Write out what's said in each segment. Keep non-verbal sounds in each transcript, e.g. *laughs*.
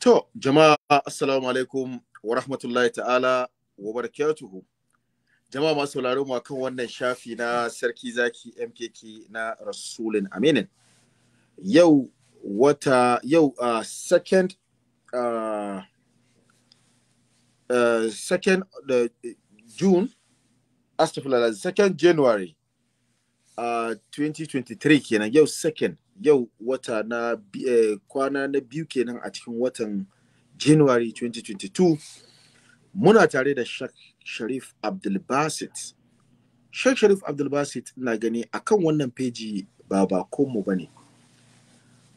To, jama'a assalamu alaikum wa rahmatullahi ta'ala wa barakatuhu. Jama'a masu sauraro mu kan wannan shafi na Sarki Zaki MKK na Rasulin Aminin. Yau wata yau uh, second uh, uh second uh, June astagfirullah second January 2023 uh, kenan yau second yau wata na eh, kwana na biyu kenan a cikin watan January 2022 muna tare da Sheikh Sharif Abdulbasit. Sheikh Sharif Abdulbasit na gani akan wannan feji ba bakonmu ba ne.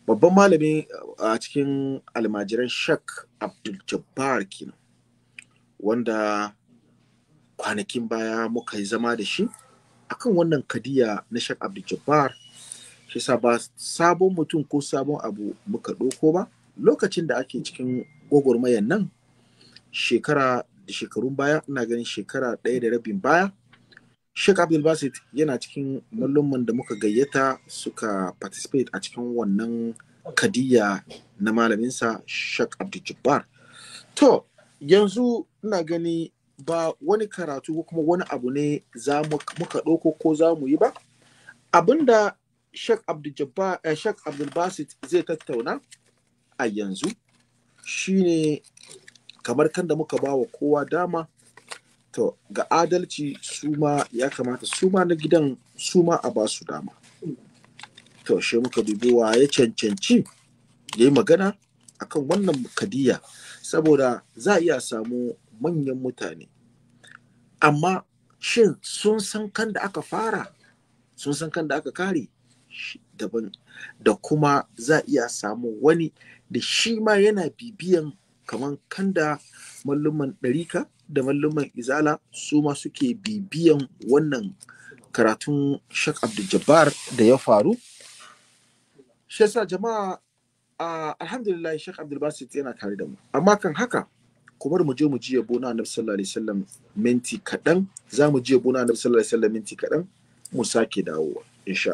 Babban malami eh, a cikin almajiran Sheikh Abdul Jabbar kenan wanda kwanakin baya muka yi zama da shi akan wannan kadiya na Sheikh Abdul Jabbar shi sa ba sabon mutum ko sabon abu muka ɗauko ba lokacin da ake cikin gwagwarmayan nan shekara da shekarun baya ina ganin shekara ɗaya da rabin baya abdul Abdulbasit yana cikin mallumman da muka gayyata suka participate a cikin wannan kadiya na malaminsa Sheikh Abdul To, yanzu ina gani ba wani karatu ko kuma wani abu ne za muka ɗauko ko za mu yi ba. Abinda Eh, Sheikh Abdul Basit zai tattauna a yanzu shine kamar kan da muka bawa kowa dama to ga adalci suma ya kamata suma na gidan suma a ba su dama to shi muka dubi wa ya cancanci ya yi magana akan wannan kadiya saboda za a iya samu manyan mutane amma shin sun san kan da aka fara sun san kan da aka kare daban da kuma za a iya samu wani da shi ma yana bibiyan kamar kanda malluman ɗarika da malluman izala su ma suke bibiyan wannan karatun shak abdul-jabbar da ya faru shi jama'a a alhamdulillah shak abdul-basit yana tare da mu amma kan haka kuma mu je mu ji yabo na annabi sallallahu alaihi wasallam minti kaɗan za mu ji yabo na annabi sallallahu alaihi wasallam minti kaɗan mu sake dawowa insha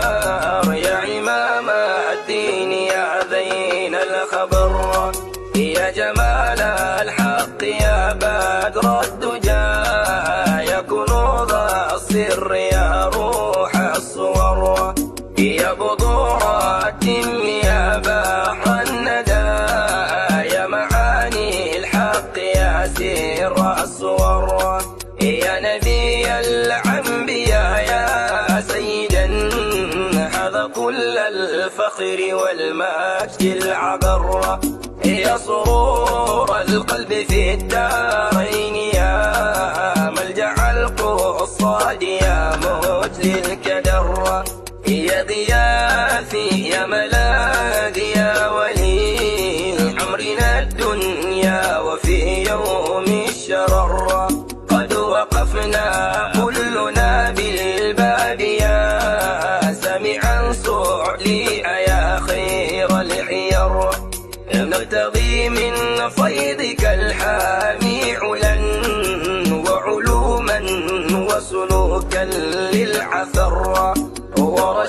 في الدارين يا ملجع القصاد يا موت للكدر يا غياثي يا ملجع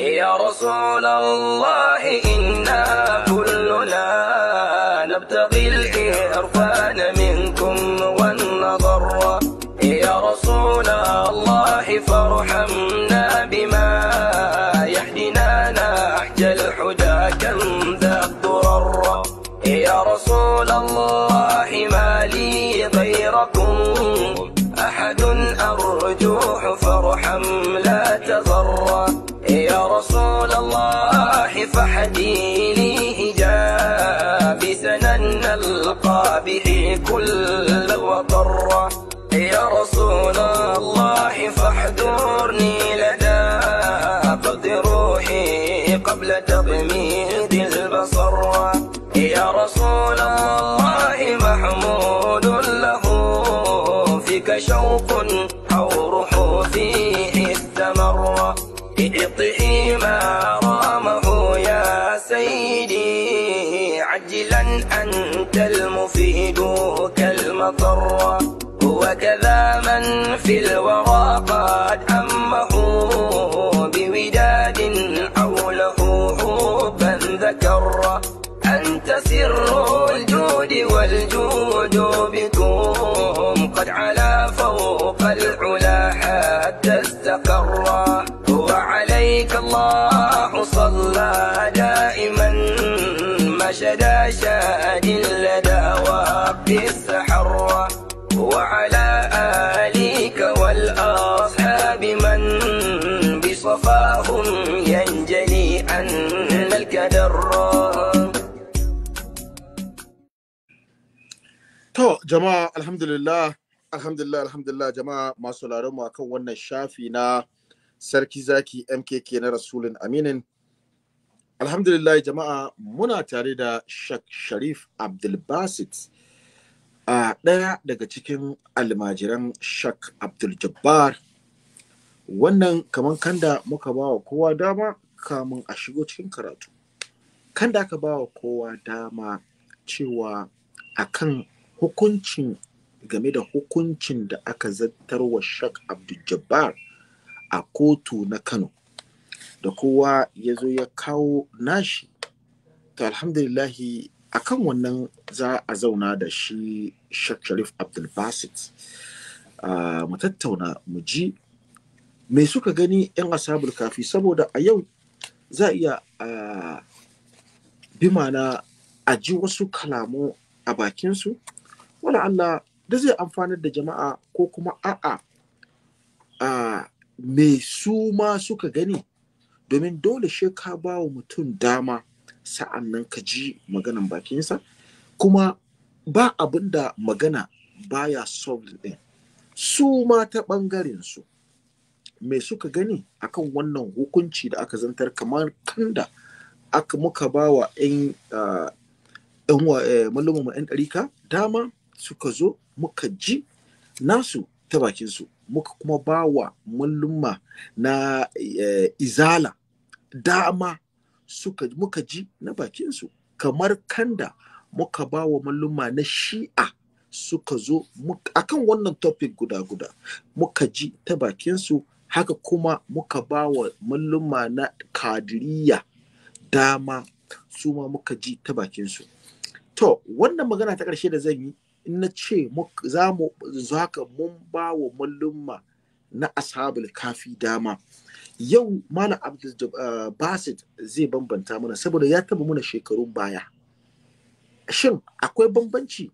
يا رسول الله إنا كلنا نبتغي الإرفان منكم والنظر يا رسول الله فارحمنا كل وقرة يا رسول الله فاحذرني لدى قد روحي قبل تضميد البصر يا رسول الله محمود له فيك شوق أو روح فيه استمر اطئي ما في الورى قد أمه بوداد حوله حبا ذكر أنت سر الجود والجود بكم قد على فوق العلا حتى استقر هو عليك الله صلى دائما ما شدا شاد لدى وقت السحر وعلى To, jama'a alhamdulillah, alhamdulillah, alhamdulillah jama'a masu mu kan wannan shafi na Sarki Zaki MKK na Rasulun Aminin. Alhamdulillah jama'a muna tare da Shak Sharif Abdulbasit a ɗaya daga cikin almajiran Shak Abdul-Jabbar. Wannan kamar kanda muka ba wa kowa dama kamun a shigo cikin karatu. Kanda aka ba wa kowa dama cewa akan hukuncin game da hukuncin da aka zartar wa Shak Abdul-Jabbar a kotu na Kano da kowa ya zo ya kawo nashi to alhamdulillahi kan wannan za a zauna da shi Shak Sharif Abdul-Basit mu tattauna mu ji me suka gani 'yan asabul kafi saboda a yau za a iya bi mana a ji wasu kalamu a bakinsu wala Allah da zai amfanar da jama'a ko kuma a'a a me su ma suka gani domin dole shi ka ba wa mutum dama sa'an nan ka ji maganan bakinsa kuma ba abin da magana baya solved din su ma ta ɓangaren su me suka gani akan wannan hukunci da aka zantar kamar kanda aka muka ba wa 'yan 'yan eh, ɗarika dama suka zo muka ji nasu ta bakinsu muka kuma ba wa mulumma na eh, izala dama suka muka ji na bakinsu kamar kanda muka ba wa mulumma na shi'a suka zo akan wannan topic guda-guda muka ji ta bakinsu haka kuma muka ba wa mulumma na kadiriya dama su ma muka ji ta bakinsu to wannan magana ta ƙarshe da zan yi in na ce za mu zaka mun ba wa mallumma na ashabul kafi dama yau malam abdul eh, basit zai bambanta mana saboda ya taba mana shekarun baya shin akwai bambanci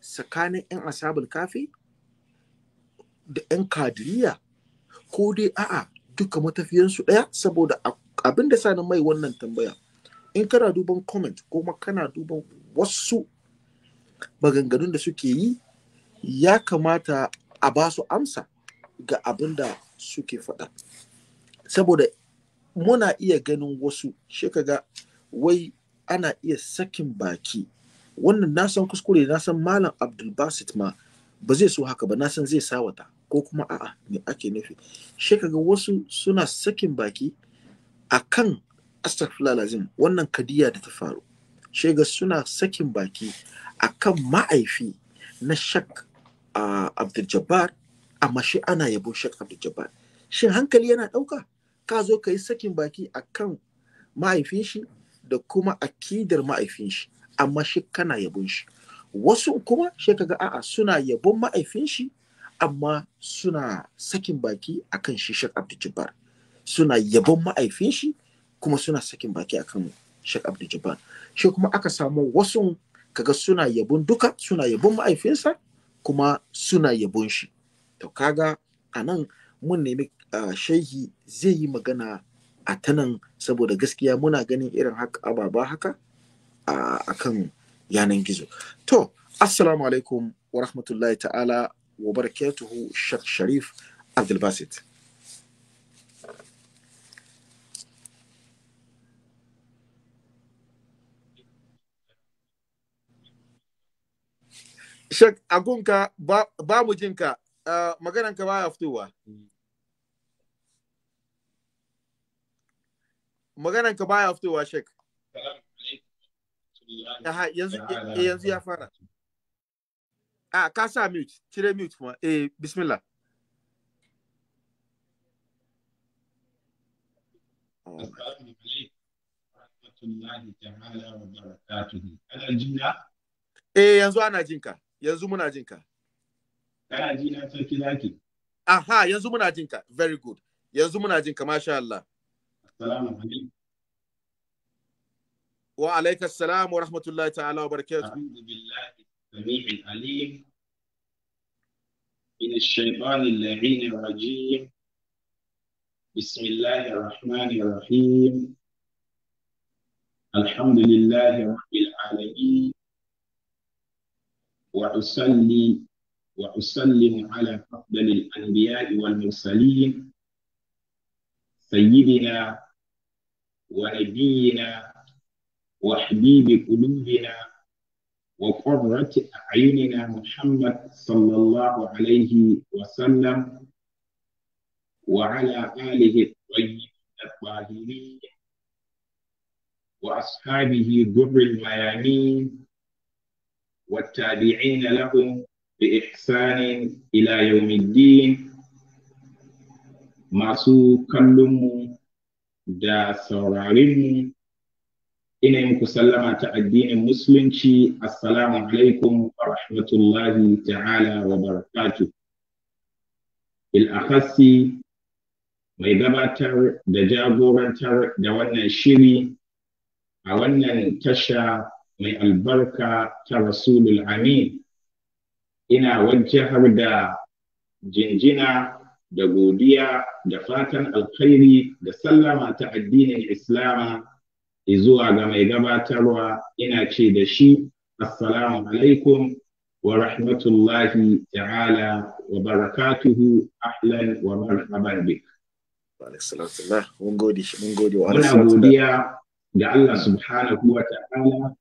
tsakanin 'yan ashabul kafi da 'yan kadiriya ko dai a'a duka matafiyansu ɗaya saboda abin da sanin mai wannan tambaya in kana duban comment kuma kana duban wasu maganganun da suke yi ya kamata a ba su amsa ga abin da suke faɗa saboda muna iya ganin wasu shekaga wai ana iya sakin baki wannan nasan kuskure nasan san malam abdulbasit ma ba zai so haka ba nasan zai sawata ko kuma a'a me ake nufi shekaga wasu suna sakin baki akan kan wannan kadiya da ta faru shega suna sakin baki akan ma'aifi na shak uh, abdul jabbar amma shi ana yabon shak abdul jabbar shin hankali yana ɗauka ka zo ka yi sakin baki akan ma'aifin shi da kuma akidar ma'aifin shi amma shi kana yabon shi wasu kuma shi kaga a'a suna yabon ma'aifin shi amma suna sakin baki akan shi shak abdul jabbar suna yabon ma'aifin shi kuma suna sakin baki akan Sheikh Abdul Jabbar shi kuma aka samu wasu kaga suna yabon duka suna yabon ma'aifinsa kuma suna yabon shi to kaga a nan mun nemi shehi zai yi magana a tanan saboda gaskiya muna ganin irin haka ababa haka a kan yanan gizo to assalamu alaikum wa rahmatullahi ta'ala wa barakatuhu Sheikh sharif Basit. shak agunka ba, ba mu jinka magananka baya fitowa fitowa shek eh, yanzu ya fara a mute cire mute kuma eh bismillah Eh yanzu ana jinka. yanzu muna jin ka kana ji na sarki zaki aha yanzu muna jin ka very good yanzu muna jin ka masha Allah assalamu alaikum wa alaikum assalam wa rahmatullahi ta'ala wa barakatuh alhamdulillah samii'il alim من الشيطان اللعين الرجيم بسم الله الرحمن الرحيم الحمد لله رب العالمين وأصلي وأسلم على أفضل الأنبياء والمرسلين سيدنا ونبينا وحبيب قلوبنا وقرة أعيننا محمد صلى الله عليه وسلم وعلى آله الطيبين الطاهرين وأصحابه در الميامين والتابعين لهم بإحسان إلى يوم الدين masu kallonmu da saurarinmu ina yi muku sallama ta addinin musulunci assalamu alaikum wa rahmatullahi ta'ala wa barakatu bil'akasi mai gabatar da jagorantar da wannan shiri a wannan tasha mai albarka ta rasulul amin ina wajen da jinjina da godiya da fatan alkhairi da sallama ta addinin islama zuwa ga mai gabatarwa ina ce da shi assalamu alaikum wa rahmatullahi ta'ala wa barakatuhu ahlan wa marhaban bik muna godiya ga Allah subhanahu wa ta'ala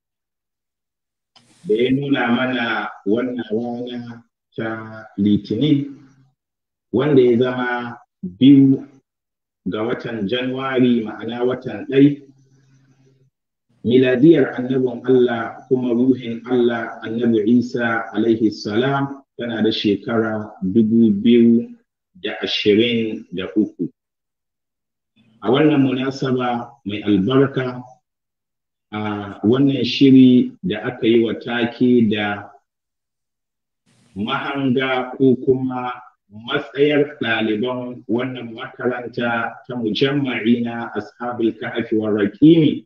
da ya nuna mana wannan rana ta litinin wanda ya zama biyu ga watan Januwari ma'ana watan ɗai miladiyar annabin Allah kuma ruhin Allah annabi Isa alaihi salam tana da shekara dubu biyu da ashirin da uku. A wannan munasaba mai albarka a wannan shiri da aka yi wa take da mahanga ko kuma matsayar ɗaliban wannan makaranta ta mujammari na ashabul kahfi wa raqimi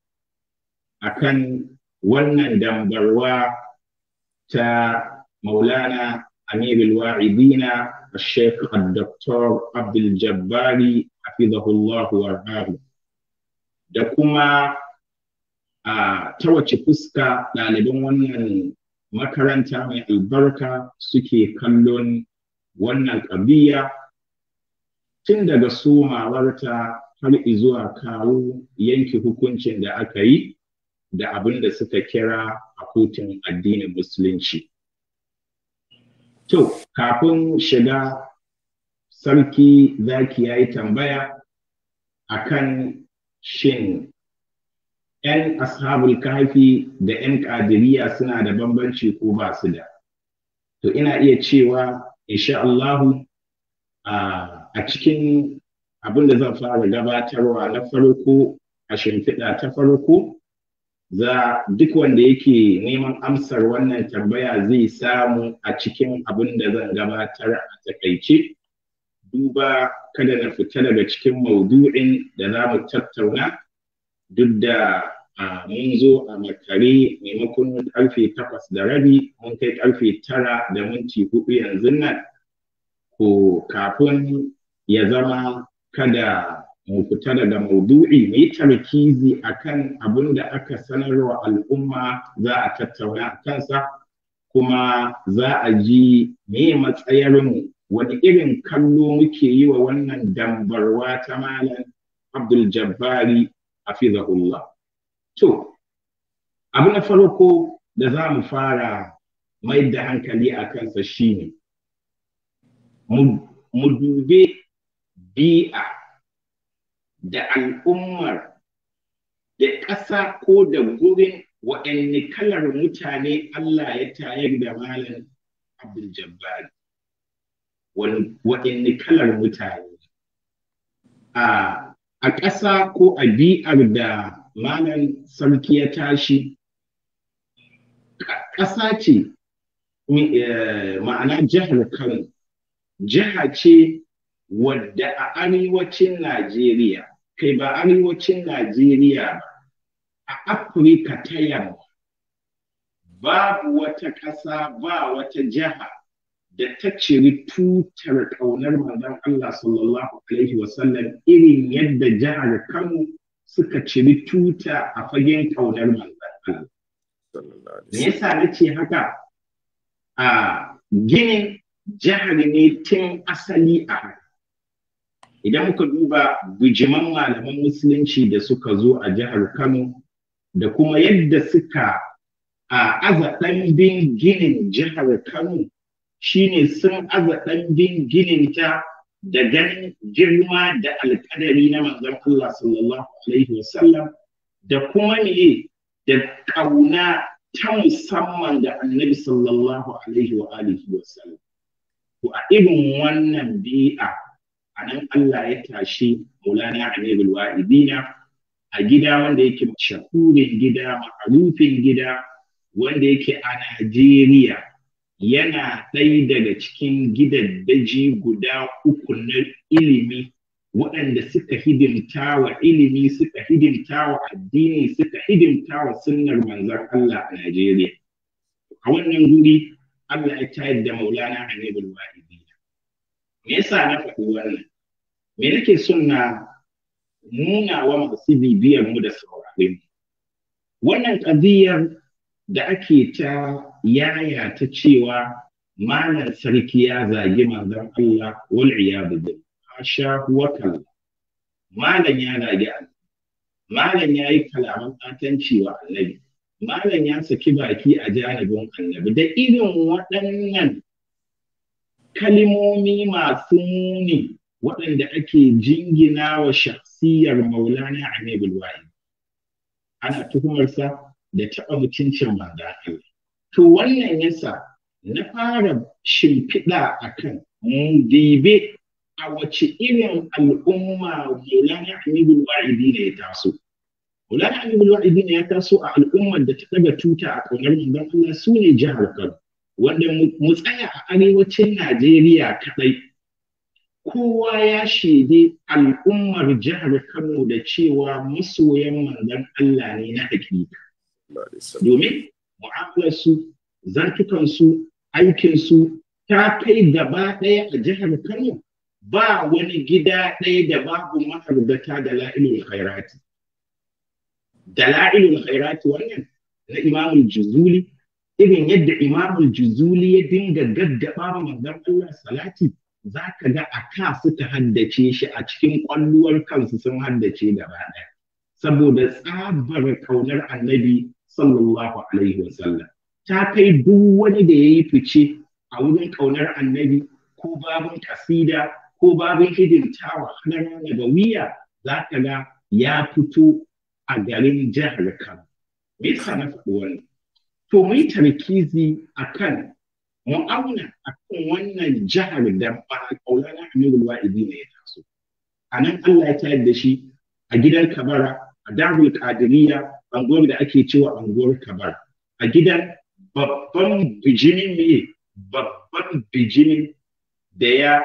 akan wannan dambarwa ta maulana amirul wa'idina الشيخ الدكتور عبد الجباري حفظه الله ورعاه da kuma a ta wace fuska ɗaliban wannan makaranta mai albarka suke kallon wannan ƙabiya tun daga mawarta har zuwa kawo yanki hukuncin da aka yi da abin da suka kira a kotun addinin musulunci. To, kafin shiga sarki zaki ya yi tambaya akan shin ‘yan ashabul kafi da ‘yan ƙadiriya suna da bambanci ko ba su da. To ina iya cewa, insha Allahu, a cikin abin da zan fara gabatarwa na farko a shimfiɗa ta farko, za duk wanda yake neman amsar wannan tambaya zai samu a cikin abin da zan gabatar a takaice. Duba kada na fita daga cikin maudu'in da za mu tattauna. duk da mun zo a makare maimakon karfe takwas da rabi mun kai karfe tara da minti hudu yanzu nan ko kafin ya zama kada mu fita daga maudu'i mai tarkizi a kan abin da aka sanarwa al'umma za a tattauna a kansa kuma za a ji me matsayarmu wani irin kallo muke yi wa wannan dambarwa ta malam abdul jabbari hafizahullah to abu na farko da za mu fara mai da hankali a kansa shine mu dube bi'a da al'ummar da ƙasa ko da gurin waɗanne kalar mutane Allah ya tayar da malam Abdul Jabbar waɗanne kalar mutane a a ƙasa ko a bi'ar da malam sarki ya tashi ƙasa ce eh, ma'ana jihar kano jiha ce wadda a arewacin najeriya kai ba arewacin najeriya ba a afirka ta yamma babu wata ƙasa ba wata jiha da ta ciri tutar ƙaunar manzon Allah sallallahu alaihi wasallam irin yadda jihar Kano suka ciri tuta a fagen ƙaunar manzon Allah. Me yasa na ce haka? A ginin jihar ne tun asali a haka. Idan muka duba bijiman malaman musulunci da suka zo a jihar Kano da kuma yadda suka a aza bin ginin jihar Kano shine sun aza ginin ta da ganin girma da alƙadari na manzon Allah sallallahu alaihi wasallam da kuma ne da ƙauna ta musamman da annabi sallallahu alaihi wa alihi wasallam ko a irin wannan bi'a anan Allah ya tashi mulana annabi wa'idina a gida wanda yake shahurin gida ma'arufin gida wanda yake a Najeriya yana ɗaya daga cikin gidaddaji guda uku na ilimi waɗanda suka hidimta wa ilimi suka hidimta wa addini suka hidimta wa sunnar manzon Allah a Najeriya. A wannan guri Allah ya ta yadda Maulana Hanibul Wahidi. Me yasa na faɗi wannan? Me nake son na nuna wa masu bibiyar mu da sauraron? Wannan ƙaziyar da ake ta yaya ta cewa malam sarki ya zagi manzon Allah wal iyadu asha huwa malam ya zagi malam ya yi kalaman katanci wa annabi malam ya saki baki a janibin annabi da irin waɗannan kalimomi masu muni waɗanda ake jingina wa shafsiyar maulana a nebulwayi ana tuhumarsa da taɓa mutuncin maza Allah To wannan yasa na fara shimfiɗa a kan dibe a wace irin al'umma Maulana Aminu Wa'idi ne ya taso. Maulana Aminu Wa'idi ne ya taso a al'ummar da ta daga tuta a ƙaunar manzon Allah su ne jihar Kano. Wanda mu tsaya a arewacin Najeriya kaɗai. Kowa ya shaidi al'ummar jihar Kano da cewa masoyan manzon Allah ne na hakika. Domin mu'amalarsu zartukansu aikinsu ta kai gaba ɗaya a jihar kano ba wani gida ɗaya da babu ma'arbata da la'ilul khairati da la'ilul khairati wannan na imamul juzuli irin yadda imamul juzuli ya dinga gaggaba ma manzon Allah salati za ka ga a ka suka haddace shi a cikin ƙwalluwar kansu sun haddace gaba ɗaya saboda tsabar kaunar annabi sallallahu alaihi sallam ta kai duk wani da ya yi fice a wurin ƙaunar annabi ko babin kasida ko babin hidimtawa na nagawiya za ka ga ya fito a garin jihar Kano. Me yasa na faɗi wannan? To mu tarkizi a kan mu auna a kan wannan jihar da ba ƙaunar Amirul Wa'idi ne ya taso. A nan Allah ya tayar da shi a gidan Kabara, a Darul anguwar da ake cewa anguwar kabar a gidan babban bijimi ne babban bijimi da ya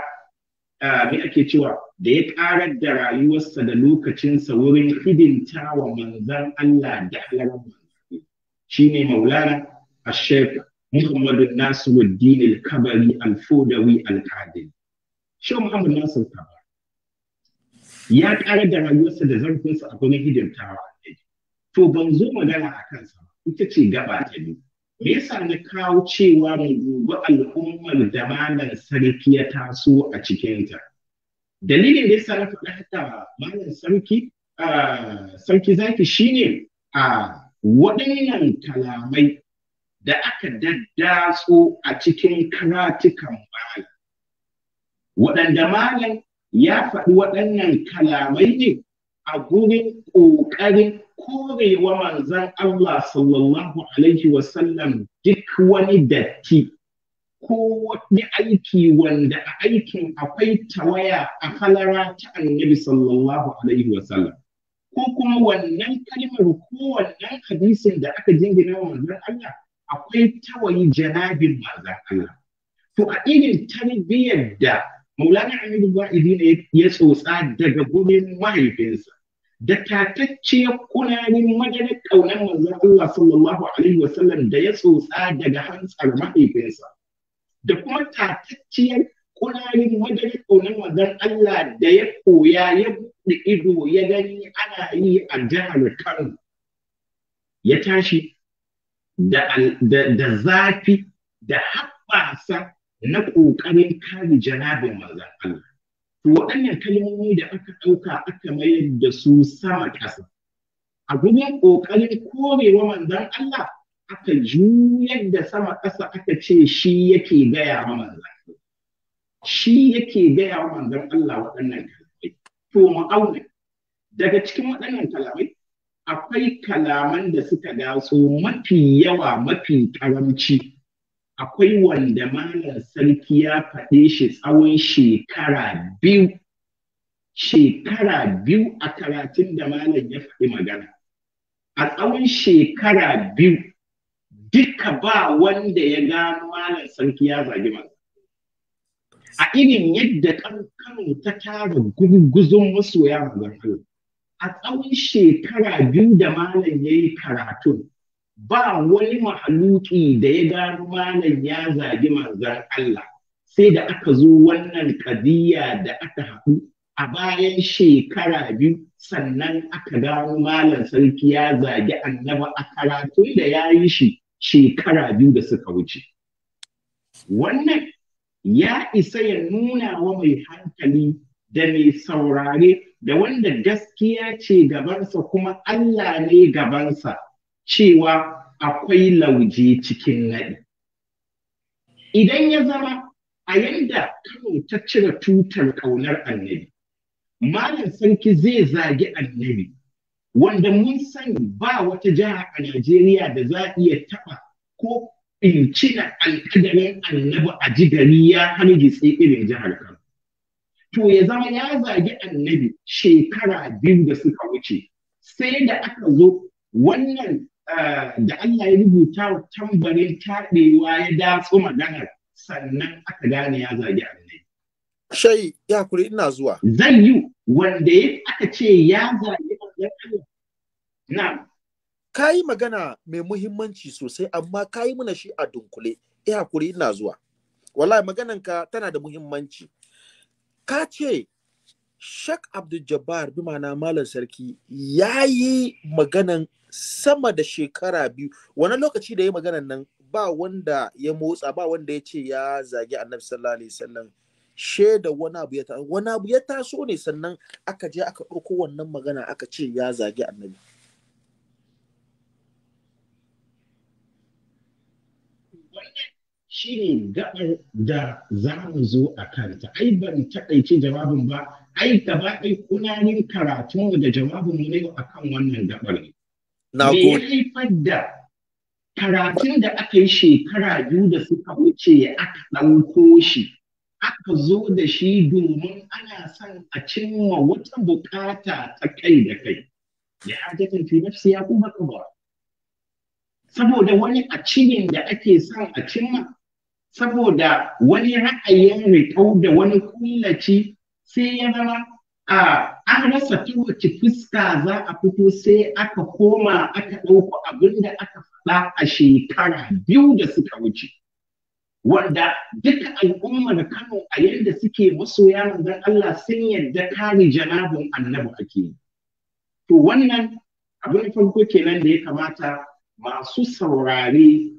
me ake cewa da ya karar da rayuwarsa da lokacinsa wurin hidinta wa manzan Allah da halarar shi ne maulana a shefa Muhammadu Nasiruddin al-Kabari al-Fodawi al-Kadiri. Shi Muhammadu Nasir ya karar da rayuwarsa da zarfinsa a gurin hidimtawa to ban zo magana a kansa ita ce gaba ta ne me yasa na kawo cewa mu dubi al'ummar da malam sarki ya taso a cikinta dalilin da yasa na faɗa haka malam sarki sarki zaki ne a waɗannan kalamai da aka daddatso a cikin karatukan malam waɗanda malam ya faɗi waɗannan kalamai ne a gurin ƙoƙarin kore wa manzan Allah sallallahu alaihi wasallam duk wani datti ko wani aiki wanda a aikin akwai tawaya a halara ta annabi sallallahu alaihi wasallam ko kuma wannan kalmar ko wannan hadisin da aka jingina wa manzan Allah akwai tawayi janabin manzan Allah to a irin tarbiyyar da Maulana Aminu Ba'idi ne ya tsotsa daga gurin mahaifinsa da tatacciyar kunanin madarar ƙaunar manzon Allah sallallahu alaihi sallam da ya tsotsa daga hantsar mahaifinsa da kuma tatacciyar kunanin madarar ƙaunar manzon Allah da ya koya ya buɗe ido ya gani ana yi a jihar Kano ya tashi da zafi da haɓasa na ƙoƙarin kare janabin manzon Allah waɗannan kalmomi da aka ɗauka aka mayar da su sama ƙasa a gudun ƙoƙarin korewa manzan Allah aka juyar da sama ƙasa aka ce shi yake gaya wa manzan shi yake gaya wa manzan Allah waɗannan kalamai to ma'auna daga cikin waɗannan kalamai akwai kalaman da suka gaso mafi yawa mafi ƙaramci akwai wanda malam sarki ya faɗe shi tsawon shekara biyu shekara biyu a karatun da malam ya faɗi magana a tsawon shekara biyu duka ba wanda ya gano malam sarki ya zagi magana. a irin yadda kankano ta tara gurguzon masoya magana a tsawon shekara biyu da malam ya yi karatun ba wani mahaluki da ya gano malam ya zagi manzan Allah sai da aka zo wannan kadiya da aka haɗu a bayan shekara biyu sannan aka gano malam sarki ya zagi annaba a karatun da ya yi shi shekara biyu da suka wuce wannan ya isa ya nuna wa mai hankali da mai saurare da wanda gaskiya ce gabansa kuma Allah ne gabansa cewa akwai lauje cikin naɗi. Idan ya zama a yanda Kano ta cire tutar ƙaunar annabi, Malam Sanki zai zagi annabi, wanda mun sani ba wata jiha a Najeriya da za iya taɓa ko incina alƙadarin annabi a ji gari ya hargitse irin jihar Kano. To ya zama ya zagi annabi shekara biyu da suka wuce, sai da aka zo wannan Eh, da Allah ya rubuta wa tambarin taɗewa ya datso maganar sannan aka gane ya zagi annai. Shai ya kuri ina zuwa. Zan yi wanda ya aka ce ya zagi maganar na. Ka yi magana mai muhimmanci sosai amma ka yi mana shi a dunkule. Ya kuri ina zuwa. Wallahi magananka tana da muhimmanci. Ka ce Shek Abdul Jabbar bi ma'ana Malam Sarki ya yi maganan sama da shekara biyu wani lokaci da ya magana nan ba wanda ya motsa ba wanda ya ce ya zagi annabi sallallahu alaihi wasallam shaida wani abu ya taso wani abu ya taso ne sannan aka je aka ɗauko wannan magana aka ce ya zagi annabi shi ne gaɓar da za mu zo a kanta ai ban taƙaice jawabin ba ai gaba ɗai kunanin karatunmu da jawabinmu ne a kan wannan gaɓar ne na gode. Me haifar da karatun da aka yi shekara biyu da suka wuce aka ɗauko shi aka zo da shi domin ana son a cimma wata bukata ta kai da kai. Ya hajjatan fi nafsi ya kuma ba. Saboda wani a cikin da ake son a cimma, saboda wani ra'ayin riƙau da wani kullaci sai ya zama an rasa ta wace fuska za a fito sai aka koma aka ɗauko abin da aka faɗa a shekara biyu da suka wuce. Wanda duka al'ummar Kano a yadda suke masoya manzon Allah sun yadda kare janabin annabi ake yi. To wannan abin farko kenan da ya kamata masu saurare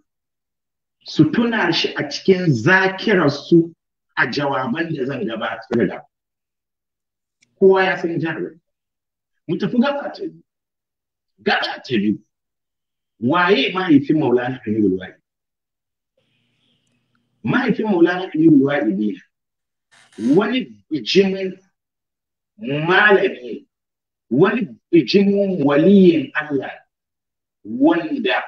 su tuna shi a cikin zakirarsu a jawaban da zan gabatar da. kowa ya san jami'a. mu tafi gaba ta biyu gaba ta biyu waye mahaifin maulana aminu wahid mahaifin maulana aminu wahid ne wani bijimin malami wani bijimin waliyin Allah wanda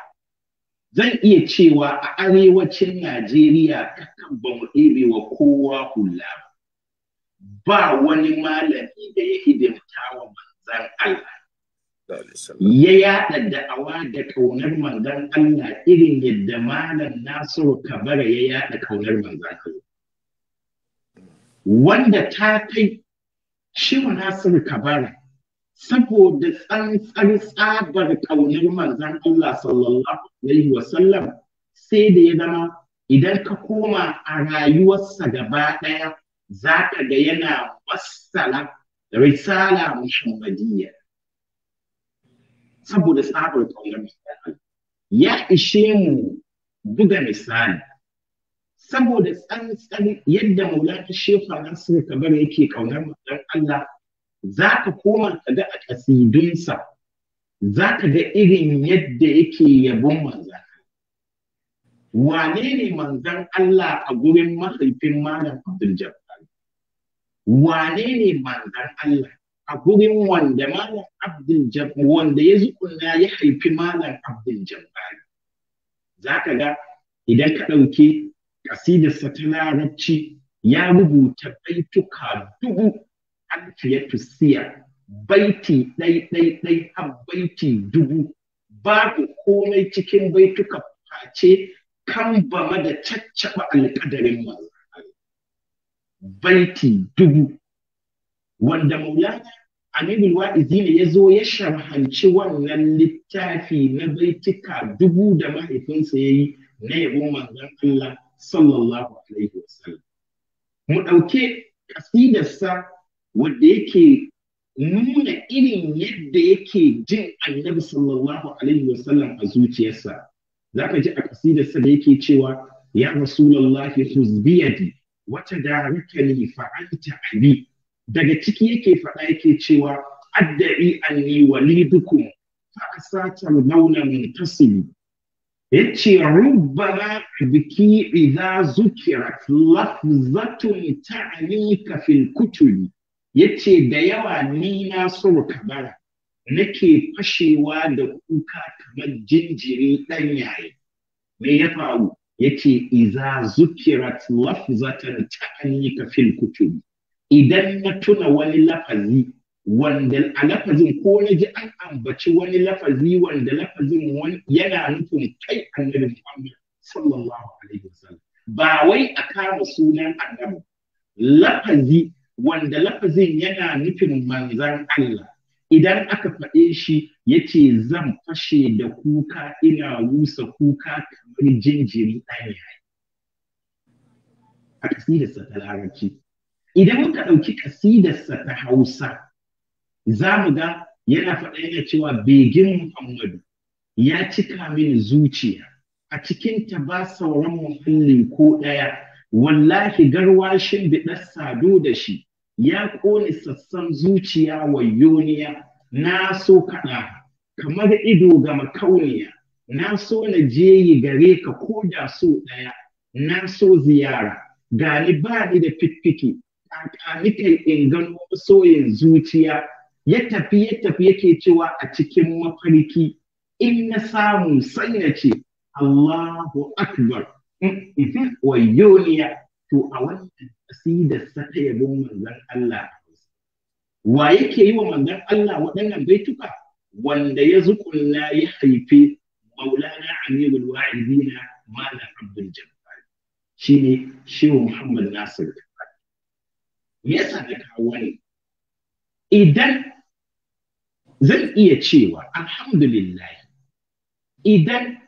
zan iya cewa a arewacin Najeriya kakan ba mu ɗebe wa kowa hula ba ba wani malami da ya hidimta wa manzan Allah ya yaɗa da'awa da ƙaunar manzan Allah irin yadda malam Nasiru Kabara ya yaɗa ƙaunar manzan Allah wanda ta kai shi Nasiru Kabara saboda tsantsar tsabar ƙaunar manzan Allah sallallahu alaihi wasallam sai da ya zama idan ka koma a rayuwarsa gaba ɗaya za ka ga yana wassala risala muhammadiyya saboda sabon ƙaunar ya ishe mu buga misali saboda tsantsan yadda maulata shefa nasir kabar yake ƙaunar manzon Allah za ka koma ka ga a ƙasidunsa za ka ga irin yadda yake yabon manzon wane ne manzon Allah a gurin mahaifin malam Abdul Jabbar wane ne manzan Allah a gurin wanda malam abdul wanda ya zukunna ya haifi malam abdul jabbari za ka ga idan ka ɗauke ƙasidarsa ta larabci ya rubuta baituka dubu alfiyatu siya baiti ɗai ɗai ɗai har baiti dubu babu komai cikin baituka face kan bama da caccaba alƙadarin manzo baiti dubu wanda maulana aminu wa'izi ne ya zo ya sharhanci wannan littafi na baitika dubu da mahaifinsa ya yi na yabon manzon Allah sallallahu alaihi wasallam mu ɗauke kasidarsa wanda yake nuna irin yadda yake jin annabi sallallahu alaihi wasallam a zuciyarsa zaka ji a kasidarsa da yake cewa ya rasulullahi huzbiyadi wata da rikali fa'anta abi daga ciki yake faɗa yake cewa adda'i anni walidukum fa asatal maula muntasili yace rubbama biki idza zukira lafzatun kafin fil ya ce da yawa ni na so kabara nake fashewa da kuka kamar jinjiri ɗan yayi me ya faru yace iza zukirat lafzatan ta'allika fil kutub idan na tuna wani lafazi wanda a lafazin ko na ji an ambaci wani lafazi wanda lafazin yana nufin kai annabi Muhammad sallallahu alaihi wasallam ba wai a kama sunan annabi lafazi wanda lafazin yana nufin manzan Allah idan aka faɗe shi ya ce zan fashe da kuka ina wusa kuka kamar jinjiri ɗani a ƙasidarsa ta larabci idan muka ɗauki ƙasidarsa ta hausa za mu ga yana faɗa yana cewa begin muhammadu ya cika min zuciya a cikinta ba sauran muhallin ko ɗaya wallahi garwashin biɗar sado da shi ya ƙone sassan zuciya wa yoniya na so kaɗa kamar ido ga makauniya na so na je yi gare ka ko da so ɗaya na so ziyara gani ba ni da fiffike a kan in gano soyin zuciya ya tafi ya tafi yake cewa a cikin mafarki in na samu sai na ce Allahu Akbar mm, mm, mm, wa yoniya to a wannan ƙasidar sa manzan yabo manzon Allah wa yake yi wa manzan Allah waɗannan baituka wanda ya zukunna ya haife maulana amirul wa'izina malam abdul jabbar shine shehu muhammad nasir me yasa na idan zan iya cewa alhamdulillah idan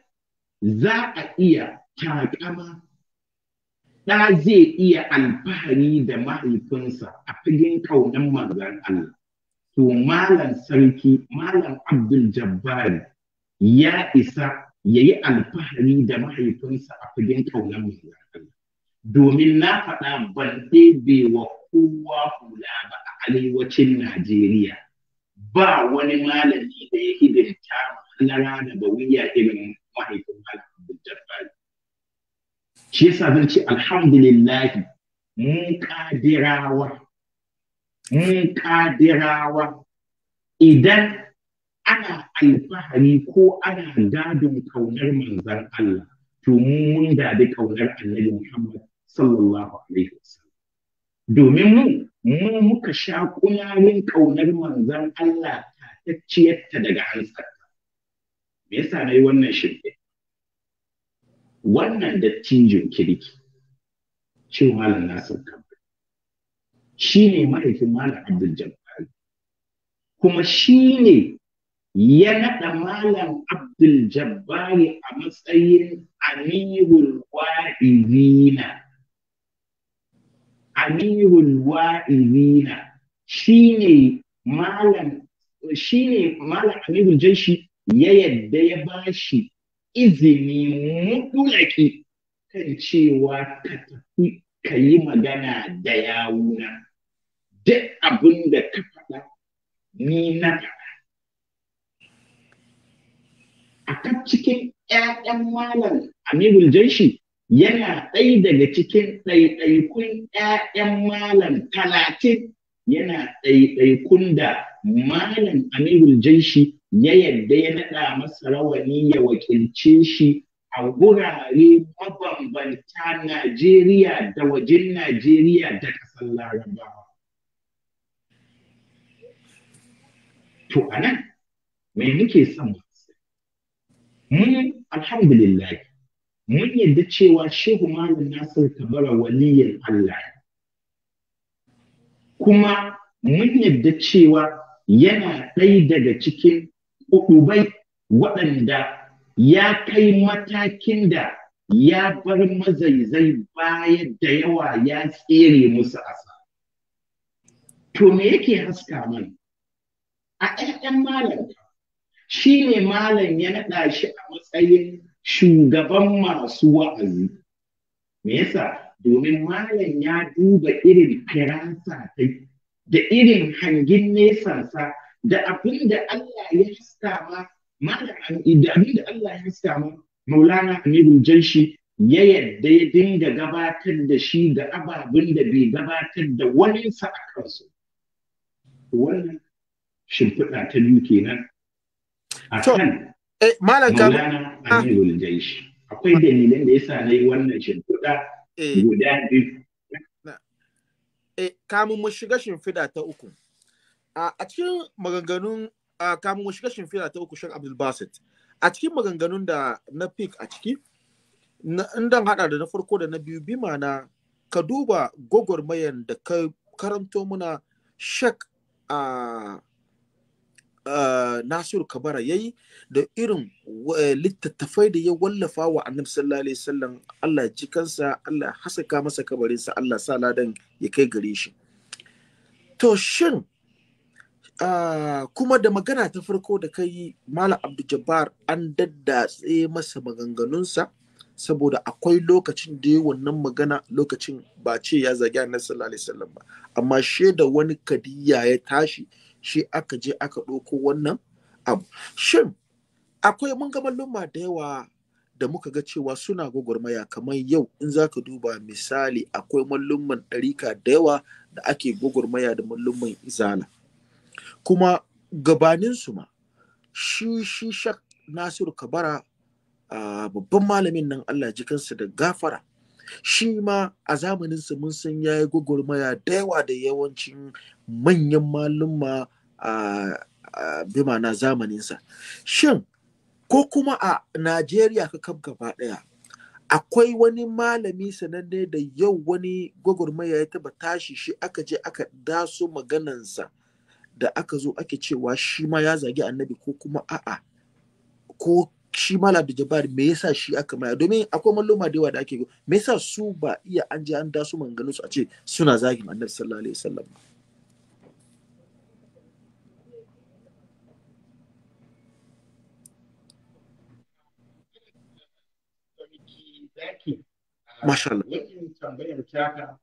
za a iya takama na zai iya alfahari da mahaifinsa a fagen ƙaunar manzan Allah. To malam sarki, malam Abdul Jabbar ya isa ya yi alfahari da mahaifinsa a fagen ƙaunar manzan Allah. Domin na faɗa ban ɗebe wa kowa hula ba a arewacin Najeriya. Ba wani malami da ya hidinta na rana ba wuya irin mahaifin malam Abdul Jabbar. shi yasa zan ce alhamdulillahi mun kadirawa mun kadirawa idan ana alfahari ko ana gadon kaunar manzan Allah to mun gadi kaunar annabi Muhammad sallallahu alaihi wasallam domin mu mun muka sha kunanin kaunar manzan Allah ta tacciyarta daga hansa me yasa nayi wannan shirye wannan dattijon kirki shi malam nasir kamfani shi ne mahaifin malam abdul jabbar kuma shi ne ya naɗa malam abdul jabbar a matsayin amirul wa'izina amirul wa'izina shi ne malam shi ne malam amirul jaishi ya yadda ya bashi izini mu kan cewa ka tafi ka yi magana da yawuna duk abin da ka faɗa ni na faɗa a kan cikin 'ya'yan malam aminu janshi yana ɗai daga cikin ɗaiɗaikun 'ya'yan malam talatin yana ɗaiɗaikun da malam aminu janshi ya yadda ya naɗa masa rawani ya wakilce shi a wurare mabambanta Najeriya da wajen Najeriya da ƙasar Larabawa. To a nan, me muke son Mun alhamdulillah, mun yadda cewa Shehu Malam ta bara waliyin Allah. Kuma mun yadda cewa yana ɗaya daga cikin kuɗubai waɗanda ya kai matakin da ya bar mazaizai baya da yawa ya tsere musu asa. To me yake haska mai? A ɗan malam shi ne malam ya naɗa shi a matsayin shugaban masu wa'azi. Me yasa? Domin malam ya duba irin firansa da irin hangin sa da abin da Allah ya haska ma malam da abin da Allah ya haska ma Maulana Aminu Janshi ya yadda ya dinga gabatar da shi ga ababen da bai gabatar da wani sa a kansu wannan shimfiɗa ta biyu kenan a kan eh, Maulana Aminu Janshi akwai dalilan da ya sa na yi wannan shimfiɗa eh. guda biyu. Eh, kamun mu shiga shimfiɗa ta uku. a cikin maganganun kamun mu shiga shimfiɗa ta uku shan abdul basit a cikin maganganun da na pick a ciki in hada da na farko da na biyu bi na ka duba gwagwarmayan da ka karanto muna shak a nasiru kabara ya yi da irin littattafai da ya wallafa wa annabi sallallahu alaihi wasallam Allah ji kansa Allah hasaka masa kabarinsa Allah sa ladan ya kai gare shi to shin Ah, kuma da magana ta farko da ka yi Malam Abdul-Jabbar an daddatse masa maganganunsa saboda akwai lokacin da ya wannan magana lokacin ba ce ya zagi annabi sallallahu alaihi wasallam ba amma she da wani kadiya ya tashi shi aka je aka ɗauko wannan abu shin akwai mun ga malluma da yawa da muka ga cewa suna gwagwarmaya kamar yau in za ka duba misali akwai malluman ɗarika da yawa da ake gwagwarmaya da malluman izana? kuma gabaninsu ma shi shi shak nasiru kabara babban malamin nan allah jikansa da gafara shi ma a zamaninsa mun san ya yi gwagwarmaya da yawa da yawancin manyan malumma a bima na zamaninsa shin ko kuma a najeriya ka gaba ɗaya akwai wani malami sananne da yau wani gwagwarmaya ya taba tashi shi aka je aka daso maganansa da aka zo ake cewa shi ma ya zagi annabi ko kuma a'a ko shi mala da jabar me yasa shi aka maya domin akwai malluma da yawa da ake me yasa su ba iya an je an dasu manganu su a ce suna zagin annabi sallallahu alaihi wasallam Masha Allah. Wannan tambayar taka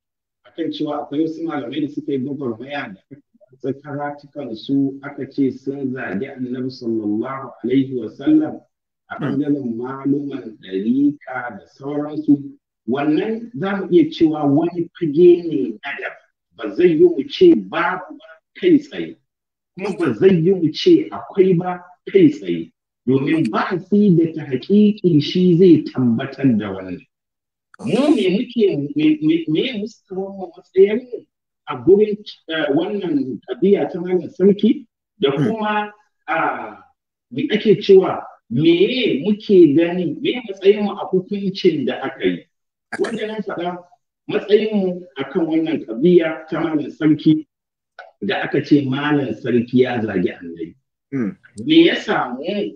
akan cewa akwai wasu malamai da suka yi gwagwarmaya da karatukan su aka ce sun zagi annabi sallallahu alaihi wasallam a ɓangaren hmm. maluman ɗariƙa da sauransu wannan za mu iya cewa wani fage ne na ba zai yi mu ce babu ba kai tsaye kuma ba zai yi mu ce akwai ba kai tsaye domin ba su da ta haƙiƙi shi zai tambatar da wannan mu me muke me mu matsayin mu a gurin eh, wannan tabiya ta malam sarki da hmm. kuma a me ake cewa meye muke gani me matsayin a hukuncin da aka yi wanda na faɗa matsayin mu kan wannan tabiya ta malam sarki da aka ce malam sarki ya zagi annabi hmm. me ya samu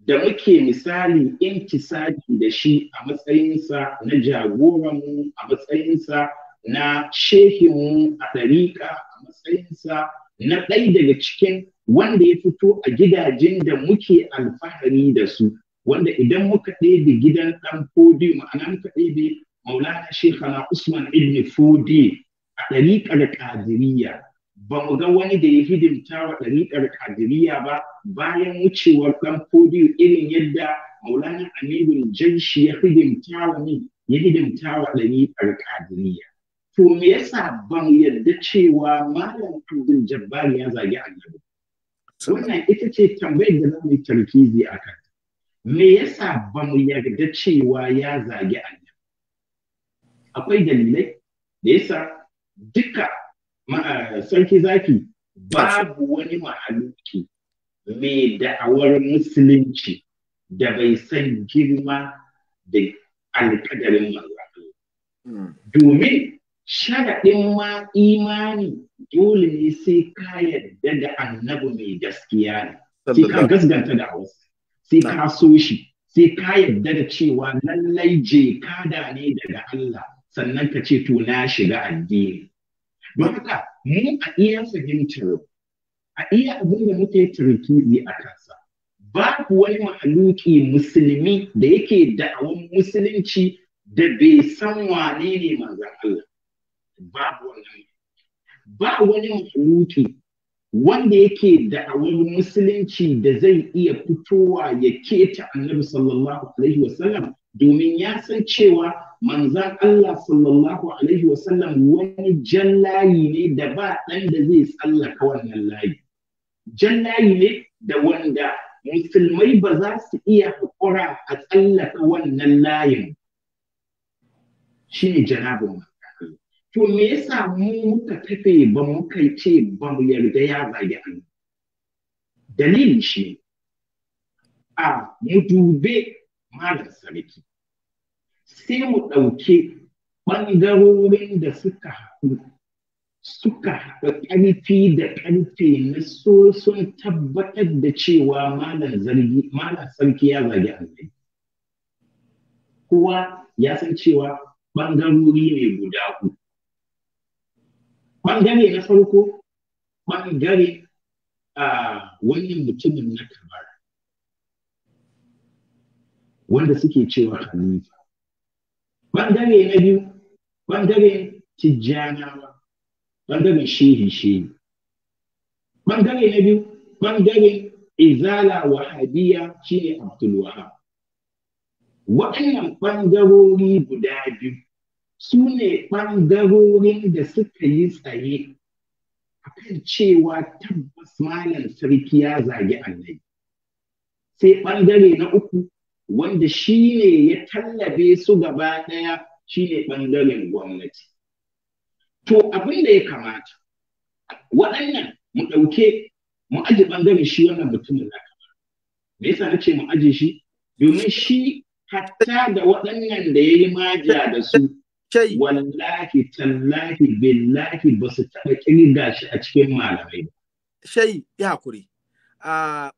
da muke misali intisaji da shi a matsayinsa na jagoranmu a matsayinsa na mu a ɗariƙa a matsayinsa na ɗaya daga cikin wanda ya fito a gidajen da muke alfahari da su wanda idan muka ɗebe gidan ɗan fodi ma'ana muka ɗebe maulana shekhana usman ibn fodi a ɗariƙar ƙadiriya ba mu ga wani da ya hidimta wa ɗariƙar ƙadiriya ba bayan wucewar ɗan fodi irin yadda maulana amirul janshi ya hidimta wa ni ya hidimta wa ɗariƙar ƙadiriya to me yasa ban yarda cewa malam abdul jabbar ya zagi annabi wannan ita ce tambayar da za mu yi tarkizi a kan me yasa ba mu yarda cewa ya zagi annabi akwai dalilai da yasa duka sarki zafi babu wani mahaluki mai da'awar musulunci da bai san girma da alkadarin manzo hmm. domin sharaɗin ma imani dole ne sai ka yarda da annabi mai gaskiya ne sai ka gasganta da hausa sai ka so shi sai ka yarda da cewa lallai je kada ne daga Allah sannan ka ce to na shiga addini don haka mu a iya fahimtar a iya abin da muke turkiri a kansa babu wani mahaluki musulmi da yake da'awan musulunci da bai san wane ne manzon Allah babu wannan ba wani musulunci wanda yake da da'awar musulunci da zai iya fitowa ya keta annabi sallallahu alaihi wasallam domin ya san cewa manzan Allah sallallahu alaihi wasallam wani jan layi ne da ba ɗan da zai tsallaka wannan layi jan layi ne da wanda musulmai ba za su iya haƙura a tsallaka wannan layin shi ne janabin to me yasa mu muka tafe ba mu kai ce ba mu yarda ya zagi an dalilin shi a mu dube malam sarki sai mu ɗauke ɓangarorin da suka haɗu suka haɗa ƙarfi da ƙarfe na so tabbatar da cewa malam sarki ya zagi annabi kowa ya san cewa ɓangarori ne guda uku ɓangare na farko ɓangare a wannan mutumin na kamar wanda suke cewa hanifa ɓangare na biyu ɓangare tijjanawa ɓangaren shehi shehi ɓangare na biyu ɓangare izala wahabiya shine abdulwahab waɗannan ɓangarori guda biyu su ne ɓangarorin da suka yi tsaye a kan cewa tabbas malam sarki ya zagi annabi sai ɓangare na uku wanda shi ne ya tallabe su gaba ɗaya shi ne ɓangaren gwamnati to abin da ya kamata waɗannan mu ɗauke mu aji ɓangare shi wannan mutumin da kamar me yasa na ce mu aji shi domin shi hatta da waɗannan da ya yi maja da su kai wallahi tallahi billahi ba su taɓa ƙirga shi a cikin malamai shai ya hakuri a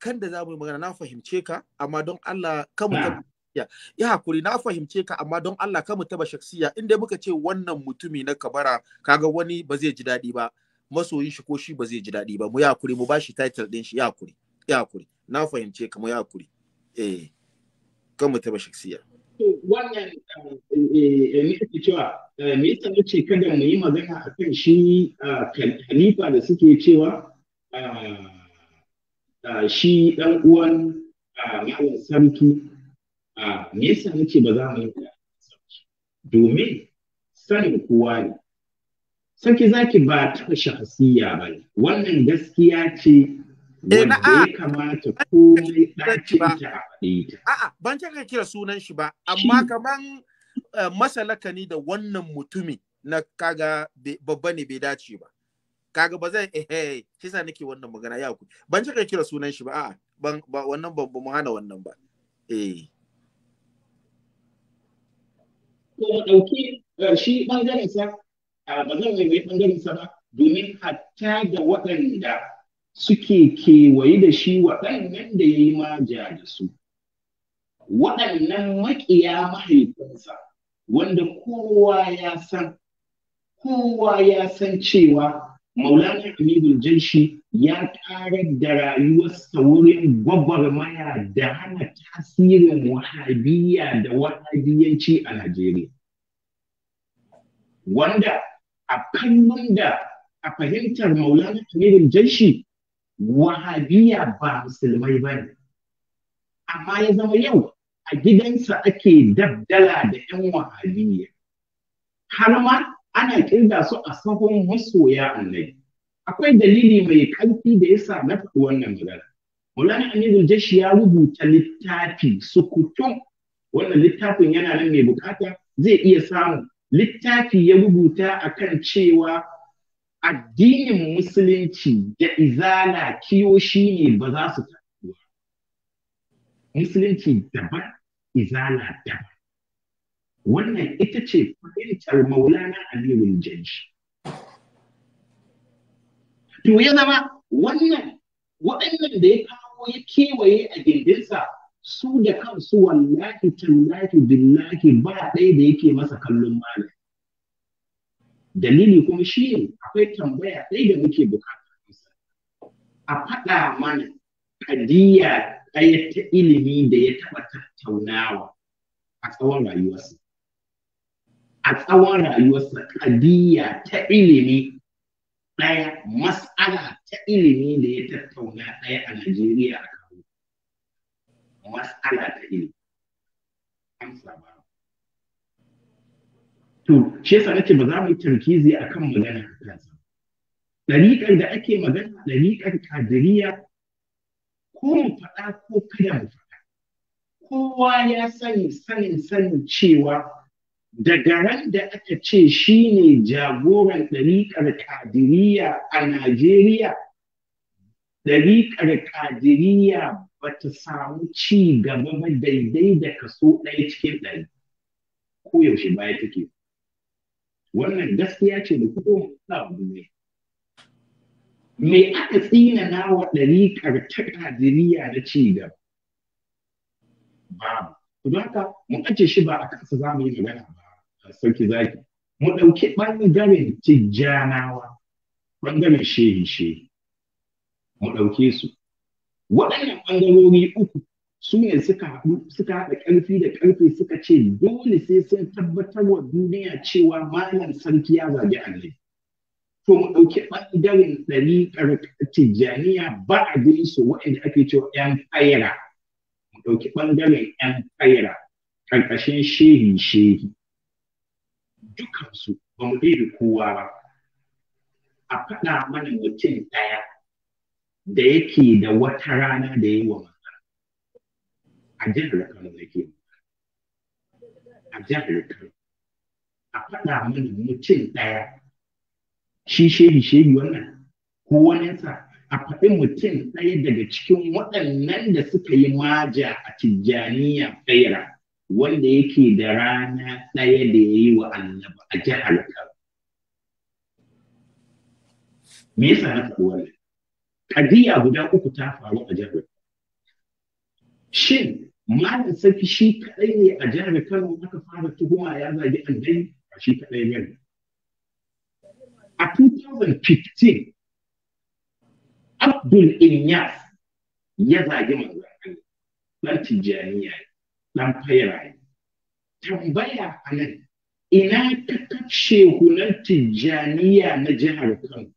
kan da za mu yi magana na fahimce ka amma don Allah ka mu shaksiya ya hakuri na fahimce ka amma don Allah ka mu taba shaksiya inda muka ce wannan mutumi na kabara kaga wani ba zai ji daɗi ba masoyin shi ko shi ba zai ji daɗi ba mu ya hakuri mu bashi title din shi ya hakuri ya hakuri na fahimce ka mu ya hakuri eh ka mu taba shaksiya wannan nake eh, eh, eh, cewa me yasa nace kada mu yi magana akan shi ah, Khalifa da suke cewa ah, ah, shi dan uwan malam sarki me yasa nace ba za mu yi domin sanin kowa ne sarki zaki ba taɓa shahasiyya ba ne wannan gaskiya ce Eh, wanda ya ah, kamata komai ɗacin ta A'a, ban ka kira sunan shi ba, amma kaman eh, masalaka ni da wannan mutumi na kaga babba ne bai dace ba. Kaga ba zai eh shi sa nake wannan magana ya ku. Ban ka kira sunan shi ba, a'a, ban ba wannan ban mu hana wannan ba. Eh. Ko dauki eh, shi bangaren sa ba zan yi bangaren sa ba domin hatta da waɗanda suke kewaye da shi waɗannan da ya yi maja da su. Waɗannan maƙiya mahaifinsa, wanda kowa ya san, kowa ya san cewa Maulana Aminu Janshi ya ƙara da rayuwarsa wurin gwagwarmaya da hana tasirin wahabiyya da wahabiyanci a Najeriya. Wanda a kallon da a fahimtar Maulana ya Janshi wahabiya ba musulmai ba ne amma ya zama yau a gidansa ake dabdala da 'yan wahabiya har ma ana kirga su a sahun masoya annabi akwai dalili mai ƙarfi da yasa na faɗi wannan magana Maulana Aminu Jashi ya rubuta littafi sukutun wannan littafin yana nan mai bukata zai iya samu littafi ya rubuta akan cewa addinin musulunci da izala kiwo shi ne ba za su tafi musulunci daban izala daban wannan ita ce fahimtar maulana aliyul janshi to ya zama wannan waɗannan da ya kawo ya kewaye a gindinsa su da kansu wallahi tallahi billahi ba ɗaya da yake masa kallon malam dalili kuma shi ne akwai tambaya ɗaya da muke bukata a faɗa mana kadiya ɗaya ta ilimi da ya taɓa tattaunawa a tsawon rayuwarsa a tsawon rayuwarsa kadiya ta ilimi ɗaya mas'ala ta ilimi da ya tattauna ɗaya a Najeriya a kawo mas'ala ta ilimi to shi yasa nake ba za mu yi tarkizi akan magana a kansa dariƙar da ake magana dariƙar kadiriya ko mu faɗa ko kada mu faɗa kowa ya sani sanin sanin cewa daga ran da aka ce shi ne jagoran ɗariƙar kadiriya a Najeriya ɗariƙar kadiriya ba ta samu ci gaba ba daidai da kaso ɗaya cikin ɗari ko yaushe baya take wannan gaskiya ce da kuma na ne me aka tsina wa ɗariƙar ta Najeriya da ci gaba babu Ku don haka mun ɗauke shi ba a kasa za mu yi magana ba sauki zaki mu ɗauki ɓangaren tijjanawa ɓangaren shehi shehi mu ɗauke su waɗannan ɓangarori uku su ne suka haɗu suka haɗa ƙarfi da ƙarfe suka ce dole sai sun tabbatar wa duniya cewa malam sarki ya zagi annabi to mu ɗauki ɓangaren ɗariƙar tijjaniya ba a gani su waɗanda ake cewa ‘yan ƙaira mu ɗauki ɓangaren ‘yan ƙaira ƙarƙashin shehi shehi dukansu ba mu da kowa ba a faɗa mana mutum ɗaya da yake da wata rana da yi wa a jihar Kano nake a jihar Kano a faɗa mana mutum ɗaya shi shehi shehi wannan ko sa a faɗi mutum ɗaya daga cikin waɗannan da suka yi maja a tijjaniya tsaira wanda yake da rana ɗaya da ya yi wa annabi a jihar Kano. Me yasa na faɗi wannan? Kadiya guda uku ta faru a jihar shin malam sarki shi kaɗai ne a jihar Kano aka fara tuhuma ya zagi annabi a shi kadai ne a 2015 Abdul Inyas ya zagi manzon Allah tijaniya dan fayra tambaya a nan ina ta kashe hular tijjaniya na jihar Kano.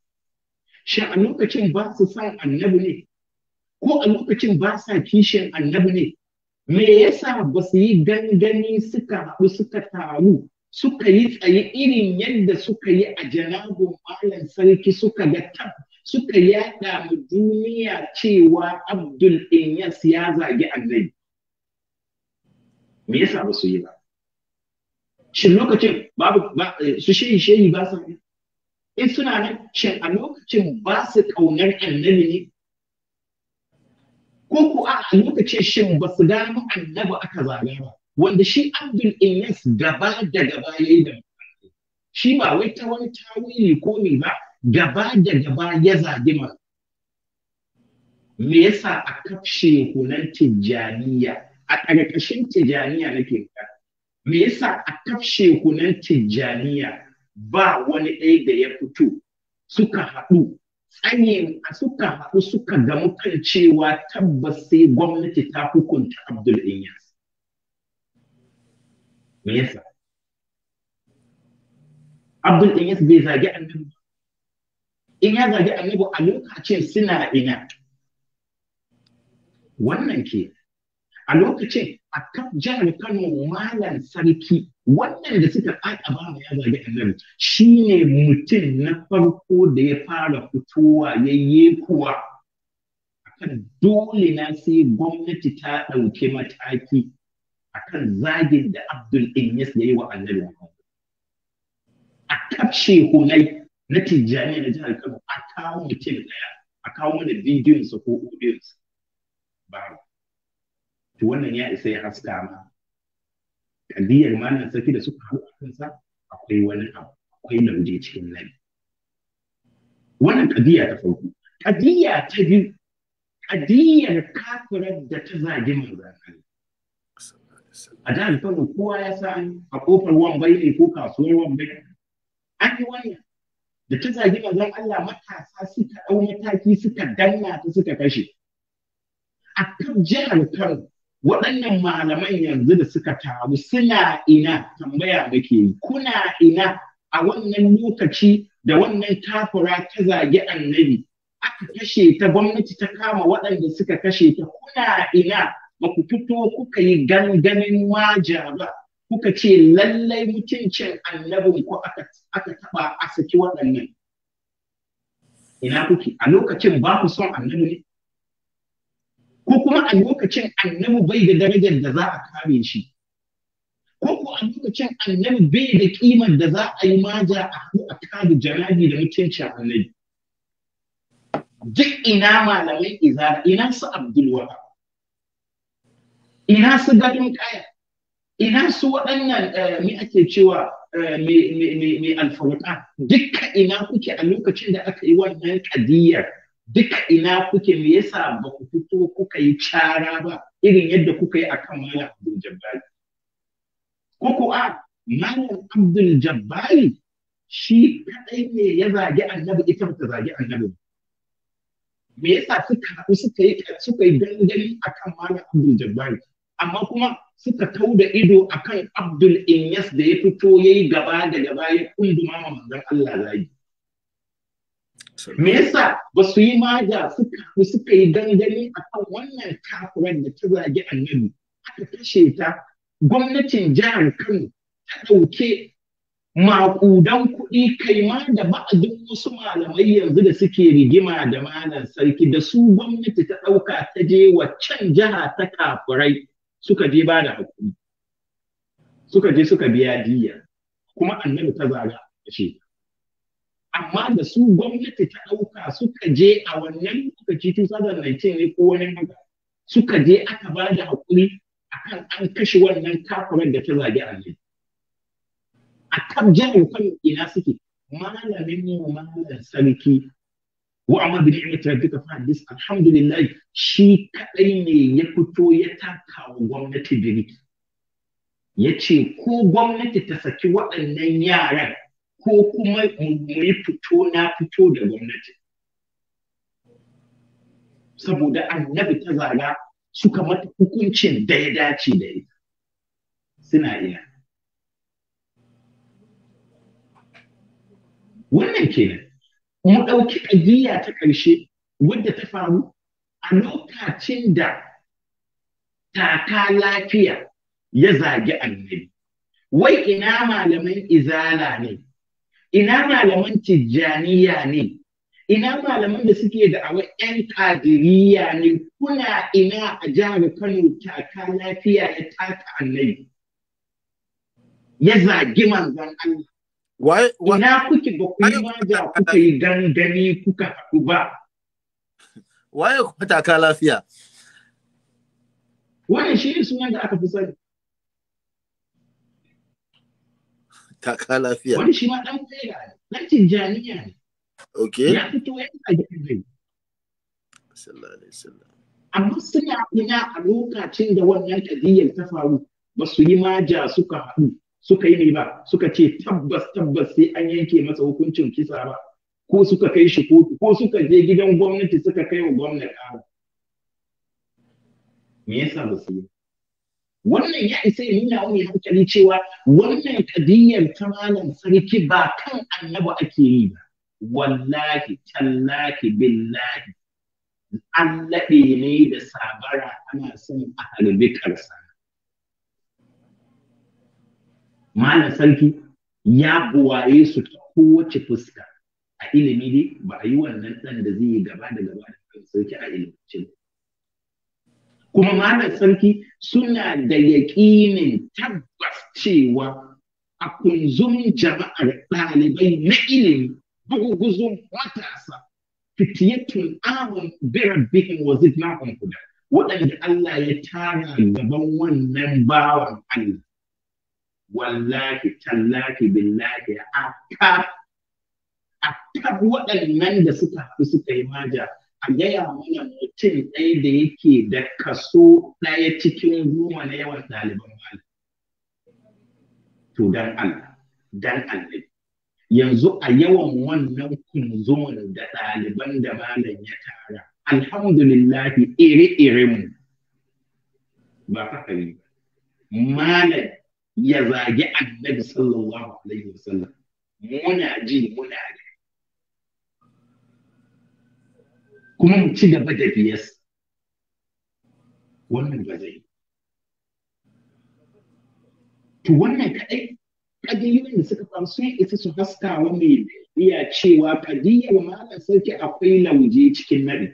Shin a lokacin ba su san annabi ne? ko a lokacin ba sa kishin annabi ne me yasa ba su yi gangani suka haɗu suka taru suka yi tsaye irin yadda suka yi a janabin malam sarki suka ga tab suka yada mu duniya cewa abdul inyas ya zagi annabi me yasa ba su yi ba shin lokacin babu eh, su shehi shehi ba su in suna nan shin a lokacin ba su kaunar annabi ne ko ku a muka ce shin ba su gano annabi aka zaga ba wanda shi abdul inyas gaba da gaba ya yi da shi ba wai ta wani tawili ko me ba gaba da gaba ya zagi ma me yasa a kafshe hunan tijjaniya a ƙarƙashin tijjaniya nake ka me yasa a kafshe kunan tijjaniya ba wani ɗaya da ya fito suka haɗu tsayin a suka haɗu suka gamu kan cewa tabbas sai gwamnati ta hukunta Abdul Inyas. Me yasa? Abdul Inyas bai zagi annabi in ya zagi annabi a lokacin suna ina. Wannan ke a lokacin a kan jihar Kano malam sarki wannan da suka ƙaƙa ba ya zagi annabi shi ne mutum na farko da ya fara fitowa ya yi akan dole na sai gwamnati ta ɗauki mataki akan zagin da Abdul Inyas ya yi wa annabi a kafshe hunai na tijjani na jihar Kano a kawo mutum ɗaya a kawo mana bidiyonsa ko odiyonsa ba to wannan ya isa ya haska ma kadiyar malam sarki da suka hau kansa akwai wani abu akwai lauje cikin nan wannan kadiya ta farko kadiya ta biyu kadiyar kafirar da ta zagi manzan a jihar Kano kowa ya sa an a kofar wambai ne ko kasuwar wambai an yi wannan da ta zagi manzan Allah matasa suka ɗau mataki suka danna ta suka kashe a kan jihar Kano waɗannan malaman yanzu da suka taru suna ina tambaya da ke kuna ina a wannan lokaci da wannan tafura ta zagi annabi aka kashe ta gwamnati ta kama waɗanda suka kashe ta kuna ina ba ku fito kuka yi ganganin waja ba kuka ce lallai mutuncin annabin ko aka taɓa a saki waɗannan ina kuke a lokacin ba ku son annabi ne ko kuma a lokacin annabi bai da darajar da za a kare shi ko a lokacin annabi bai da kimar da za a yi maja a ko a kare jarabi da mutunci annabi duk ina malamai izara ina su abdul ina su gadon kaya ina su waɗannan eh, me ake cewa mai alfawata Duka ina kuke a lokacin da aka yi wannan kadiyar duka ina kuke me yasa ba ku fito kuka yi cara ba irin yadda kuka yi akan malam abdul jabbari ko a malam abdul jabbari shi kadai ne ya zage annabi ita ba ta zage annabi me yasa suka haɗu suka yi suka yi dangane akan malam abdul jabbari amma kuma suka tau da ido akan abdul inyas da ya fito ya yi gaba da gaba ya kunduma ma manzon allah zagi Me yasa ba su yi maja suka suka yi dangane a kan wannan kafuran da ta zage annabi aka kashe ta gwamnatin jihar Kano ta ɗauke maƙudan kuɗi kai ma da ba'adin wasu malamai yanzu da suke rigima da malam sarki da su gwamnati ta ɗauka ta je can jiha ta kafurai suka je ba da hakuri suka je suka biya diya kuma annabi ta zaga a ce amma da su gwamnati ta ɗauka suka je a wannan lokaci 2019 ne ko wani haka suka je aka ba da haƙuri akan an kashe wannan kafirar da ta zagi ne. a kan jihar kan ina suke malamin mu malam sarki wa amma bi ni'mati rabbika fa hadis alhamdulillah shi kadai ne ya fito ya taka wa gwamnati biri ya ce ko gwamnati ta saki waɗannan yaran ko kuma mu yi fito na fito da gwamnati saboda annabi ta zaga suka mata hukuncin da ya dace da ita suna iya wannan kenan mu ɗauki ƙadiyya ta ƙarshe wadda ta faru a lokacin da taka lafiya ya zagi annabi wai ina malaman izala ne ina malaman tijjaniya ne ina malaman da suke da awa yan kadiriya ne kuna ina a jihar kano taka lafiya ya taka annabi ya zagi manzon Allah ina kuke ba ku yi waja kuka yi dangane kuka haɗu ba waye kuma taka lafiya wannan shi ne sunan da aka fi sani kaka lafiya wani shi ma dan kwaya dan tijaniya ne Ok. ya fito ya ta sallallahu alaihi amma suna kuna a lokacin da wannan kadiyar ta faru ba su yi maja suka haɗu suka yi mai ba suka ce tabbas tabbas sai an yanke masa hukuncin kisa ba ko suka kai shi kotu ko suka je gidan gwamnati suka kai wa gwamnati ƙara me yasa ba su yi wannan ya isa ya nuna wani hankali cewa wannan kadiyyar ta malam sarki ba kan annabi ake yi ba wallahi tallahi billahi an laɓe ne da sabara ana son a harbi karsa malam sarki ya buwaye su ta kowace fuska a ilimi ne ba a yi wannan ɗan da zai yi gaba da gaba da sarki a ba kuma malam sarki suna da yaƙinin tabbas cewa a kunzum jama'ar ɗalibai na ilimi buguguzun matasa fitiyatun awon birabbihin wasu zidnahum huda waɗanda Allah ya tara gaban wannan bawan Allah wallahi tallafi billahi a kaf a waɗannan da suka haɗu suka yi maja a gaya mana mutum ɗaya da yake da kaso ɗaya cikin goma na yawan ɗaliban malam. To dan Allah, dan Allah. Yanzu a yawan wannan kunzumin da ɗaliban da malam ya tara, alhamdulillahi iri-iri mu ba fakari ba. Malam ya zagi annabi sallallahu alaihi wasallam. Muna ji muna ji. kuma mu ci gaba da biyas wannan ba zai to wannan kaɗai ƙadiyoyin da suka faru sun isa su haska wa mai iya cewa fadiyar malam sarki akwai lauje cikin nari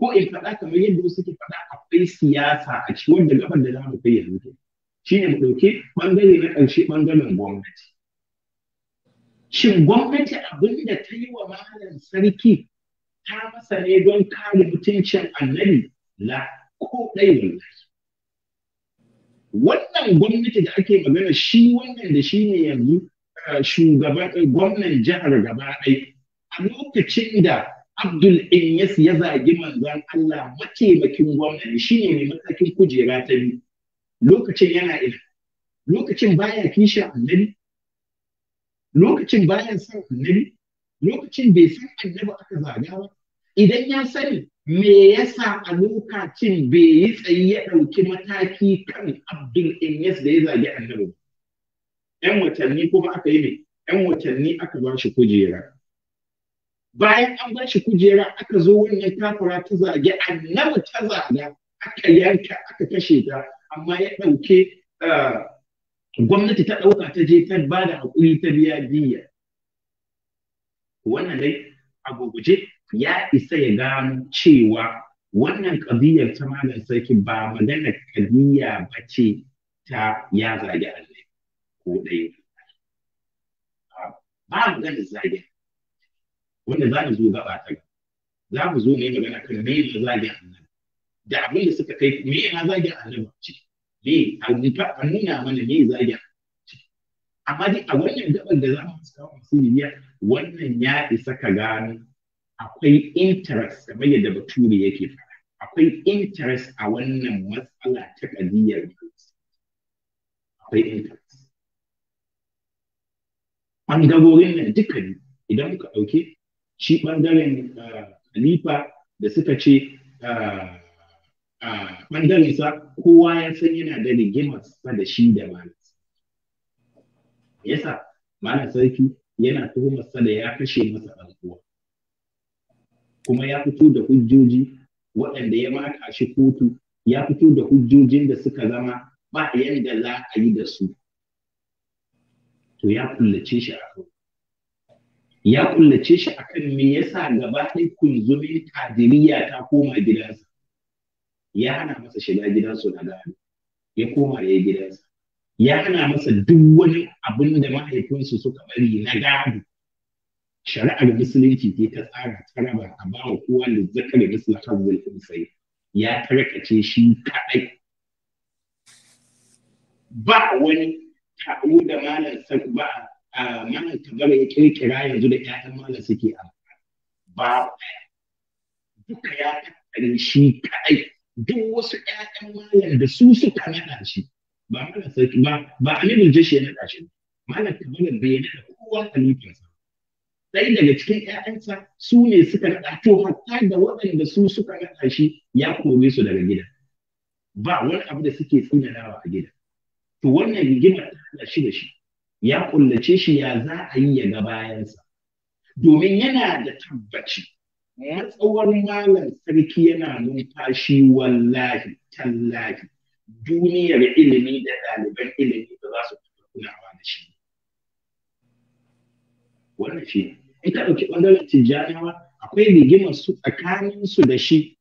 ko in faɗa kamar yadda wasu ke faɗa akwai siyasa a cikin wanda gaban da za mu kai yanzu shi ne mu ɗauki ɓangare na ƙarshe ɓangaren gwamnati shin gwamnati abin da ta yi wa malam sarki ta masa ne don kare mutuncin annabi la ko dai wallahi wannan gwamnati da ake magana shi wannan da shi ne yanzu eh, shugaban eh, gwamnan jihar gaba ɗaya a lokacin da Abdul Inyas ya zagi manzon Allah mataimakin gwamnati shi ne matakin kujera ta biyu lokacin yana ila lokacin baya kishi annabi lokacin bayan son annabi lokacin bai san annabi aka zaga ba idan ya sani me yasa a lokacin bai yi tsayi ya ɗauki mataki kan abdul inyas da ya zagi annabi yan watanni kuma aka yi ne yan watanni aka ba shi kujera bayan an ba shi kujera aka zo wannan takura ta zage annabi ta zaga aka yanka aka kashe ta amma ya ɗauke ah, gwamnati ta ɗauka ta je ta ba da haƙuri ta biya biya wannan dai a guguje ya isa ya gano cewa wannan ƙabiyar ta malam sarki ba magana ƙabiya ba ce ta ya zage Allah ko ɗaya ba magana zage. wanda za mu zo gaba ta za mu zo ne magana kan me ya zage Allah da abin da suka kai me ya zagi Allah ce me a nuna mana me ya zagi amma dai a wannan gaban da za mu samu wannan ya isa ka gano akwai interest kamar yadda bature yake fara akwai interest a wannan matsala ta kadiyar akwai interest ɓangarorin nan duka ne idan muka ɗauke shi ɓangaren khalifa ah, da suka ce ah, ah, sa kowa ya san yana da sa da shi da malas yasa malam sarki yana tuhumarsa da ya kashe masa ɗan kuma ya fito da hujjoji waɗanda ya maka shi kotu ya fito da hujjojin da suka zama ba yadda za a yi da su to ya kullace shi a ya kullace shi a kan me yasa gaba ɗaya kunzumin kadiriya ta koma gidansa ya hana masa shiga gidansu na gado ya koma ya yi gidansa ya hana masa duk wani abin da mahaifinsu suka bari na gado shari'ar musulunci ce ta tsara tsaraba a ba wa kowa da zakari misla wani unsai ya tarkace shi kaɗai ba wani taro da malam ba a ta gama ya kirkira yanzu da ƴaƴan malam suke a ba duka ya tattare shi kaɗai duk wasu ƴaƴan malam da su suka naɗa shi ba malam sarki ba ba aminu jashi ya naɗa shi malam tabara bai naɗa kowa a nufinsa Sai daga cikin ‘ya'yansa su ne suka daɗa to hatta da waɗanda su suka naɗa shi ya kore su daga gida ba wani abu da suke tsinanawa a gida to wannan rigimar ta haɗa shi da shi ya kullace shi ya za a yi ya ga bayansa domin yana da tabbaci matsawar malam sarki yana numfashi wallahi tallahi duniyar ilimi da ɗaliban ilimi da za su kulawa da shi ba wannan shi in ka ɗauki ɓangaren tijjaniyawa akwai rigimar su tsakanin su da shi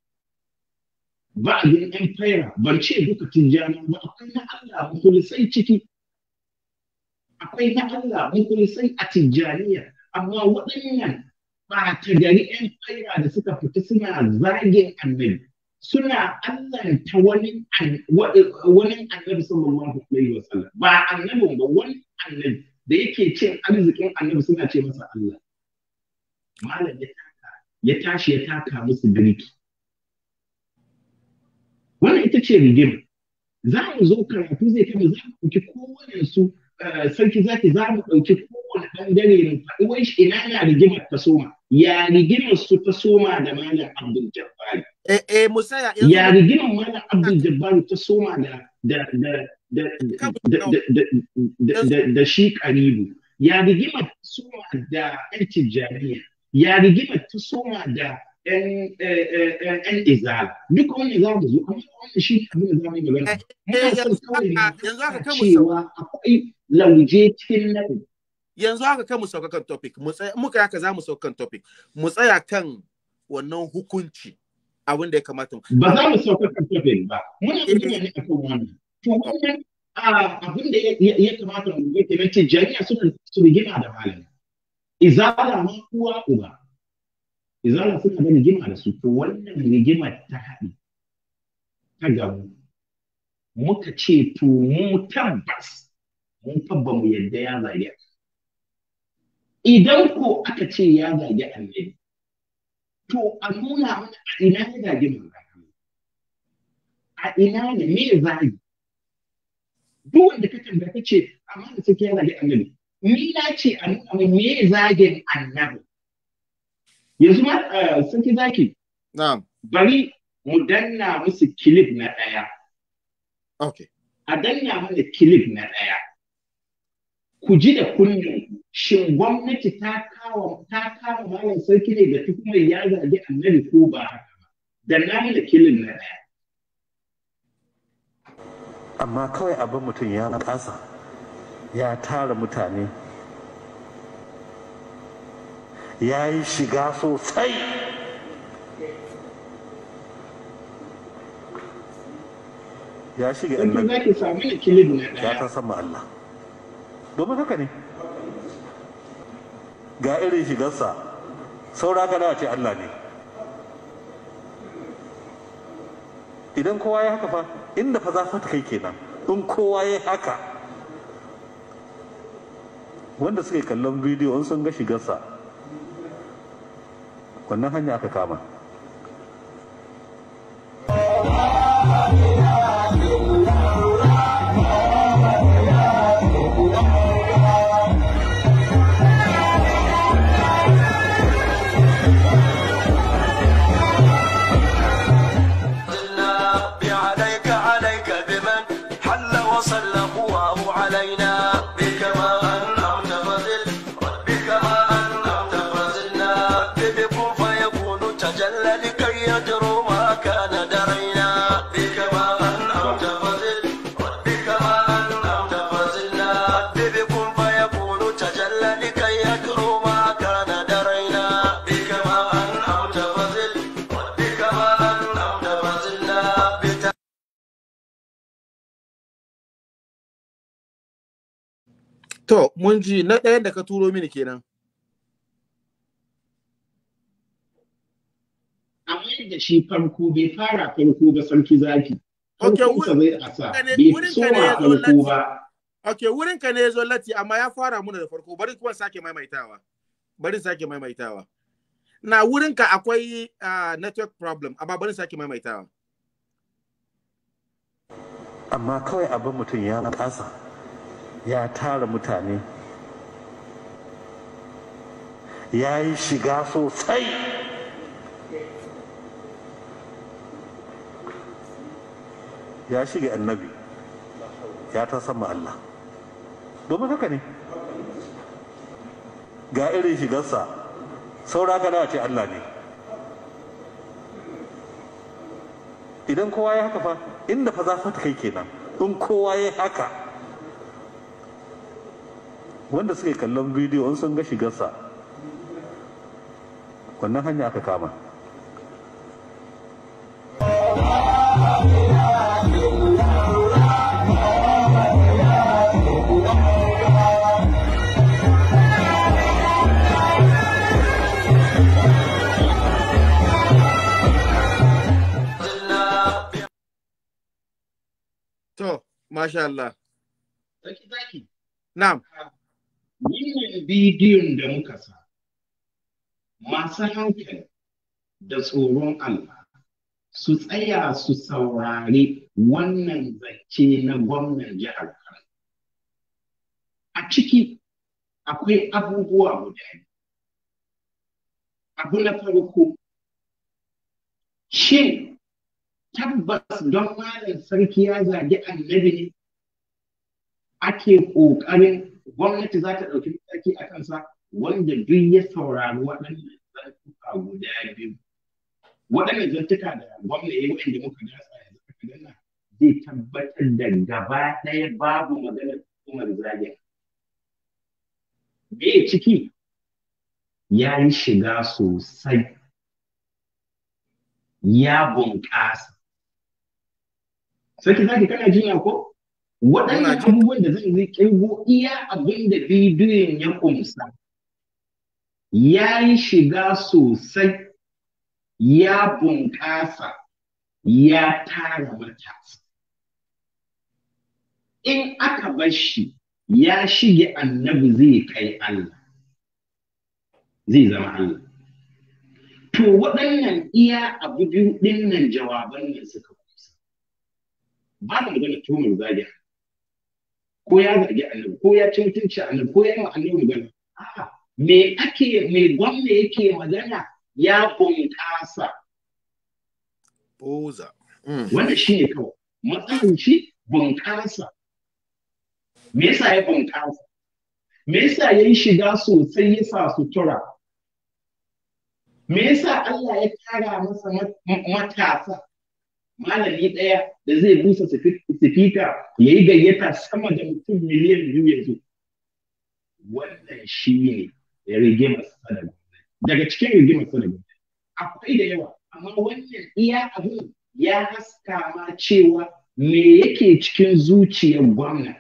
ba abin yan fayara ban ce duka tijjaniyawa ba akwai na Allah mukulisai ciki akwai na Allah mukulisai a tijjaniya amma waɗannan ba ta gari yan da suka fita suna zagin annabi suna allanta wani wani annabi sallallahu alaihi wasallam ba annabin ba wani annabi da yake cin arzikin annabi suna ce masa Allah malam ya taka ya tashi ya taka musu birki wannan ita ce rigima za mu zo karatu zai kama za mu ɗauki kowane su eh, sarki zaki za mu ɗauki kowane ɓangare mu faɗi wai ina ya rigimar ta soma ya rigimar su ta soma da malam abdul jabbari eh, eh, ya rigimar malam abdul jabbari ta soma da da da shi karibu ya rigima soma da yan tijjaniya ya rigima soma da yan eh, eh, eh, izala duk wani za mu zo amma wani shi abin da za mu yi magana muna son kawai cewa akwai lauje cikin nan yanzu haka kan mu sauka kan topic mu tsaya muka haka za mu sauka kan topic mu tsaya kan wannan hukunci abin da ya kamata ba za mu sauka kan topic ba muna magana ne akan wannan to wannan abin da ya kamata mu ga kenan jami'a suna su rigima da malami izala ma uwa uba izala suna da rigima da su to wannan rigima ta haɗi ta gamu muka ce to mu tabbas mun tabba mu yadda ya zage idan ko aka ce ya zage annabi to a nuna mana a ina ya zage manzon a ina ne me zagi duk wanda ka tambaya ka ce amma da suke yana da annabi ni na ce a nuna mai me zagin annabi yanzu ma eh, sun ki zaki bari mu danna musu kilif na ɗaya a danna mana kilif na ɗaya ku ji da kunne shin gwamnati ta kawo ta kawo malam sarki ne da tuhumar ya zagi annabi ko ba haka ba danna mana kilif na ɗaya amma kawai abin mutum ya kasa ya tara mutane ya yi shiga sosai ya shiga ɗan ya ta sama Allah domin haka ne ga irin shigarsa saura gana ce Allah ne idan kowa ya haka fa inda fa za ta kai kenan in kowa ya haka wanda suke kallon bidiyo in sun ga shigarsa wannan hanya aka kama To, mun ji na ɗayan da ka turo mini kenan. Amma yadda shi farko bai fara farko ba sarki zaki. Ok, wurin ka ne ya zo lati, amma ya fara muna da farko, bari kuma sake maimaitawa. Bari sake maimaitawa. Na wurin ka akwai uh, network problem, amma bari sake maimaitawa. Amma kawai abin mutum ya kasa. ya tara mutane ya yi shiga sosai ya shiga annabi ya ta sama Allah domin haka ne ga irin shigarsa saura kana ce Allah ne idan kowa ya haka fa inda fa za ta kai kenan in kowa ya haka wanda suke kallon bidiyo in sun ga shigarsa wannan hanya aka kama masha Allah. thank you. Now. wannan bidiyon da muka sa masu hankali da tsoron Allah su tsaya su saurari wannan zance na gwamnan jihar Kano. A ciki akwai abubuwa guda Abu na farko, shin tabbas don malam sarki ya zagi annabi ne ake ƙoƙarin gwamnati za ta ɗauki mataki a kansa wanda duk ya saurari waɗannan zantuka guda biyu waɗannan zantuka da gwamnati ya wanda muka gasa yanzu aka gana zai tabbatar da gaba ɗaya babu maganar hukumar zagin me ciki ya yi shiga sosai ya bunƙasa sarki zaki kana jinya ko waɗannan abubuwan da zai yi iya abin da bidiyon ya kumsa ya yi shiga sosai ya bunƙasa ya tara matasa in aka bar shi ya shige annabi zai kai Allah zai zama Allah to waɗannan iya abu biyu ɗinnan nan jawaban ne suka kusa ba da magana tumur zagi ko ya zagi annabi ko ya ci mutunci ko ya yi annabi magana a'a me ake me gwamna yake magana ya bunƙasa boza hmm. wanda shi ne kawai matsayin shi bunƙasa me yasa ya bunƙasa me yasa ya yi shiga sosai ya sa sutura me yasa Allah ya tara masa matasa malami ɗaya da zai busa sifika ya yi gayyata sama da mutum miliyan biyu yanzu wannan shi ne masu sadaka daga cikin rigimar sadaka akwai da yawa amma wannan iya abin ya haska ma cewa me yake cikin zuciyar gwamna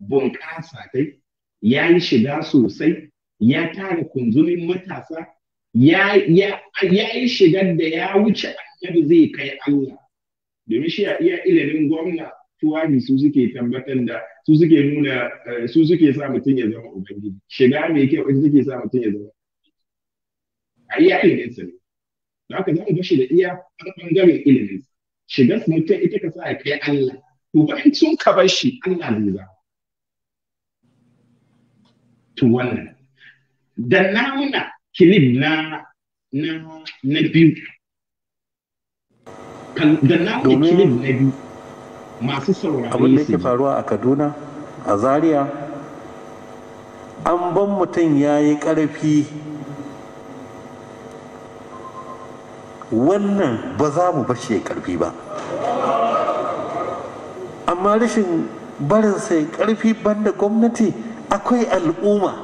bunƙasa kai ya yi shiga sosai ya tara kunzumin matasa ya yi shigar da ya wuce yadda zai kai Allah domin shi a iya ilimin gwamna tuwani su suke tabbatar da su suke nuna eh, su suke sa mutum ya zama ubangiji shiga mai kyau wajen suke sa mutum ya zama a iya ilimin sa ne da haka za mu bashi da iya har bangaren ilimin shiga su mutum ita ka sa kai Allah to bayan sun ka bar shi Allah zai zama to wannan da na kilib na na biyu da na masu abin da yake faruwa a kaduna a zaria an ban mutum ya yi ƙarfi wannan ba za mu bashi ya ƙarfi ba amma rashin barin sai ƙarfi banda gwamnati akwai al'umma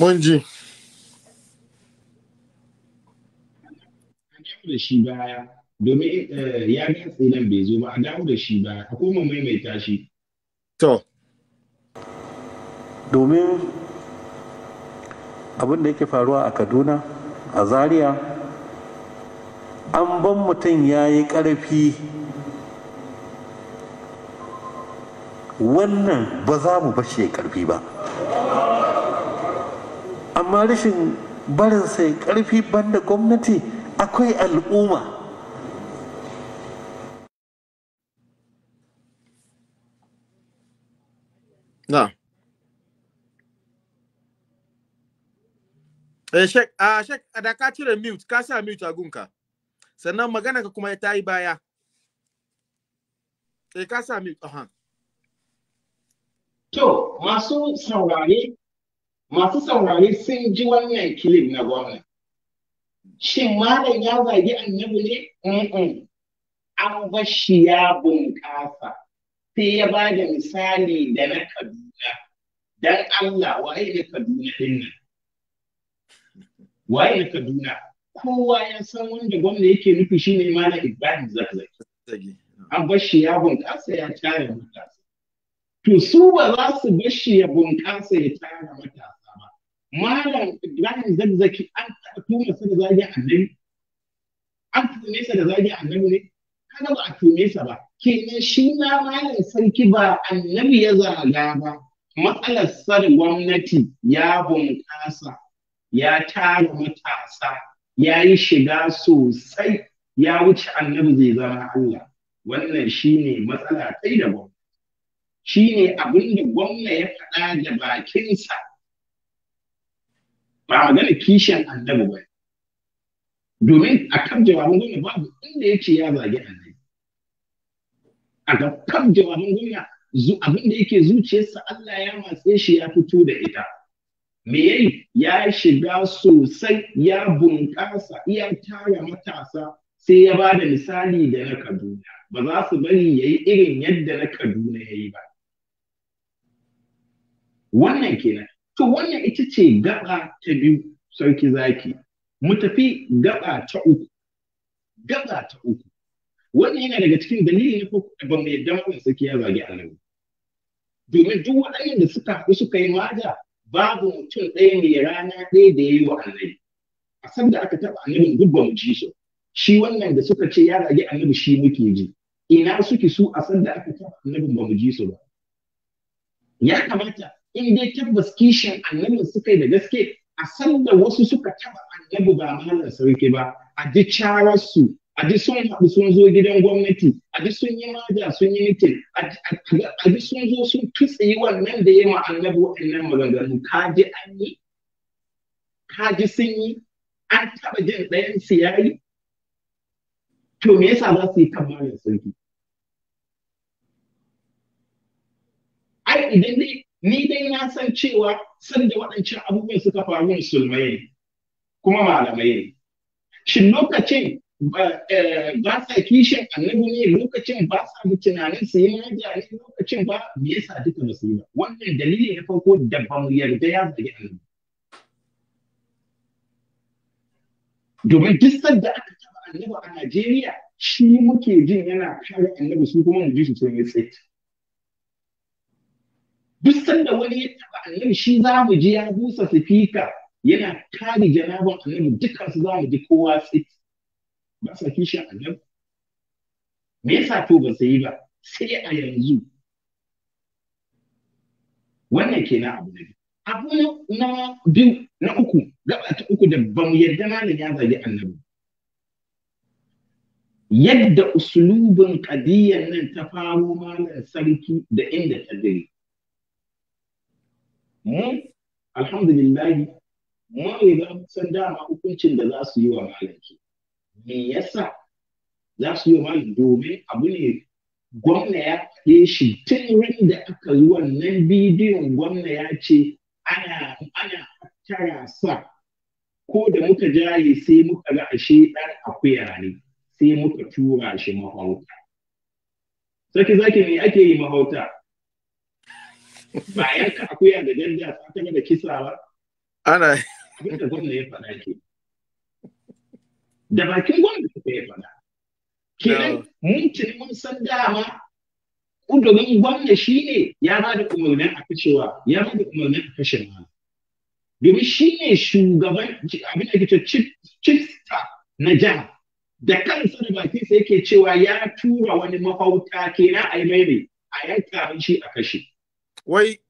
mun ji dawo da shi baya domin eh, ya ga tsinan bai zo ba a dawo da shi baya a koma maimaita shi to domin abin da yake faruwa a kaduna a zaria an ban mutum ya yi ƙarfi wannan ba za mu bashi ya ƙarfi ba amma rashin barin sai ƙarfi banda gwamnati akwai al'umma na eh shek ah, a shek da ka cire mute ka sa mute a gunka sannan magana ka kuma ta yi baya sai eh, ka sa mute aha to masu saurare masu saurare sun ji wannan kilin na gwamnati Shin malam ya zagi annabi ne? An bashi ya bunƙasa. Sai ya ba da misali da na Kaduna. don Allah waye da Kaduna ɗin nan? Waye da Kaduna? Kowa ya san wanda gwamna yake nufi shi ne malam Ibrahim Zakzaki. An bashi ya bunƙasa ya tara matasa. To su ba za su bashi ya bunƙasa ya tara matasa. malam ibrahim zazzaki an tume sa da zagi annabi an tume sa da zagi annabi ne kada ba a tume sa ba kenan shi na malam sarki ba annabi ya zaga ba matsalar sar gwamnati ya bunƙasa ya tara matasa ya yi shiga sosai ya wuce annabi zai zama Allah wannan shine matsala kai da gwamnati shine abin da gwamna ya faɗa da bakinsa ba magana kishiyan annabi ba domin a kan jawaban gwamna babu inda yake ya zage annabi a ga kan jawaban gwamna abin da yake zuciyarsa Allah ya matse shi ya fito da ita me yayi ya shiga sosai ya bunƙasa iya tara matasa sai ya ba da misali da na Kaduna ba za su bari ya yi irin yadda na Kaduna ya yi ba wannan kenan To wannan ita ce gaba ta biyu sarki zaki. Mu tafi gaba ta uku. Gaba ta uku. Wannan yana daga cikin dalilin ko ba mu yadda mu sauki ya zagi annabi. Domin duk waɗannan da suka haɗu suka yi maja babu mutum ɗaya mai rana ɗaya da ya wa annabi. A san da aka taɓa annabin duk ba mu ji shi. Shi wannan da suka ce ya zagi annabi shi muke ji. Ina suke su a san da aka taɓa annabin ba mu ji su ba. Ya kamata in dai tabbas kishin annabin suka yi da gaske a san da wasu suka taba annabi ba hannun sarki ba a ji su a ji sun haɗu sun zo gidan gwamnati a ji sun yi maja sun yi mitin a ji sun zo sun tutsi wannan da ya ma annabi waɗannan maganganu ka ji an yi ka ji sun yi an taɓa jin ɗayan su ya yi to me yasa za su yi kamar mahallar sarki ai idan dai ni dai na san cewa sanda waɗancan abubuwan suka faru musulmai kuma malamai shi lokacin eh, ba sa kishin annabi ne lokacin ba sa da tunanin su yi maja ne lokacin ba me yasa duka ba yi ba wannan dalilin na farko da ba mu yarda ya zage annabi domin duk sanda aka taba annabi a Najeriya shi muke jin yana kare annabi su kuma mu ji su sun yi tsaye duk sanda wani ya taba annabi shi za mu ji ya busa sifika yana kare janaban annabi dukkan su za mu ji kowa sai ba sa kishin annabi me yasa to ba sai ba sai a yanzu wannan kenan abu na abu na biyu na uku gaba ta uku da ba mu yarda malam ya zagi annabi yadda usulubin kadiyan nan ta faro malam sarki da inda ta dare mu alhamdulillahi mu riga san dama hukuncin da za su yi wa malam me yasa za su yi wa malam domin abu ne gwamna ya faɗe shi tun da aka yi wannan bidiyon gwamna ya ce ana ana tara sa ko da muka jaye sai muka ga ashe ɗan akuya ne sai muka tura shi mahauta. Saki zaki me ake yi mahauta? ba yanka akuya da danja ta ta da kisa ba ana abin da gwamna ya faɗa ke da bakin gwamna ta ya faɗa kenan mun ce mun san dama kudurin gwamna shi ne ya ba da umarnin a kashewa ya ba da umarnin a kashe ma domin shi ne shugaban abin da ke chief na jiha da kansa da sai yake cewa ya tura wani mahauta kenan a yi mai a yanka shi a kashe wai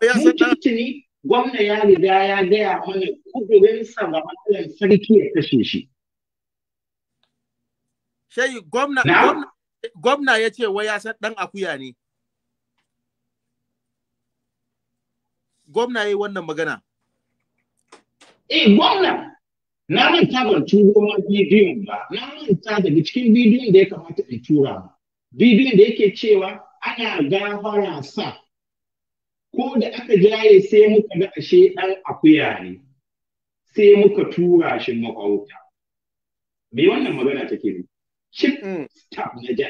ya san da gwamna ya riga ya gaya mana kudurinsa ga matsalar sarki ya kashe shi shayi gwamna gwamna ya ce wai ya san dan akuya ne gwamna ya yi wannan magana eh gwamna na manta ban turo ma bidiyon ba na manta daga cikin bidiyon da ya kamata in tura bidiyon da yake cewa ana gafara sa ko da aka jaye sai muka ga ashe ɗan akuya ne sai muka tura shi makwauta me wannan magana take ne Cik hmm. stab na ja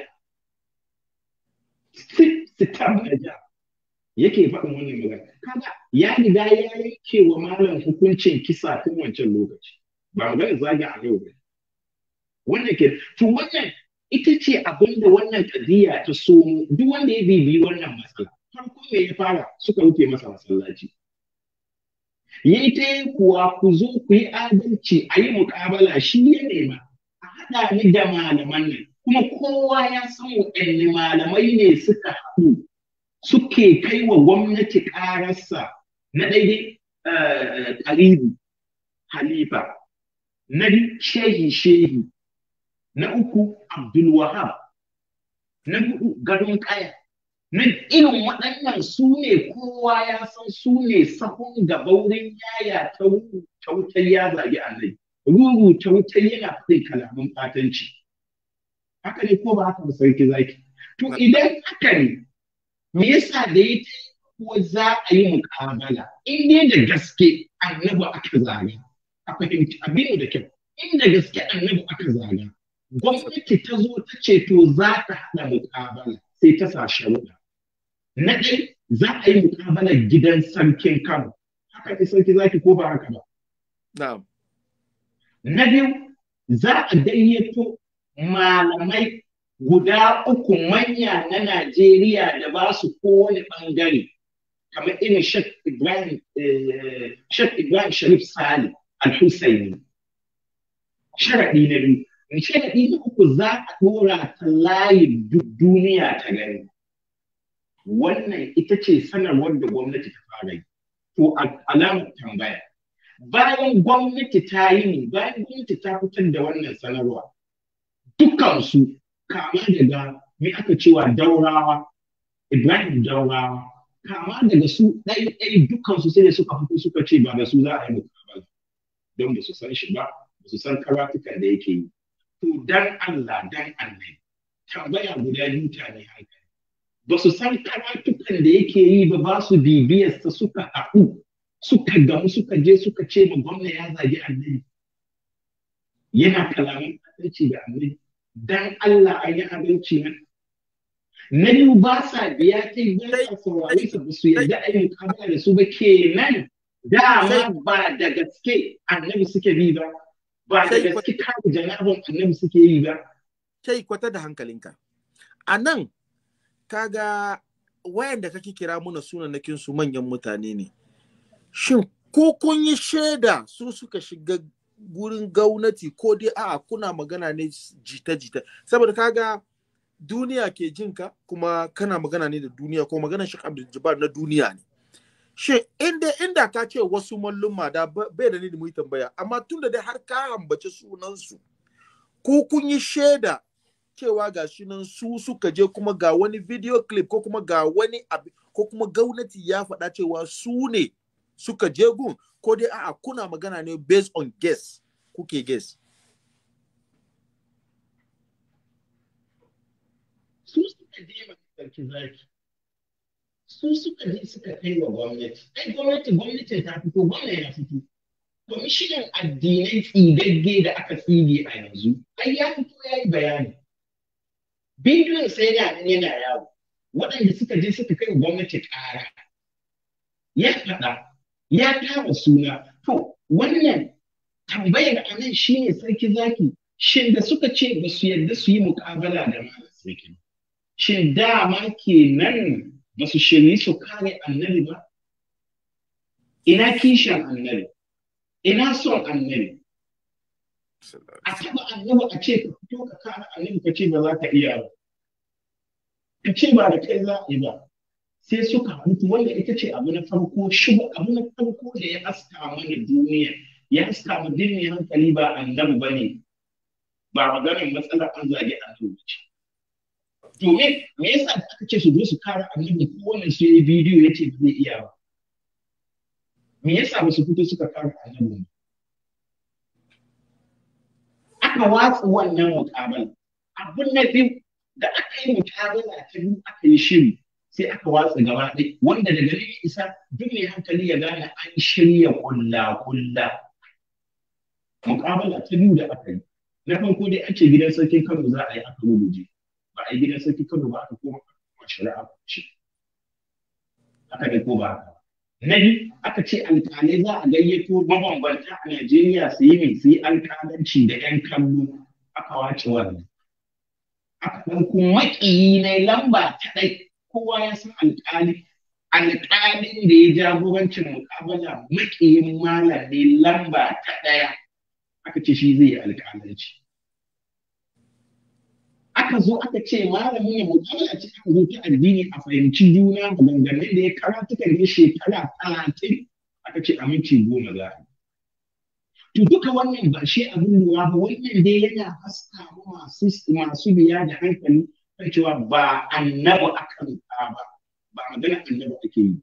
ship stab na ja yake faɗin wannan magana kaga ya riga ya yanke wa malam hukuncin kisa tun wancan lokaci ba magana zage a yau ba wannan ke to wannan ita ce abinda wannan kadiya ta so duk wanda ya bibi wannan matsala farko me ya fara suka wuce masa masallaci yi ta kuwa ku zo ku yi adalci a yi muƙabala shi ya nema a haɗa ni da malaman nan kuma kowa ya san waɗanne malamai ne suka haɗu suke kai wa gwamnati ƙararsa na daidai ƙaribu eh, halifa na shehi shehi na uku abdulwahab na hudu gadon kaya min irin waɗannan su ne kowa ya san su ne sahun da baurin yaya ta wutar ya zagi annabi ruru ta wutar yana kai kalaman fatanci haka ne ko ba haka ba sarki zaki to idan haka ne me yasa da ya ta ko za a yi muƙabala in dai da gaske annabi aka zaga a fahimci abin da kyau in da gaske annabi aka zaga gwamnati ta zo ta ce to za ta haɗa muƙabala sai ta sa sharuɗa na ɗai za a yi muƙabalar gidan sarkin Kano haka ne sarki ki ko ba haka ba na biyu za a gayyato malamai guda uku manya na Najeriya da ba su kowane ɓangare kamar irin Sheikh Ibrahim eh, Sharif Sali Al-Husaini sharaɗi na biyu sharaɗi na uku za a ɗora ta layin duk duniya ta gani wannan ita ce sanarwar da gwamnati ta fara yi to alamar tambaya bayan gwamnati ta yi ne bayan gwamnati ta fitar da wannan sanarwa dukansu kama daga me aka cewa daurawa ibrahim daurawa kama daga su ɗai dukansu sai da suka fito suka ce ba da su za a yi mukabala don ba su san shi ba ba su san karatukan da yake yi to dan Allah dan Allah tambaya guda biyu ta ne haka ba su san karatukan da yake yi ba ba su bibiyarsa suka haɗu suka gamu suka je suka ce ma gwamna ya zagi annabi yana kalaman adalci da annabi dan Allah an yi adalci nan na biyu ba sa biya ta yi a saurari su ba su yarda a yi mukamala da su ba ke Da dama ba da gaske annabi suke bi ba ba da gaske kawo jana'abin annabi suke yi ba. Kai kwata da hankalinka. A nan kaga wayanda kake kira muna sunanakin su manyan mutane ne shin ko kun yi shaida su suka shiga gurin gwamnati ko dai a'a kuna magana ne jita-jita saboda kaga duniya ke jin ka, kuma kana magana ne da duniya ko magana shi Abdul na duniya ne shin inda inda ka ce wasu malluma da bai da ni da muyi tambaya amma tunda dai har ka ambace sunansu ko kun yi shaida cewa ga shi nan su suka je kuma ga wani video clip ko kuma ga wani abu ko kuma gwamnati ya faɗa cewa su ne suka je gun ko dai a'a kuna magana ne based on guess kuke guess su suka je sarki zaki su suka je suka kai wa gwamnati ai gwamnati gwamnati ta fito gwamnati ya fito kwamishinan addinai tsigagge da aka tsige a yanzu ai ya fito ya yi bayani bidiyon sai yana nan yana yawo waɗanda suka je suka kai gwamnati ƙara ya faɗa ya kama suna to wannan tambayar a nan shi ne sarki zaki shin da suka ce ba su yarda su yi muƙabala da malam sarki shin dama kenan ba su shirye su kare annabi ba ina kishin annabi ina son annabi a taba annabi a ce ka fito ka kara annabi ka ce ba za ka iya ba ka ce ba da kai za a yi ba sai suka mutu wanda ita ce abu na farko shi abu na farko da ya aska mana duniya ya aska mu hankali ba annabi ba ne ba maganin matsala an zage a ce domin me yasa da aka ce su zo su kara annabi ko wannan yi bidiyo ya ce zai iya ba me yasa ba su fito suka kara annabi aka watsa wannan muƙabala abun na biyu da aka yi muƙabala ta biyu aka yi sai aka watsa gaba ɗai wanda daga nan isa duk mai hankali ya gane an shirya kulla kulla muƙabala ta biyu da aka yi na farko dai ake gidan sarkin Kano za a yi aka rubuce ba a yi gidan sarkin Kano ba aka koma shari'a ce aka ne ko ba haka na aka ce alƙalai za a gayyato mabambanta a Najeriya su yi mai su yi alƙalanci da 'yan kallo aka wace wannan. Aka ɗauko maƙiyi na lamba ta ɗai kowa ya san alƙali. Alƙalin da ya jagorancin muƙabala maƙiyin malam ne lamba ta ɗaya aka ce shi zai yi alƙalanci. aka zo aka ce malamin ya mutane ce a rubuta addini a fahimci juna a dangane da ya karatu kan ya shekara talatin aka ce aminci goma za a to duka wannan ba shi abin lura ba wannan dai yana haska masu masu biya da hankali kan cewa ba annabi kan ba ba magana annabi ake yi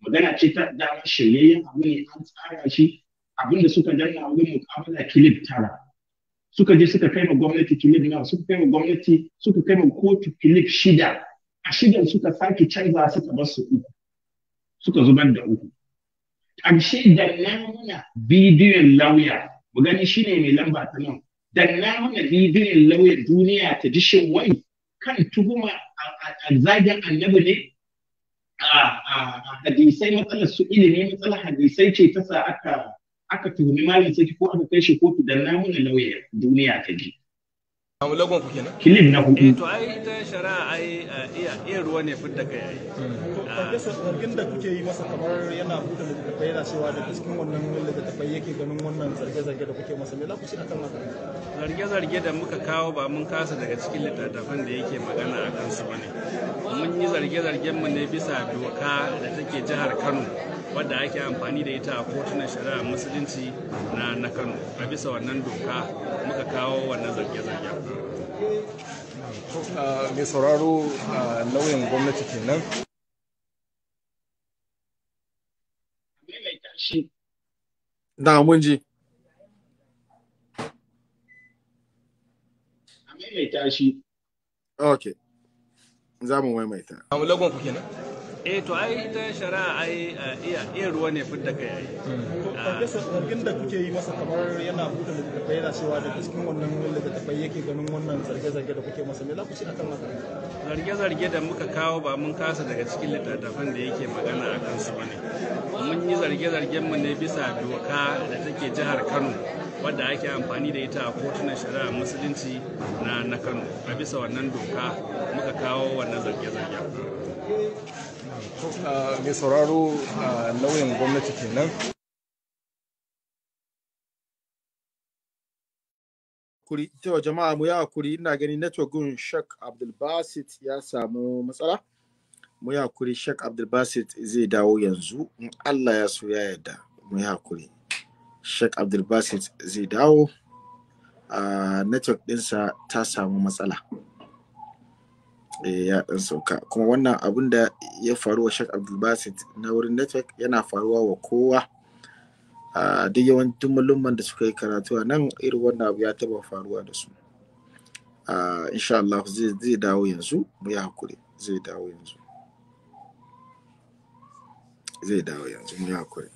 magana ce ta dama yin abu ne an tsara shi abinda suka danna wurin mu'amala kilif tara suka je suka kai ma gwamnati kilif na suka kai ma gwamnati suka kai ma kotu kilif shida a shidan suka sake canza suka bar su uku suka zubar da uku ƙarshe danna muna bidiyon lauya mu gani ne mai lamba ta nan danna muna bidiyon lauyar duniya ta dishin wai kan tuhuma a zagin annabi ne a hadisai matsalar su ilimi matsalar hadisai ce ta sa aka aka tuhumi malam sai ko aka kai shi kotu da namuna lauya duniya ta ji. lagon ku kenan? Kilim na hudu. Eh, to ai ta shari'a ai iya iya ruwa ne fidda kai ai. To hmm. farfesa zargin da kuke yi masa kamar yana buɗe da littattafai yana cewa da cikin wannan wanda da tafai yake ganin wannan zarge-zarge da kuke masa me za ku ci akan haka? Zarge-zarge da muka kawo ba mun kasa daga cikin littattafan da yake magana a kansu bane. Mun yi zarge-zargen mu ne bisa doka da take jihar Kano. wadda ake amfani da ita a kotunan shari'a musulunci na na kano a bisa wannan doka muka kawo wannan zarge-zarge ah, mai sauraro a ah, nauyin gwamnati kenan da mun ji maimaita shi ok za mu maimaita. Amulagon ku kenan. e to ai ta shari'a ai eh, iya ruwa ne fit da kai ai ah. zargin da kuke yi masa kamar yana buɗe ta yana cewa da cikin wannan littattafai yake ganin wannan zarge-zarge da kuke masa me za ku ce akan haka zarge-zarge da muka kawo ba mun kasa daga cikin littattafan da yake magana a kansu ba ne mun yi zarge-zargen mu ne bisa doka da take jihar Kano wadda ake amfani da ita a kotunan shari'a musulunci na Kano a bisa wannan doka muka kawo wannan zarge-zargen Uh, mai sauraro nauyin uh, gwamnati kenan kuri jama'a mu ya kuri ina gani network gun Sheikh Abdul ya samu matsala mu ya kuri Sheikh Abdul zai dawo yanzu in Allah ya so ya yarda mu ya kuri Sheikh Abdul zai dawo a uh, network ɗinsa ta samu matsala Eh, ya ɗan sauka kuma wannan abun da ya faru wa shek Abdulbasit na wurin network yana faruwa wa kowa a duk yawancin malumman da suka yi karatu a nan irin wannan abu ya taba faruwa da su insha Allah zai dawo yanzu mu yi hakuri zai dawo yanzu zai dawo yanzu mu yi hakuri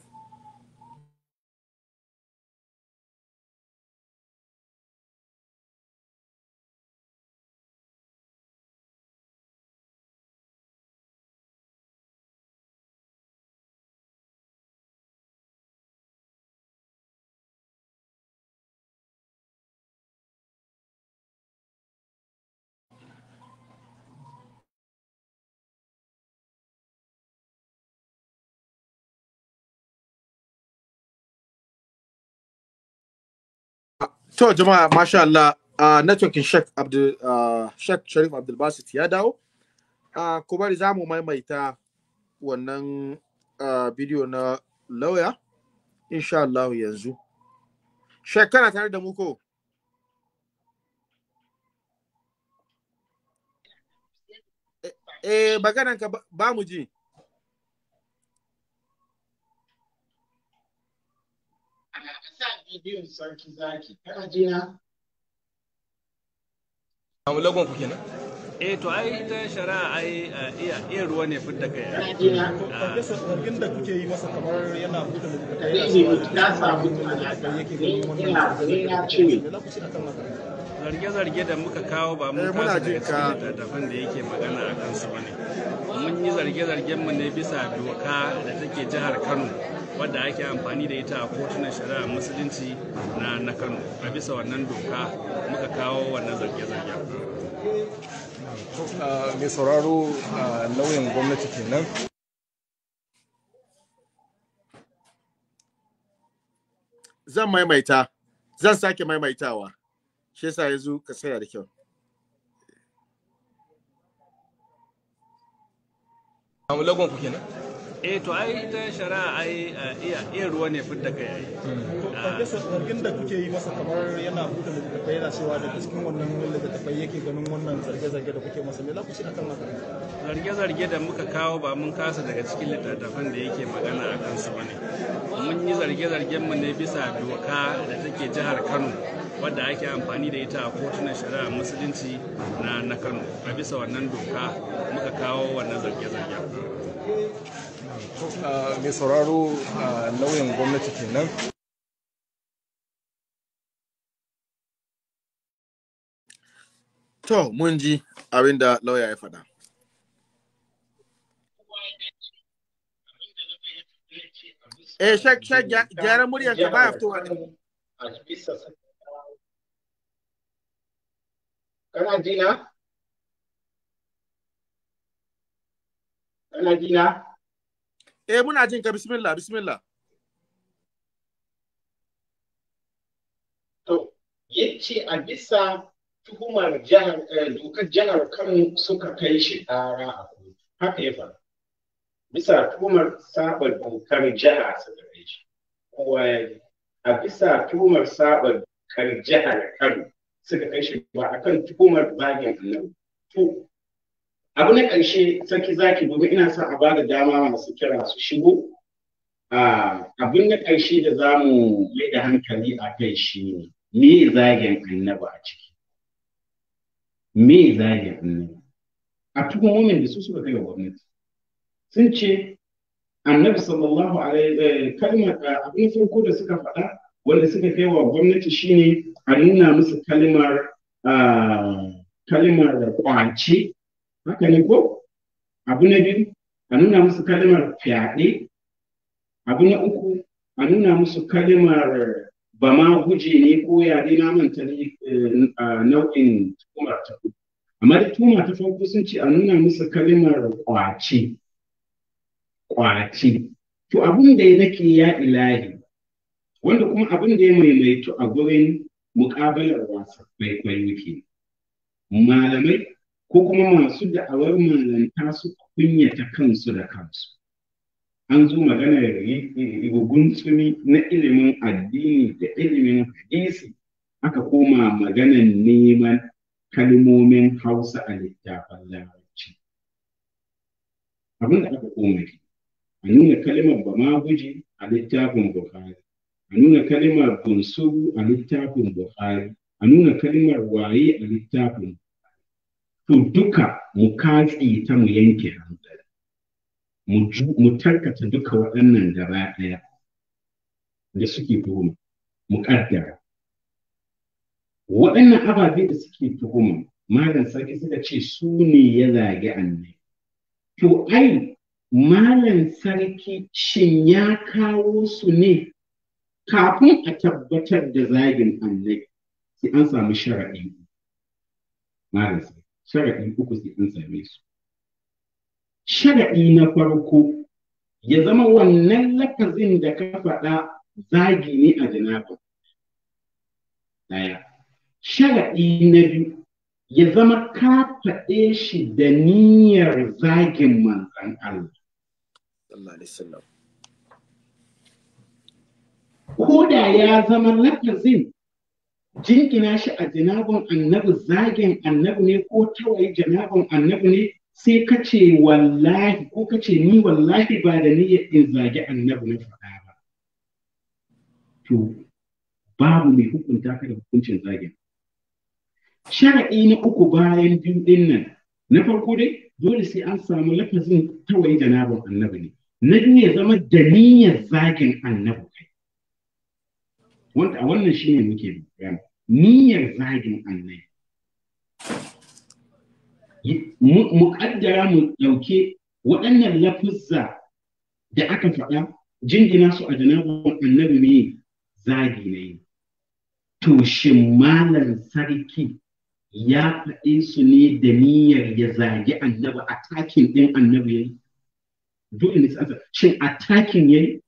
To jama'a masha Allah uh, networking Sheikh Abdul uh, Sheikh Sharif Abdul Basit ya dawo. Uh, ko bari za mu maimaita wannan uh, bidiyo na lauya insha Allah yanzu. Sheikh kana tare da mu ko? Eh, eh maganan ka ba mu ji. biyun sarki lagon ku kenan eh to ai ta shari'a ai eh, iya iya ruwa ne fitta ah. da kuke yi masa kamar yana buɗe littafi na samu alaka yake ganin wannan zarge-zarge da muka kawo ba mun kasa eh, daga cikin littattafan da yake magana a kansu ba ne mun yi zarge-zargen mu ne bisa doka da take jihar kano wadda ake amfani da ita a kotunan shari'a musulunci na na kano a bisa wannan doka muka kawo wannan zarge-zarge ah, mai sauraro a ah, lauyan gwamnati kenan zan maimaita zan sake maimaitawa shi yasa zo ka tsaya da kyau Assalamu alaikum ku kenan. eh to ai ta shari'a ai eh, iya ruwa ne fit da kai ai zargin da kuke yi masa kamar yana buɗe littattafai yana cewa da cikin wannan da tafai yake ganin wannan zarge-zarge da kuke masa me za ku ci akan haka zarge-zarge da muka kawo ba mun kasa daga cikin littattafan da yake magana a kansu bane mun yi zarge-zargen mu ne bisa doka da take jihar Kano wadda ake amfani da ita a kotunan shari'a musulunci na Kano a bisa wannan doka muka kawo wannan zarge-zargen Eh, mai sauraro a eh, lauyan gwamnati kenan to mun ji abin da lauya ya faɗa eh shek shek gyaran muryar ta baya fitowa ne kana jina kana jina eh muna jin ka bismillah bismillah to yace a bisa tuhumar jihar eh, dokar jihar Kano suka kai shi dara a kotu haka ya faru bisa tuhumar sabar dokar jihar suka kai shi kowa ya ji a bisa tuhumar sabar dokar jihar Kano suka kai shi ba akan tuhumar bagin Allah. to abu na ƙarshe sarki zaki gobe ina sa a bada dama masu kira su shigo ah, abin na ƙarshe da za mu mai da hankali a kai shi ne me zagin annaba a ciki me zagin annaba a momin da su suka kai wa gwamnati sun ce annabi sallallahu alaihi eh, kalmar eh, abin farko da suka faɗa wanda suka kai wa gwamnati shine a nuna musu kalmar ah, kalmar kwace haka ko abu na biyu a nuna musu kalimar fyaɗe abu na uku a nuna musu kalimar ba ma guje ne ko yare na manta ne eh, nau'in tumar ta amma da tuma ta farko sun ce a nuna musu kalimar ƙwace kwace to abin da nake ya ilahi wanda kuma abin da ya maimaitu a gurin mukabalar wasa kwaikwayo ke malamai ko kuma masu da'awar mallanta su kunyata kansu da kansu an zo maganar tsumi na ilimin addini da ilimin hadisi aka koma maganar neman kalmomin hausa a littafin larabci abin da aka koma a nuna kalmar ba ma a littafin Buhari, a nuna kalmar bunsuru a littafin Buhari, a nuna kalmar waye a littafin to duka mu katse ta mu yanke hankali, mu tarkata duka waɗannan gaba ɗaya da suke tuhuma mu ƙaddara waɗannan ababe da suke tuhuma malam sarki suka ce su ne ya zagi annai to ai malam sarki shin ya kawo su ne kafin a tabbatar da zagin annai sai an samu shara'i malam sarki sharaɗi uku sai an same su sharaɗi na farko ya zama wannan lakazin da ka faɗa zagi ne a jana'a Daya, sharaɗi na biyu ya zama ka faɗe shi da niyyar zagin manzan Allah ko da ya zama lakazin jingina shi a janabin annabi zagin annabi ne ko tawaye janabin annabi ne sai ka ce wallahi ko ka ce ni wallahi ba da niyyar in zagi annabi na faɗa ba to babu mai hukunta ka da hukuncin zagin shara'i na uku bayan biyu ɗin nan na farko dai dole sai an samu lafazin tawaye janabin annabi ne na biyu ya zama da niyyar zagin annabi wanda wannan shi ne muke magana niyyar zagin annabi mu kaddara mu ɗauke waɗannan lafuzza da aka faɗa jingina su a janabon annabi ne zagi ne to shin malam sarki ya faɗe su ne da niyyar ya zagi annabi a takin ɗin annabi yayi dole ne shin a takin yayi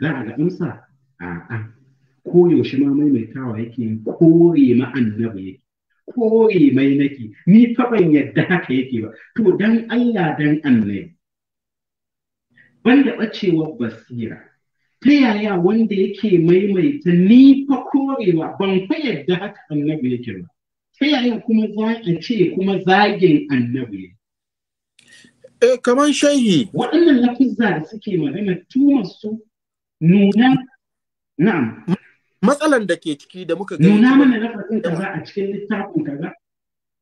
za a ga amsa a'a koyaushe ma maimaitawa yake kore ma annabi yake kore mai nake ni fa ban yadda haka yake ba to dan Allah dan annabi banda bacewar basira ta yaya wanda yake maimaita ni fa korewa ban fa yadda haka annabi yake ba ta yaya kuma za a ce kuma zagin annabi eh kamar shayi waɗannan lafizza da suke magana tuma su nuna Na'am. Matsalan da ke ciki da muka gani. Nuna mana lafafin kaza a cikin littafin kaza.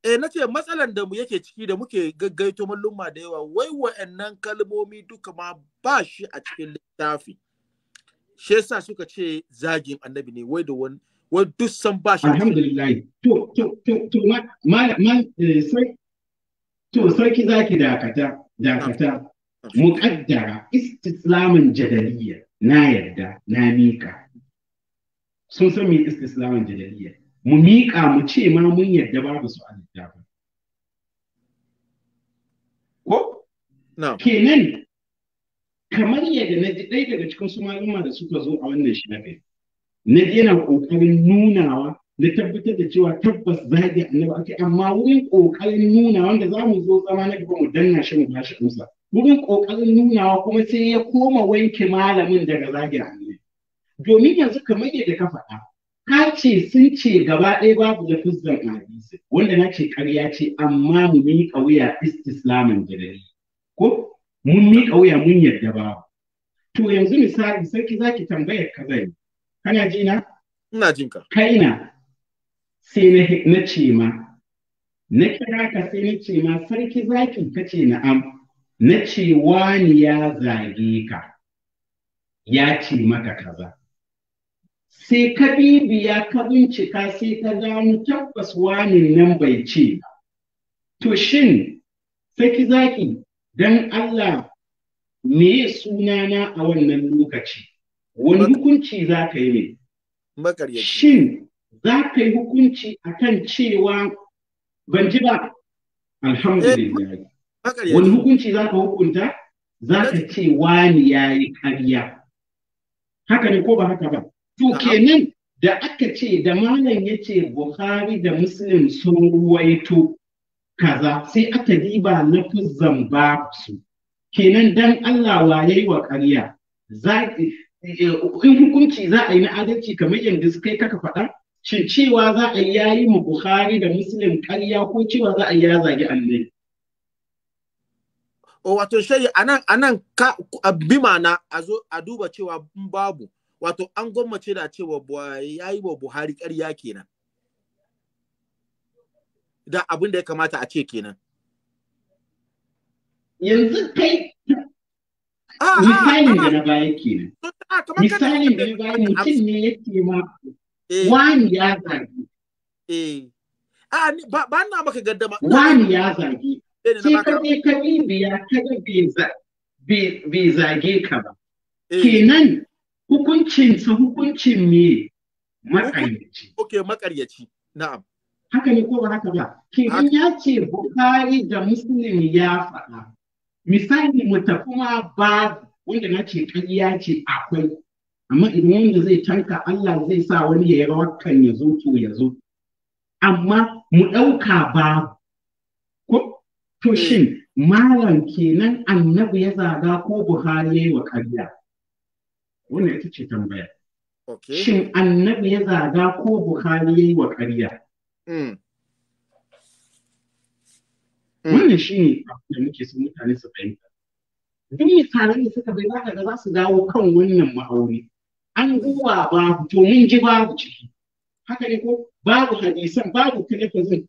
Eh na ce matsalan da mu yake ciki da muke gaggaito mallumma da yawa wai wa'annan kalmomi duka ma ba shi a cikin littafi. Shi yasa suka ce zagin annabi ne wai da wani wai duk san ba shi. Alhamdulillah. To to to to ma ma eh, sai to sarki zaki dakata dakata ah. muqaddara istislamin jadaliyya na yarda na mika sun san me istislamin jadaliya mu miƙa mu ce ma mun yadda babu su a littafin ko kenan kamar yadda na ji ɗaya daga cikin su da suka zo a wannan shafin na ji yana ƙoƙarin nunawa na tabbatar da cewa tabbas zagi annabi ake amma wurin ƙoƙarin nuna wanda za mu zo zama na gaba mu danna shi mu bashi amsa wurin ƙoƙarin nunawa kuma sai ya koma wanke malamin daga zagi annabi domin yanzu kamar yadda ka faɗa ka ce sun ce gaba ɗaya babu lafizan hadisi wanda na ce ƙarya ce amma mu miƙa wuya istislamin jidari ko mun miƙa wuya mun yarda babu to yanzu misali sarki zaki tambayar ka zai kana ji na ina jin ka kaina sai na ce ma na kira ka sai na ce ma sarki zaki ka ce na'am na ce wani ya zage ka ya ce maka kaza sai ka bibiya ka bincika sai ka gano tabbas wani nan bai ce to shin saki zaki dan Allah me sunana a wannan lokaci wani hukunci za ka yi ne shin za ka yi hukunci akan cewa ban ji ba alhamdulillah eh, wani hukunci za ka hukunta za ka ce wani ya yi karya haka ne ko ba haka ba To kenan da aka ce da malam ya ce Bukhari da Muslim sun ruwaito kaza sai aka diba na fuzzan ba su. Kenan dan Allah waye wa ƙarya. Eh, eh, in hukunci za a yi na adalci kamar yadda suka yi kaka faɗa? Shin cewa za a yi yayi ma Bukhari da Muslim ƙarya ko cewa za a yi ya zagi annai? wato Shari'a anan ka bi mana a a duba cewa babu wato an gwammace da cewa ya yi wa Buhari ƙarya kenan. Da abin da ya kamata a ce kenan. Yanzu kai ah, ah, misalin ah. da na baya kenan. Misalin da na baya mutum ne yake ma eh. wani ya zagi. Eh. A ba na maka gaddama. Wani ya zagi. Eh, Sai ka je ka biya ka ga bai zage ka ba. Eh. Kenan hukuncin su hukuncin me makaryaci Oke makaryaci na'am haka ne ko ba haka ba kenan ya ce bukari da muslim ya faɗa misali mu tafi ma babu wanda na ce ƙarya ce akwai amma idan wanda zai tanka Allah zai sa wani ya yi rawar ya zo to ya zo amma mu ɗauka babu ko to eh. shin malam kenan annabi ya zaga ko Buhari ya yi wa ƙarya wannan ita ce tambaya shin annabi ya zaga ko bukhari ya yi wa ƙarya mm. Mm. wannan shi ne da muke son mutane su fahimta duk misalan da suka bai zaka ga za su dawo kan wannan ma'auni an guwa babu to mun ji babu ciki haka ne ko babu hadisan babu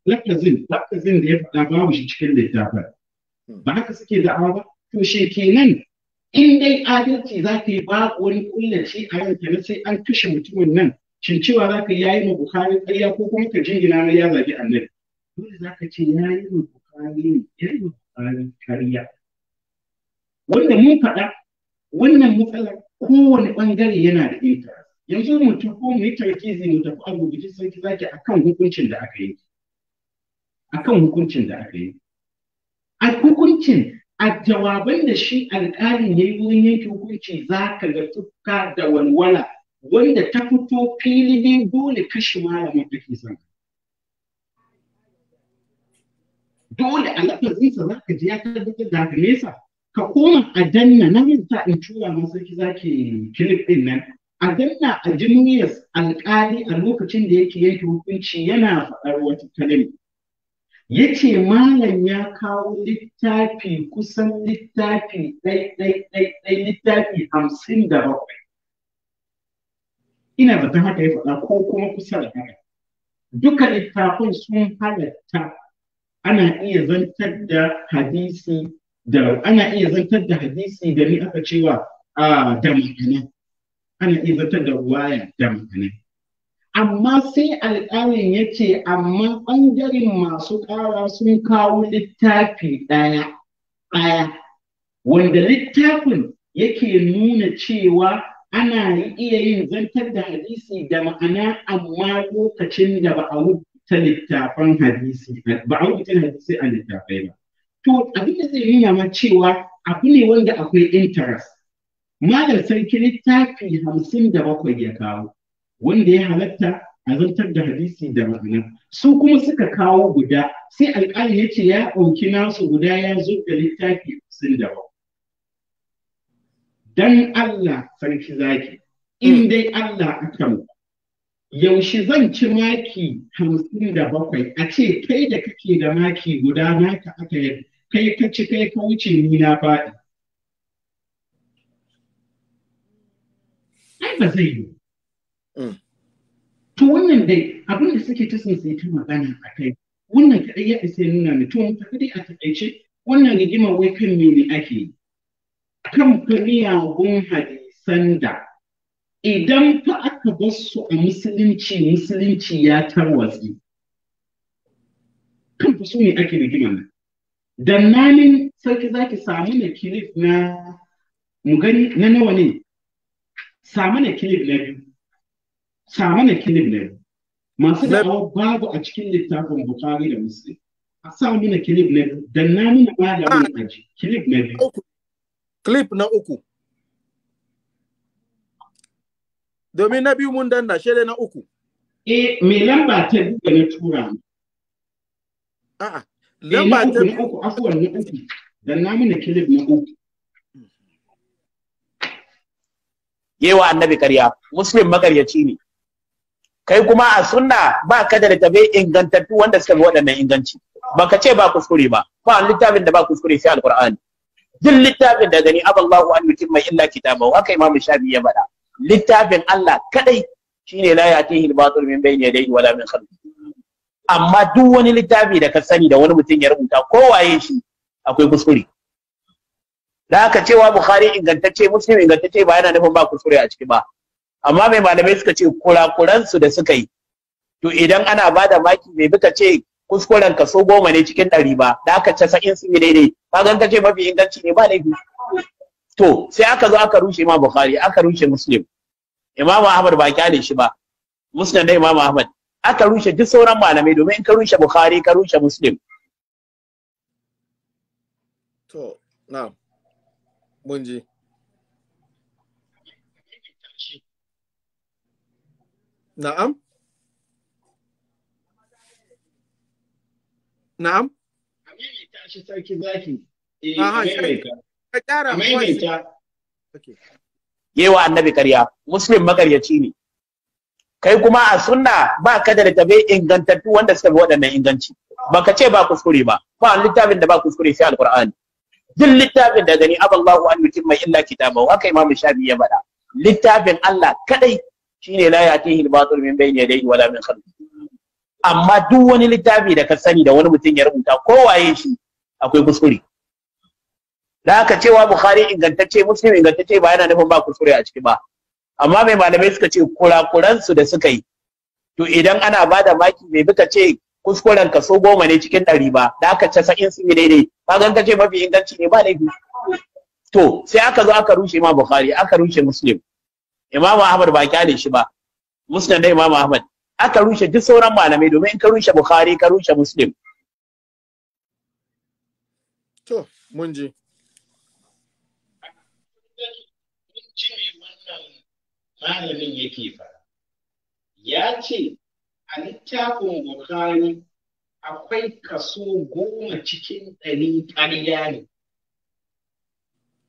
lafazin lakazin da ya faɗa babu shi cikin littafin mm. ba haka suke da'awa ba to shi kenan in dai adalci za ta yi babu wani kullum sai a yanka tare sai an kashe mutumin nan shin cewa za ka yayi ma bukari ƙarya ko kuma ka jingina na ya a annabi dole za ka ce yayi ma bukari ne yayi ma bukari ƙarya wanda mun faɗa wannan matsalar kowane ɓangare yana da ita yanzu mutum ko mu yi tarkizi mu tafi abu guji sarki zaki akan hukuncin da aka yi akan hukuncin da aka yi a hukuncin a jawaban da shi alƙalin ya yi wurin yanke hukunci za ka ga tufka da walwala wanda ta fito fili ne dole kashe malamin da ke Dole a lafazinsa za ka ji ya tabbatar da haka nesa ka koma a danna na yin sa in tura masa ki zaki kilif ɗin nan a danna a jimiyar alƙali a lokacin da yake yanke hukunci yana faɗar wata kalima. yace malam ya kawo littafi kusan littafi ɗai littafi hamsin da bakwai ina zaton haka ya faɗa ko kuma kusa da haka duka littafin sun halatta ana iya zantar da hadisi da ana iya zantar da hadisi da ni aka cewa ah, da ma'ana ana iya zantar da ruwaya da ma'ana amma sai alƙalin ya ce amma ɓangaren masu ƙara sun kawo littafi ɗaya ɗaya wanda littafin yake nuna cewa ana iya yin zantar da hadisi da ma'ana amma lokacin da ba a wuta littafan hadisi ba a wuta hadisi a littafai ba to abin da zai nuna ma cewa abu ne wanda akwai interest malam sarki littafi hamsin da bakwai ya kawo wanda ya halatta a zartar da hadisi da ma'ana su kuma suka kawo guda sai alƙali ya ce ya ɗauki nasu guda ya zo da littafi sun da dan Allah sarki zaki in hmm. dai Allah akan yaushe zan ci maki hamsin da bakwai a ce kai da kake da maki guda naka aka yi kai ka ci kai ka wuce ni na faɗi ai ba zai yi to wannan dai abin da suke ta sun ta magana a kai wannan kaɗai ya isa nuna ni to mu tafi dai a taƙaice wannan rigima wai kan ne ake yi kan miyagun hadisan da idan fa aka bar su a musulunci musulunci ya tarwatsi kan fa su ne ake rigima nan dannanin sarki zaki samu na kilif na mu gani na nawa ne samu na kilif na biyu sa mana kilif ne masu awa babu a cikin littafin bukari da muslim a sa mana kilif ne dan na nuna malamin ah. aji kilif ne clip na uku domin na biyu mun danna shi na uku eh me lamba ta buga na tura a'a eh, lamba ta uku afuwan na uku dan na mana kilif na uku yewa annabi karya muslim makaryaci ne kai kuma a sunna ba ka da littafi ingantattu wanda suka bi waɗannan inganci ba ka ce ba kuskure ba ba littafin da ba kuskure shi alqur'ani duk littafin da gani aballahu an yutimma illa kitabahu haka imamu shafi ya faɗa littafin Allah kadai shine la yatihi al-batil min bayni yadayhi wala min amma duk wani littafi da ka sani da wani mutum ya rubuta ko waye shi akwai kuskure da aka cewa bukhari ingantacce muslim ingantacce ba yana nufin ba kuskure a ciki ba amma mai malamai suka ce su da suka yi to idan ana ba da maki mai bi ka ce kuskuren kaso goma ne cikin ɗari ba da aka sa'in su yi daidai gan ka ce mafi inganci ne ba laifi to sai aka zo aka rushe imam bukhari aka rushe muslim imam ahmad ba kyale shi ba muslim da imam ahmad aka rushe duk sauran malamai domin in ka rushe bukhari ka rushe muslim to na mun ji Na'am? Na'am? Eh, Yewa annabi karya, Muslim makaryaci ne. Kai kuma a sunna ba ka da littafai ingantattu wanda suka bi waɗannan inganci. Ba ka ce ba kuskure ba, ba littafin da ba kuskure sai alƙur'ani. Duk littafin da gani aballahu an mai illa kitabahu haka Imam Shafi ya faɗa. Littafin Allah kadai shine la yatihi al-batil min bayni yadayhi wala min khalfihi amma duk wani littafi da ka sani da wani mutum ya rubuta ko waye shi akwai kuskure da aka cewa bukhari ingantacce muslim ingantacce ba yana nufin ba kuskure a ciki ba amma mai malamai suka ce kurakuran su da suka yi to idan ana ba da maki mai buka ce kuskuren ka so goma ne cikin ɗari ba da aka casa'in su yi daidai kagan ka ce mafi inganci ne ba laifi to sai aka zo aka rushe ma bukhari aka rushe muslim Imam Ahmad ba kyale shi ba musnad da Imam Ahmad aka rushe duk sauran malamai domin in ka rushe Bukhari ka rushe Muslim to mun ji malamin yake fara ya ce a littafin Bukhari akwai kaso goma cikin ɗari ƙarya ne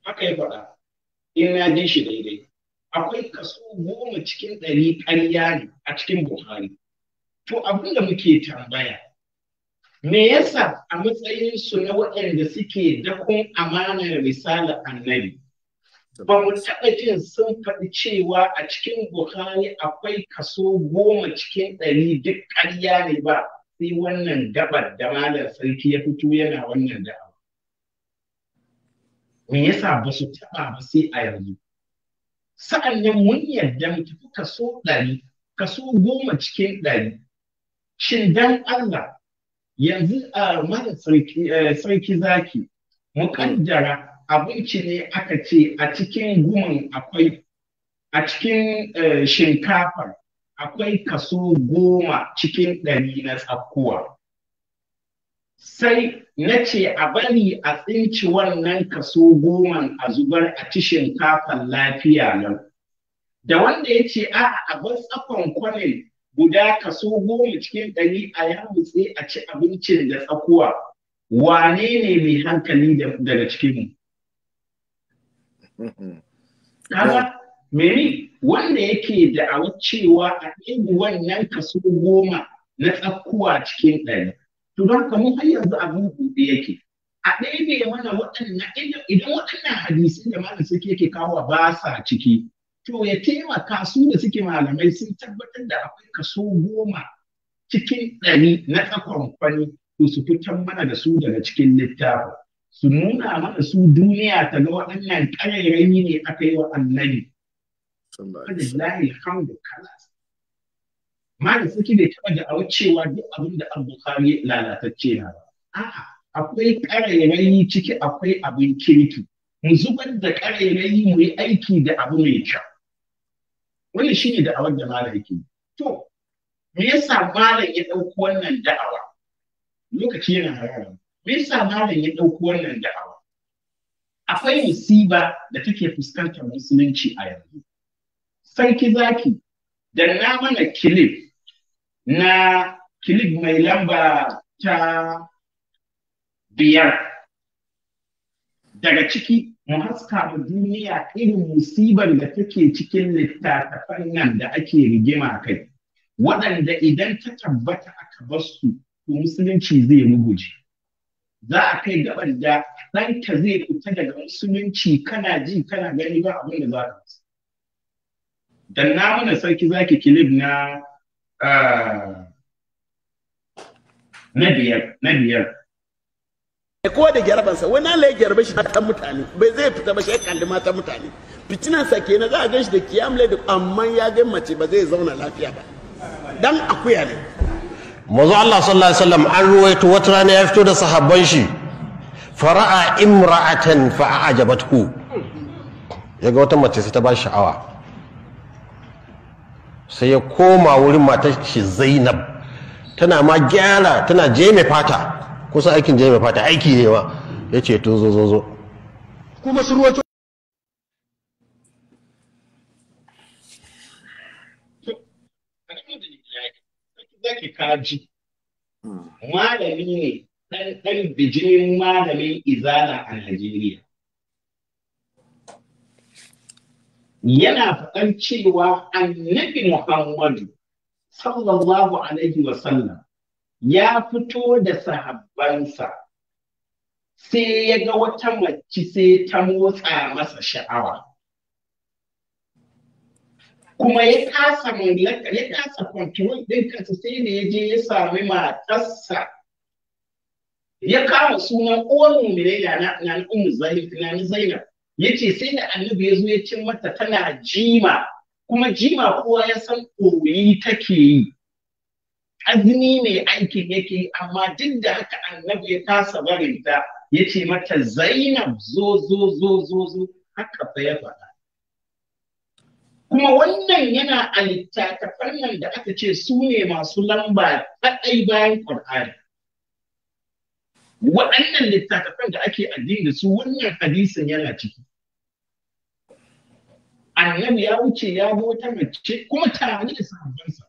haka yi faɗa in na ji shi daidai akwai kaso goma cikin ɗari ƙarya ne a cikin Buhari. To abin da muke tambaya, me yasa a matsayinsu na waɗanda suke dakon amanar misali annabi, ba mu taɓa jin sun faɗi cewa a cikin Buhari akwai kaso goma cikin ɗari duk ƙarya ne ba sai wannan gabar da malar sarki ya fito yana wannan da'awa. Me yasa ba su taɓa ba sai a yanzu? sa'an mun yarda mu tafi kaso ɗari kaso goma cikin ɗari shin dan Allah yanzu a mara eh, sarki zaki muƙaddara abinci ne aka ce a cikin gumin akwai a cikin eh, shinkafar akwai kaso goma cikin ɗari na tsakkuwa sai na ce a bari a tsinci wannan kaso goma a zubar a ci shinkafan lafiya nan. Da wanda ya ce a a bar tsakon kwanin guda kaso goma cikin ɗari a yamutse a ci abincin da tsakuwa wane ne mai hankali daga cikinmu? *laughs* Kaga meni wanda yake da a cewa a ɗebi wannan kaso goma na tsakuwa cikin ɗari. to don kamar har yanzu abin buɗe yake a ɗebe mana waɗannan idan waɗannan hadisai da malam suke ke kawo ba sa ciki to ya taimaka su da suke malamai sun tabbatar da akwai kaso goma cikin ɗari na tsakon kwani to su fitar mana da su daga cikin littafin su nuna mana su duniya ta ga waɗannan ƙayayyami ne aka yi wa annabi. Alhamdulillah, alhamdulillah, malam suke bai taɓa da awa cewa duk abin da al-bukhari lalatacce na ba a'a akwai ƙarairayi ciki akwai abin kirki mu zubar da ƙarairayi mu yi aiki da abu mai kyau shi ne da awar da malam yake to me yasa malam ya ɗauki wannan da'awa lokaci yana harawa me yasa malam ya ɗauki wannan da'awa akwai musiba da take fuskantar musulunci a yanzu sarki zaki da na mana kilif na kilif mai lamba ta biyar daga ciki mu haska da duniya irin musibar da take cikin littattafan nan da ake rigima kai waɗanda idan ta tabbata aka basu to musulunci zai muguje za a kai gaban da ɗanka zai fita daga musulunci kana ji kana gani ba abin da za ka dan na mana sarki zaki kilib na na biyar na biyar da kowa da jarabansa wani Allah ya jarabe shi ta mutane bai zai fita ba shi ya kalli mata mutane fitinansa kenan za a gan shi da kiyamle da amma ya ga mace ba zai zauna lafiya ba dan akuya ne mazu Allah sallallahu alaihi wasallam an ruwaito wata rana ya fito da sahabban shi fara'a imra'atan fa ajabatku yaga wata mace sai ta ba sha'awa sai ya koma wurin matar shi zainab tana ma gyara tana jeme fata kusa aikin jeme fata aiki ne ya ce to zo zo kuma su ruwa malami ne ɗan bijirin malamin izana a Najeriya yana faɗan cewa annabi Muhammadu sallallahu alaihi sallam, ya fito da sahabbansa sai ya ga wata mace sai ta motsa masa sha'awa. Kuma ya kasa mallaka, ya kasa ɗin kansa sai ne ya je ya sami matarsa ya kama sunan uwan mu na na Zainab yace sai da annabi ya zo ya ce mata tana jima kuma jima kowa ya san koyi take yi azumi ne aikin yake amma duk da haka annabi ya tasa barin ta yace mata Zainab zo zo zo zo zo haka fa ya faɗa kuma wannan yana a littattafan nan da aka ce su ne masu lamba kaɗai bayan Qur'ani waɗannan littattafan da ake addini da su wannan hadisin yana ciki annabi ya wuce ya bi wata mace kuma tare da sahabbansa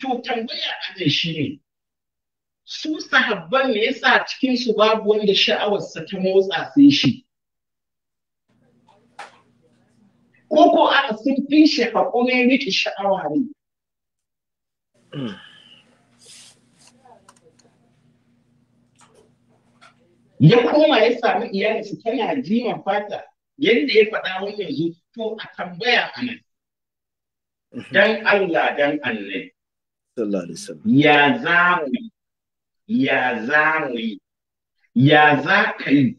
to tambaya a nan shi ne su sahabban me yasa cikin su babu wanda sha'awarsa ta motsa sai shi Koko a sun fi shi haƙurin riƙe sha'awa ne ya koma ya sami iyalinsa tana jima fata yadda ya faɗa wani yanzu to a tambaya a nan mhm. dan Allah dan annabi ya za mu yi ya za mu yi ya za ka yi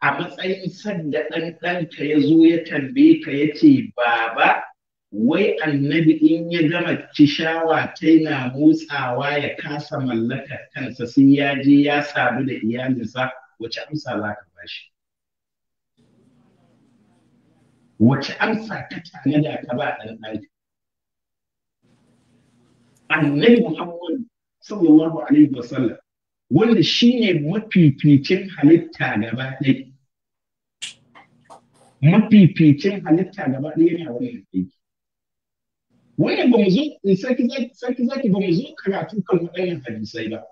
a matsayin sanda ɗan ɗanka ya zo ya tambaye ka ya ce baba wai annabi in ya gama cishawa ta yana motsawa ya kasa mallakar kansa sai ya je ya sadu da iyalinsa wace amsa za ka bashi wace amsa ta tare da ka ba ɗan ɗanka annabi muhammad sallallahu alaihi wasallam wanda shi ne mafificin halitta gaba ɗaya mafificin halitta gaba ɗaya yana wannan aiki wannan ba mu zo sarki zaki zaki ba mu zo karatu kan waɗannan hadisai ba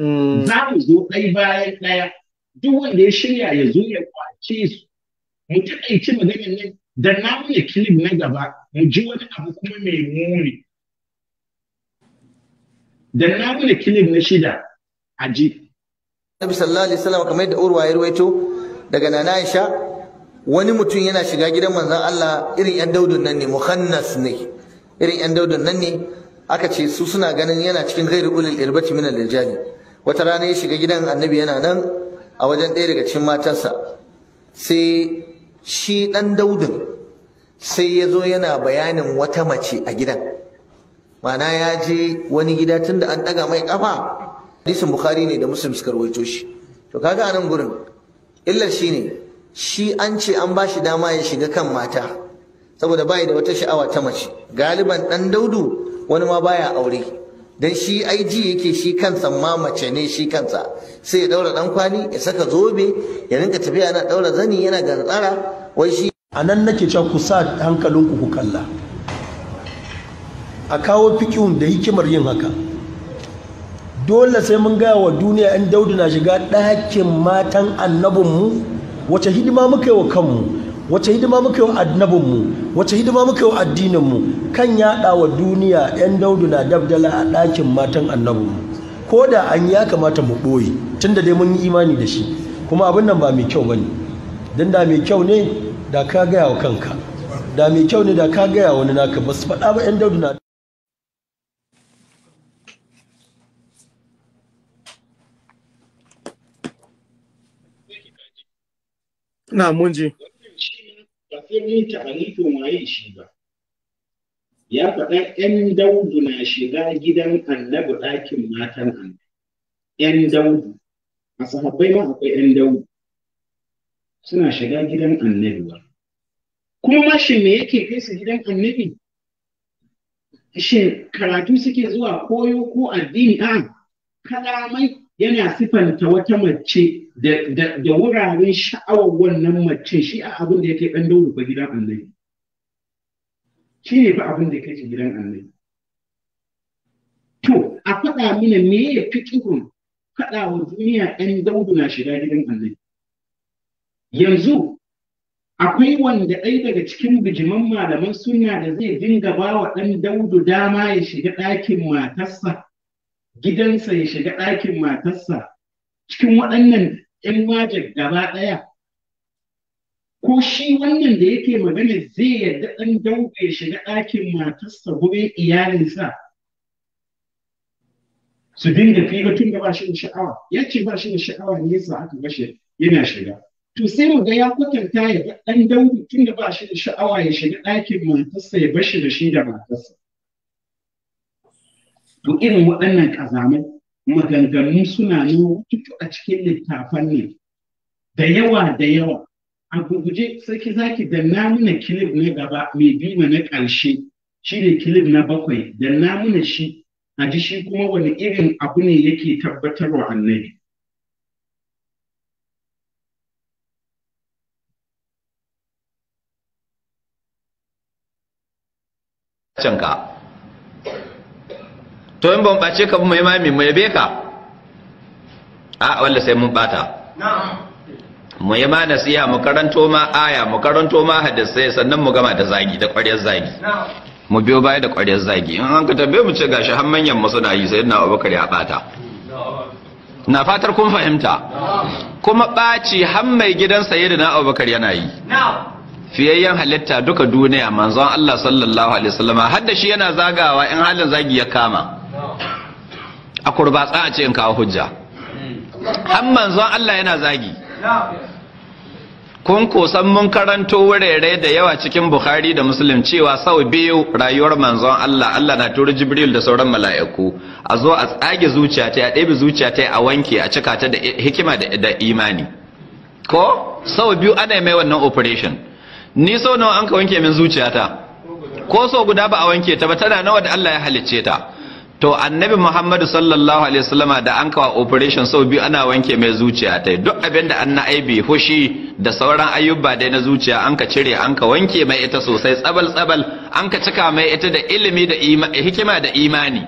hmm. za mu zo ɗai bayan ɗaya duk wanda ya shirya ya zo ya kwace su mu taƙaice maganin nan da na mana kilim na gaba mu ji wani abu kuma mai muni da na mana kilim na shida a ji Nabi sallallahu alaihi wasallam kamar yadda Urwa ya ruwaito daga Nana Aisha wani mutum yana shiga gidan manzon Allah irin yan daudun nan ne muhannas ne irin yan daudun nan ne aka ce su suna ganin yana cikin ghairu ulil irbati min al-rijali wata rana ya shiga gidan annabi yana nan a wajen ɗaya daga cikin matansa sai shi ɗan daudin sai ya zo yana bayanin wata mace a gidan mana ya je wani gida tun da an ɗaga mai ƙafa hadisin bukhari ne da muslim suka rawaito shi to kaga a nan gurin illar shi ne shi an ce an ba shi dama ya shiga kan mata saboda bai da wata sha'awa ta mace galiban ɗan daudu wani ma baya aure dan shi ai yake shi kansa ma mace ne shi kansa sai ya daura dan kwali ya saka zobe ya rinka tafiya yana daura zani yana gantsara wai shi anan nake cewa ku sa hankalinku ku kalla a kawo fikihun da hikimar yin haka dole sai mun gaya wa duniya in daudu na shiga ɗakin matan annabinmu wace hidima muka yi wa kanmu wace hidima muka yi annabinmu wace hidima muka yi addininmu kan yaɗa wa duniya 'yan daudu na dabdala a ɗakin matan annabinmu ko da an ya kamata mu ɓoye tun da dai mun yi imani da shi kuma abin nan ba mai kyau ba ne don da mai kyau ne da ka gaya wa kanka da mai kyau ne da ka gaya wani naka ba su faɗa ba 'yan daudu na na mun ji ba sai mun ta'arifin waye shi ba ya faɗa ‘yan daudu na shiga gidan annabi ɗakin matan annabi ‘yan daudu a sahabbai ma akwai ‘yan daudu suna shiga gidan annabi ba kuma shi me yake kai su gidan annabi shin karatu suke zuwa koyo ko addini a kalamai yana sifanta wata mace da wuraren sha'awar wannan mace shi a abin da yake ɗan daudu fa gidan annabi shi ne fa abin da kai gidan annabi to a faɗa mina me ya fi ƙihun faɗa wa duniya ɗan daudu na shiga gidan annabi yanzu akwai wanda ɗai daga cikin bijiman malaman suna da zai dinga ba wa ɗan daudu dama ya shiga ɗakin matarsa gidansa ya shiga ɗakin matarsa cikin waɗannan ‘yan wajen gaba ɗaya ko shi wannan da yake magana zai yarda ɗan dauka ya shiga ɗakin matarsa gurin iyalinsa su dinga fiye tun da ba shi da sha'awa ya ce ba shi da sha'awa ne yasa aka bashi yana shiga to sai mu ga ya kwatanta ya ga ɗan dauka tun da ba shi da sha'awa ya shiga ɗakin matarsa ya bashi da shi da matarsa to irin waɗannan ƙazamai maganganu suna nan a cikin littafan ne da yawa da yawa a guguje sarki zaki da namuna kilif na gaba mai bima na ƙarshe shi ne kilif na bakwai da namuna shi a ji shi kuma wani irin abu ne yake tabbatar wa annabi canka to in ban ɓace ka ba mai mami mai be ka a wanda sai mun ɓata mu yi ma nasiha mu karanto ma aya mu karanto ma hadisai sannan mu gama da zagi da ƙwaryar zagi mu biyo baya da ƙwaryar zagi in an ka tambaye mu ce gashi har manyan mu suna yi sai na abubakar ya ɓata na fatar kun fahimta kuma ɓaci har mai gidan sayyidina abubakar yana yi fiyayyen halitta duka duniya manzon Allah sallallahu alaihi wasallama har da shi yana zagawa in halin zagi ya kama a kurbatsa a ce in kawo hujja An manzon Allah yana zagi kun kusan mun karanto wurare da yawa cikin Bukhari da musulun cewa sau biyu rayuwar manzon Allah Allah na turi Jibril da sauran mala'iku a zo a tsage zuciya ta a ɗebe zuciya ta a wanke a cika ta da hikima da imani ko sau biyu ana mai wannan operation ni sau nawa an ka wanke min zuciya ta? ko sau guda ba a wanke ta ba tana nawa da Allah ya halicce ta to annabi muhammadu sallallahu alaihi wasallama da an kawo operation sau biyu ana wanke mai zuciya ta duk abin da an na aibi hushi da sauran ayyuba dai na zuciya an ka cire an ka wanke mai ita sosai tsabal tsabal an ka cika mai ita da ilimi da hikima da imani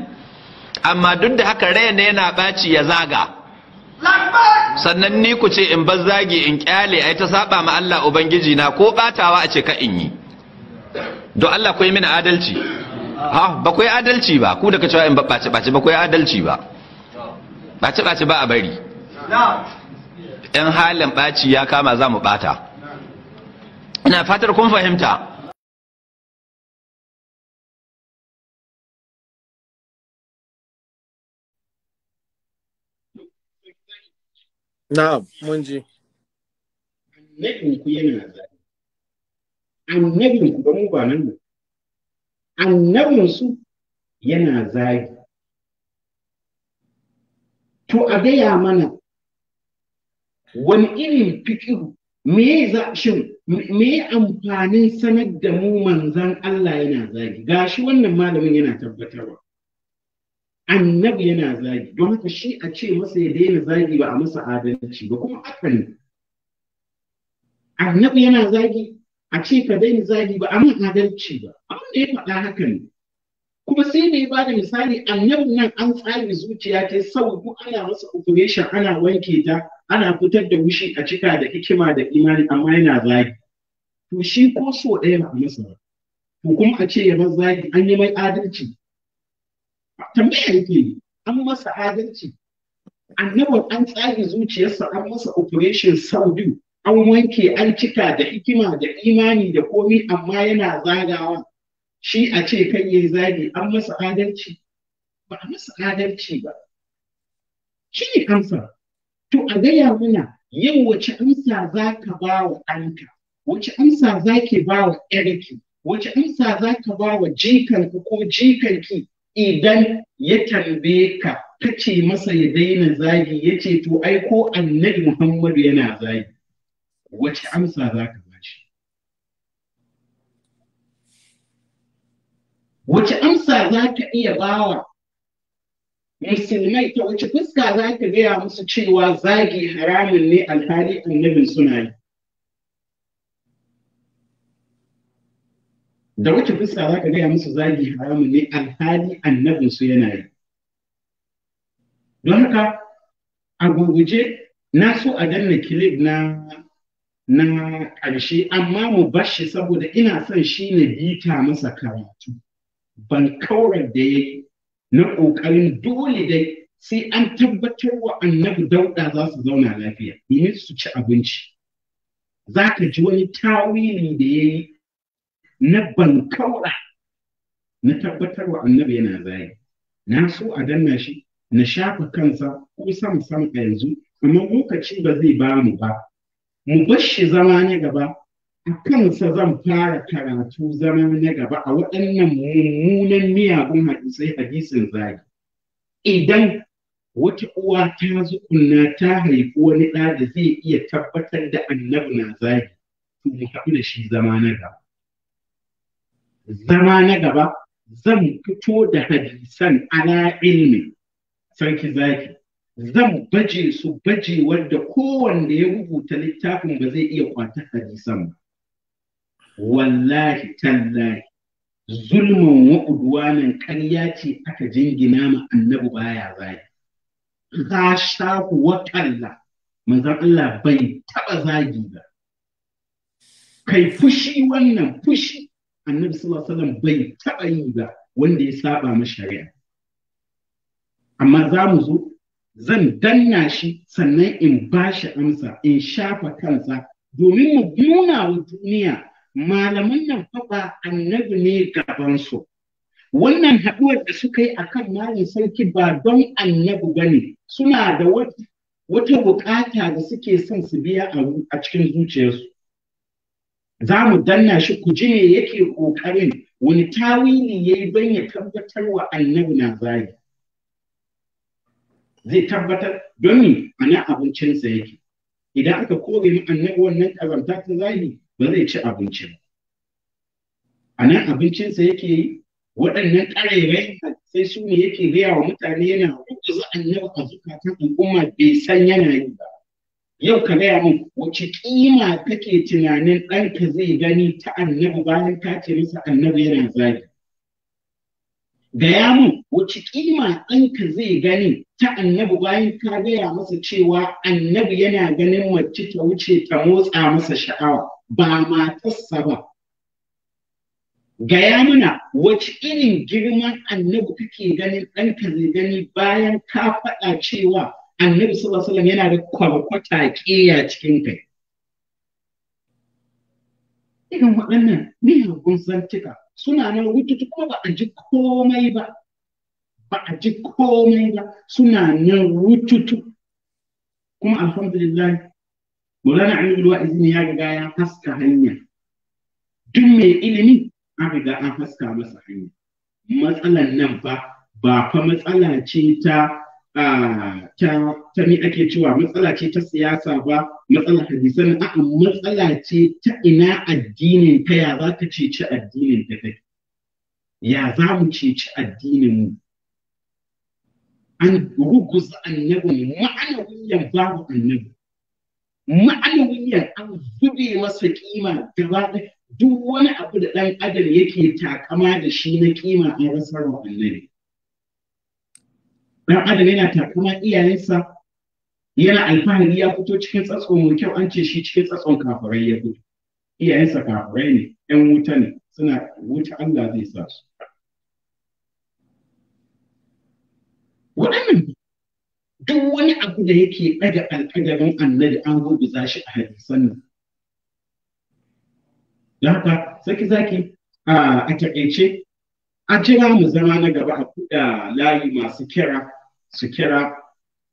amma duk da haka rai ne yana baci ya zaga sannan ni ku ce in bar zagi in kyale ai ta saba ma Allah ubangiji na ko batawa a ce ka in yi don Allah ku yi mini adalci ha ba ku yi adalci ba ku daga cewa in ba ɓace ɓace ba ku yi adalci ba ɓace ɓace ba a bari in halin ɓaci ya kama za mu ɓata ina fatar kun fahimta na'am mun ji annabin ku yana zai annabin ku ba mu ba nan annabinsu yana zagi to a gaya mana wani irin fikiru me za shin me amfanin sanar da mu manzan Allah yana zagi gashi wannan malamin yana tabbatarwa annabi yana zagi don haka shi a ce masa ya daina zagi ba a masa adalci ba kuma haka annab yana zagi a ce ka daina zagi ba amma mun adalci ba abin da ya faɗa haka ne kuma sai ne ba da misali annabin nan an tsari zuciya ta sau duk ana masa operation ana wanke ta ana fitar da wushi a cika da hikima da imani amma yana zagi to shi ko so ɗaya ba a masa ba to kuma a ce ya bar zagi an yi mai adalci tambaya yake an masa adalci annabin an tsari zuciyarsa an masa operation sau biyu an wanke an cika da hikima da imani da komi amma yana zagawa shi a ce kan yi zagi an masa adalci ba a masa adalci ba shi ne amsa to a gaya mana yin wace amsa za ka ba wa ɗanka wace amsa za ki ba wa ƴarki wace amsa za ka ba wa jikanka ko jikanki idan ya tambaye ka kace masa ya daina zagi ya ce to ai ko annabi muhammadu yana zagi wace amsa za ka ba shi wace amsa za ka iya bawa musulmai ta wace fuska za ka gaya musu cewa zagi haramun ne alhali annabin suna yi da wace fuska za ka gaya musu zagi haramun ne alhali annabin su yana yi don haka a je na so a danna kilib na na ƙarshe amma mu bar shi saboda ina son shi ne bita masa karatu ban kawar da ya na ƙoƙarin dole dai sai an tabbatar wa annabi dauɗa za su zauna lafiya domin su ci abinci za ka ji wani tawili da ya yi na ban kaura na tabbatar wa annabi yana zai na so a danna shi na shafa kansa ko sam sam a yanzu amma lokaci ba zai ba mu ba mu bar shi zama na gaba a kansa zan fara karatu zama na gaba a waɗannan mummunan miyagun hadisai hadisin zagi idan wata uwa ta zukunna ta haifi wani ɗa da zai iya tabbatar da annabi na zagi to mu haɗu da shi zama na gaba zama na gaba zan fito da hadisan ala ilmi sarki zaki zan baje su baje wanda kowanne ya rubuta littafin ba zai iya kwata hadisan ba wallahi tallahi zulmin wa ƙarya ce aka jingina ma annabi baya zagi sha ku kalla manzon Allah bai taɓa zagi ba kai fushi wannan fushi annabi sallallahu bai taɓa yi ba wanda ya saba ma shari'a amma za mu zo zan danna shi sannan in ba shi amsa in shafa kansa domin mu nuna wa duniya malaman nan faɗa annabi ne gabansu wannan haɗuwar da suka yi a kan malam sarki ba don annabi ba ne suna da wata buƙata da suke son su biya a cikin zuciyarsu za mu danna shi ku ji ne yake ƙoƙarin wani tawili ya yi don ya tabbatar wa annabi na zagi zai tabbatar don ni a nan abincinsa yake idan aka kore mu annan wannan karanta ta zahiri ba zai ci abinci ba a nan abincinsa yake yi waɗannan ƙarerai sai su ne yake gaya wa mutane yana rukuza za a a zukatan al'umma bai san yana yi ba yau ka gaya min wace kima kake tunanin ɗanka zai gani ta annabi bayan ka ce masa annabi yana zahiri. gaya mun wace kima ɗanka zai gani ta annabi bayan ka gaya masa cewa annabi yana ganin mace ta wuce ta motsa masa sha'awa ba matarsa ba gaya mana wace irin girman annabi kake ganin ɗanka zai gani bayan ka faɗa cewa annabi sallallahu yana da kwarkwata ƙeya cikin kai irin waɗannan miyagun zantuka suna nan wututu kuma ba a ji komai ba ba a ji komai ba suna nan wututu kuma alhamdulillah mulana Ali Ulwa izini ya riga ya haska hanya duk mai ilimi an riga an haska masa hanya matsalan nan ba ba fa matsala ce ta ta me ake cewa matsala ce ta siyasa ba matsalar hadisan a matsala ce ta ina addinin ta ya za ta ceci addinin ta kai ya za mu ceci addinin mu an ruguza annabin ma'anawiyan babu annabi ma'anawiyan an zube masa kima gaba duk wani abu da ɗan adam yake takama da shi na kima an rasarwa annabi dan adam yana takama iyayensa yana alfahari ya fito cikin tsatso mai kyau an ce shi cikin tsatson kafirai ya fito iyayensa kafirai ne yan wuta ne suna wuta Allah zai sa su waɗannan duk wani abu da yake ɗaga alƙadarin annabi an za shi a hadisan nan da haka saki zaki a taƙaice a jira mu zama na gaba a kuɗa layi masu kira su kira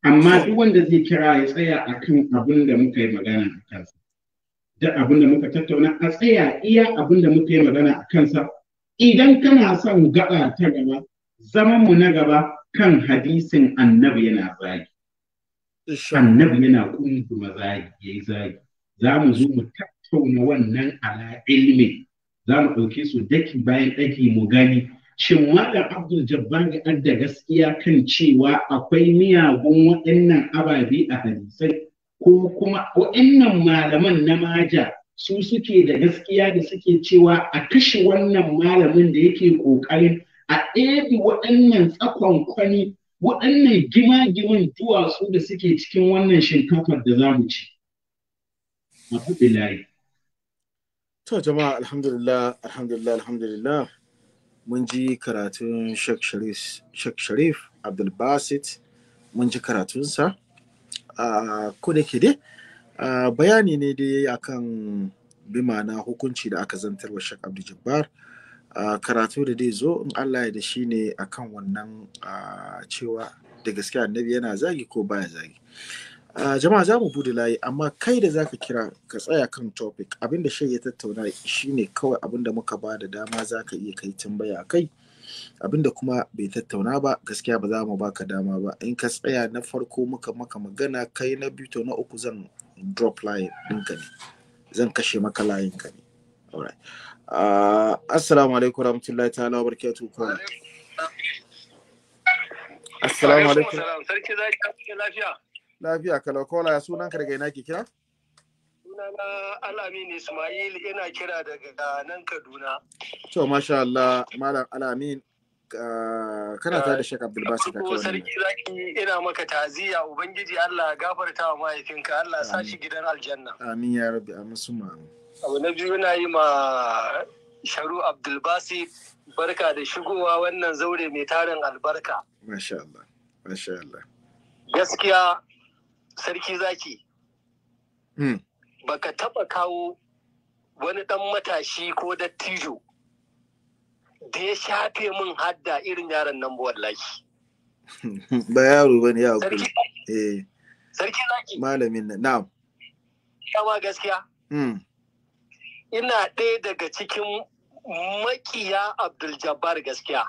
amma duk wanda zai kira ya tsaya a kan abin da muka yi magana a kansa da abin da muka tattauna a tsaya iya abin da muka yi magana a kansa idan kana son gaba ta gaba zaman mu na gaba kan hadisin annabi yana zagi annabi yana kunduma zagi yayi zagi za mu zo mu tattauna wannan ala ilmi za mu ɗauke su daki bayan daki mu gani shin malam abdul jabbar ya da gaskiya kan cewa akwai miyagun waɗannan ababe a hadisai ko kuma waɗannan malaman na maja su suke da gaskiya da suke cewa a kashe wannan malamin da yake ƙoƙarin a ɗebi waɗannan tsakon kwani waɗannan gima-giman duwatsu da suke cikin wannan shinkafar da za mu ci. Mafi To jama'a alhamdulillah alhamdulillah alhamdulillah mun ji karatun Sheikh Sharif Abdulbasit mun ji karatunsa a da ke dai bayani ne dai akan na hukunci da aka zantar wa Sheikh Abdul Jabbar karatu da dai zo in Allah ya da shi ne akan wannan cewa da gaske annabi yana zagi ko baya zagi jama'a za mu bude layi amma kai da zaka kira ka tsaya kan topic abinda shai ya tattauna shine kawai abinda muka ba da dama zaka iya kai tambaya kai abinda kuma bai tattauna ba gaskiya ba za mu baka dama ba in ka tsaya na farko muka maka magana kai na biyu to na uku zan drop line ɗinka ne zan kashe maka layin ka ne assalamu alaikum warahmatullahi ta'ala wabarakatuh assalamu alaikum sarki zaki lafiya Lafiya kala-kola ya sunan ka ina ke kira? Sunana Alamin Ismail ina kira daga nan Kaduna. To masha Allah Malam Alamin kana ta da Sheikh Abdul Basit ka kawai. Sarki zaki ina maka taziya Ubangiji Allah gafarta wa mahaifinka Allah sa shi gidan aljanna. Amin ya rabbi amin suma. Abu na biyu na yi ma Sharu Abdul Basit barka da shigowa wannan zaure mai tarin albarka. Masha Allah. Masha Allah. Gaskiya sarki zaki hmm. baka taba kawo wani dan matashi ko dattijo da ya shafe min hadda irin yaran nan wallahi *laughs* ba yaro ne ya hakuri sarki zaki eh. malamin na na'am kama gaskiya hmm. ina ɗaya daga cikin makiya abdul jabbar gaskiya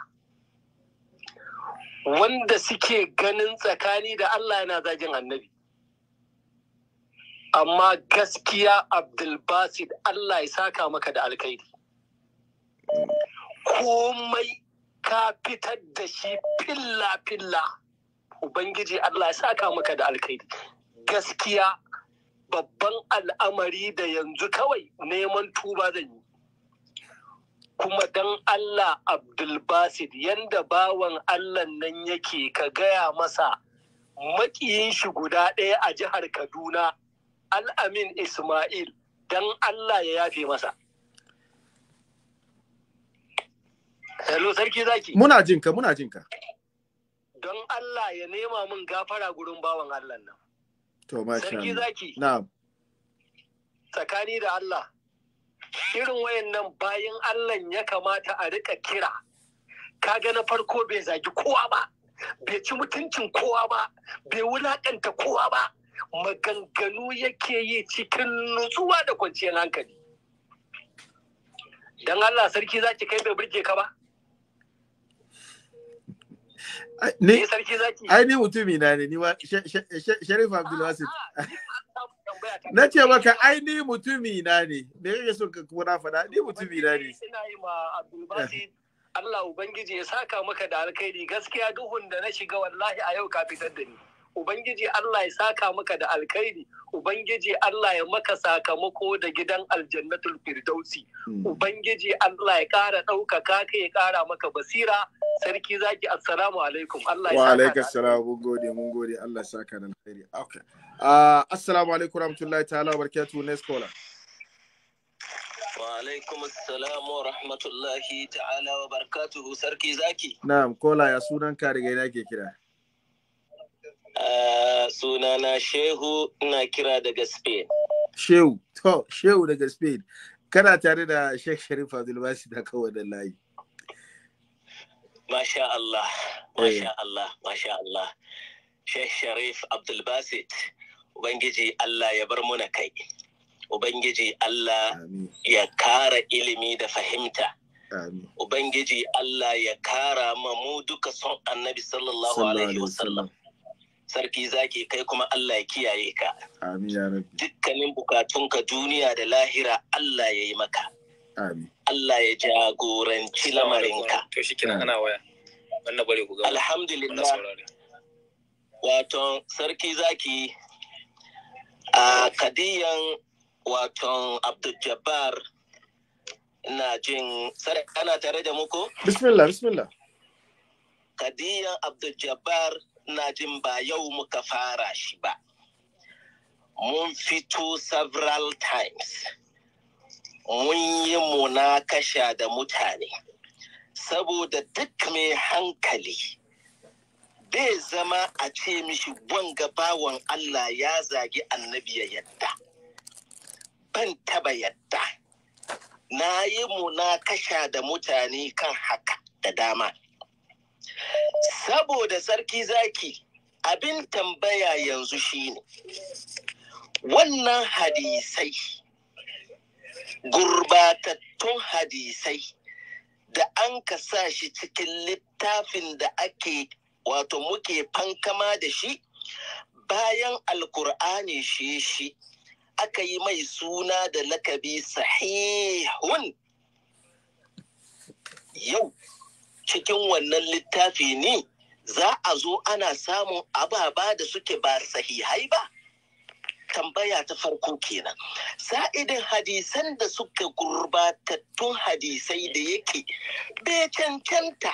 wanda suke ganin tsakani da Allah yana zagin annabi amma gaskiya abdulbasid Allah ya saka maka da alkaidi komai ka fitar da shi filla-filla ubangiji Allah ya saka maka da alkaidi gaskiya babban al'amari da yanzu kawai neman tuba zan yi kuma dan Allah abdulbasid yanda bawan Allah nan yake ka gaya masa makiyin shi guda ɗaya a jihar Kaduna al'amin Ismail don Allah ya yafe masa. Hello sarki zaki. Muna jinka, muna jinka. Don Allah ya nema min gafara gurin bawan Allah nan. To, Sarki zaki. Na'am. Tsakani da Allah. Irin wayannan bayan Allah ya kamata a rika kira. Kaga na farko bai zagi kowa ba, bai ci mutuncin kowa ba, bai wulaƙanta kowa ba. maganganu yake yi cikin nutsuwa da kwanciyar hankali don Allah sarki zaki kai bai birge ka ba ne sarki zaki ai ni eh, mutumi na ne ni wa Sharif Abdul Wasit ah, ah, na ce maka ai ni mutumi na ne me kake so ka kuma fada ni mutumi na ne ina yi ma Allah ubangiji ya saka maka da alkhairi gaskiya duhun da na shiga wallahi a yau ka fitar da ni Ubangiji Allah ya saka maka da alkhairi, Ubangiji Allah ya maka sakamako da gidan aljannatul firdausi, hmm. Ubangiji Allah ya ƙara ɗaukaka ka ya ƙara maka basira, sarki zaki assalamu alaikum. Allah ya saka Wa alaikum salam, mun gode, mun gode, Allah ya saka da alkhairi. Okay. Uh, assalamu alaikum rahmatullahi ta'ala wa barakatuhu next caller. Wa alaikum wa rahmatullahi ta'ala wa barakatuhu sarki zaki. Na'am, kola ya sunan ka daga ina ke kira. Ah, sunana Shehu na kira daga Spain. Shehu, to, Shehu daga Spain. Kana tare da Sheikh Sharif Abdulbasi da kawai da layi. Masha Allah, eh. Masha Allah, Masha Allah. Sheikh Sharif Abdulbasit, Ubangiji Allah ya bar muna kai. Ubangiji Allah ya kara ilimi da fahimta. Ubangiji Allah ya kara mamu duka son annabi sallallahu Alaihi wasallam. sarki zaki kai kuma Allah ya kiyaye ka. Amin ya rabbi. Dukkanin bukatunka duniya da lahira Allah ya yi maka. Amin. Allah ya jagoranci lamarinka. To shi kina ana waya. Wannan bare ku ga. Alhamdulillah. Waton sarki zaki a kadiyan waton Abdul Jabbar ina jin ana tare da muku? Bismillah bismillah. Kadiyan Abdul Jabbar na jin ba yau muka fara shi ba mun fito several times mun yi muna munakasha da mutane saboda duk mai hankali bai zama a ce mishi wanga bawan Allah ya zagi annabi ya yadda ban taba yadda na yi muna kasha da mutane kan haka da dama saboda sarki zaki abin tambaya yanzu shine wannan hadisai gurbatattun hadisai da an ka sa shi cikin littafin da ake wato muke fankama da shi bayan alkur'ani shi shi aka yi mai suna da lakabi sahihun yau cikin wannan littafi ne za a zo ana samun ababa da suke ba sahihai ba tambaya ta farko kenan sa'idin hadisan da suka gurbatattun hadisai da yake bai cancanta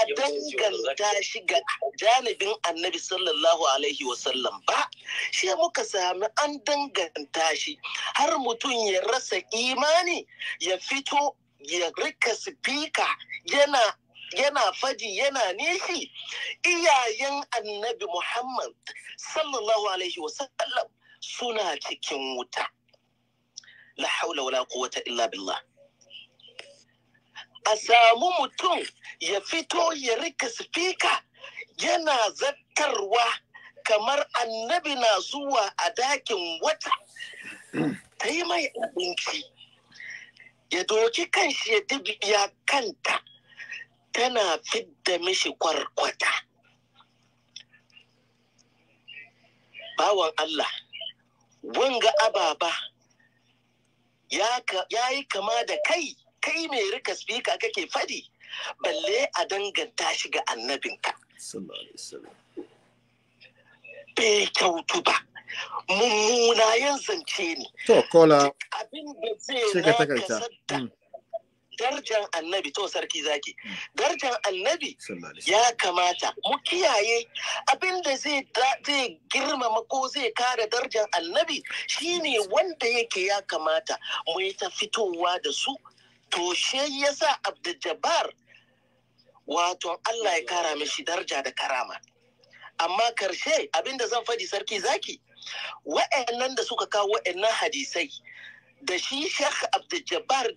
a danganta shi ga janibin annabi sallallahu alaihi wasallam ba shi muka sami an danganta shi har mutum ya rasa imani ya fito ya rika sifika yana yana faji yana nishi iyayen annabi muhammad sallallahu alaihi wasallam suna cikin wuta la haula wala quwwata illa billah a samu mutum ya fito ya rika sifika yana zartarwa kamar annabi na zuwa a dakin wata ta yi mai abinci ya doki kanshi ya dibiya kanta tana fidda mishi kwarkwata bawan Allah wanga ababa ya yi kama da kai kai mai rika spika kake fadi balle a danganta shi ga annabinka bai kyautu ba mummuna yan zance ne abin da zai na darjan annabi to sarki zaki darjan hmm. annabi ya kamata mu kiyaye abinda da zai girmama ko zai kare darjan annabi shine wanda yake ya kamata mu yi ta fitowa da su to she yasa abdul jabbar wato Allah ya kara mishi darja da karama amma karshe abinda zan faɗi sarki zaki wa'annan da suka kawo wa'annan hadisai da shi Sheikh Abdul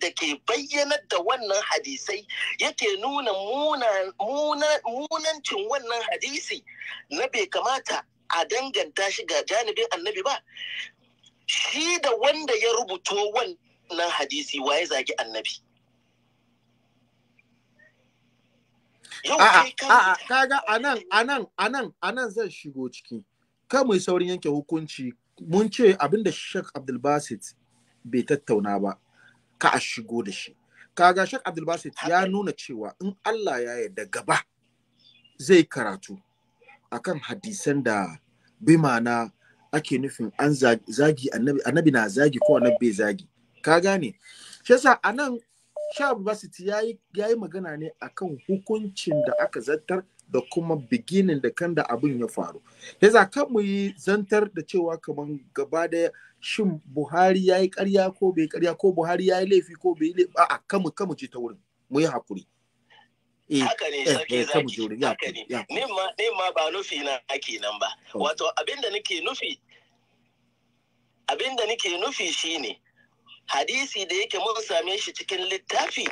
da ke bayyanar da wannan hadisai yake nuna munancin wannan hadisi na bai kamata a danganta shi ga janibin annabi ba shi da wanda ya rubuto wannan hadisi waye zagi annabi A'a, kaga anan anan anan anan zan shigo ciki. Kan mai saurin yanke hukunci mun ce abinda Sheikh Abdul Basit bai tattauna ba ka a shigo da shi kaga shak abdulbasit ya nuna cewa in allah ya da gaba zai karatu akan hadisan da bima na ake nufin an zagi annabi annabi na zagi ko annabi bai zagi ka gane shi yasa anan sha ya yi magana ne akan hukuncin da aka zartar da kuma beginning da kan da abin ya faru za kan mu yi zantar da cewa kamar gaba da shin buhari ya yi karya ko bai karya ko buhari ya yi laifi ko bai laifi a'a kamu kamu ce ta wurin mu yi hakuri eh, haka ne eh, sarki eh, zaki haka ne ne ma ba nufi na nan ba oh. wato abinda nake nufi abinda nake nufi shine hadisi da yake mun same shi cikin littafi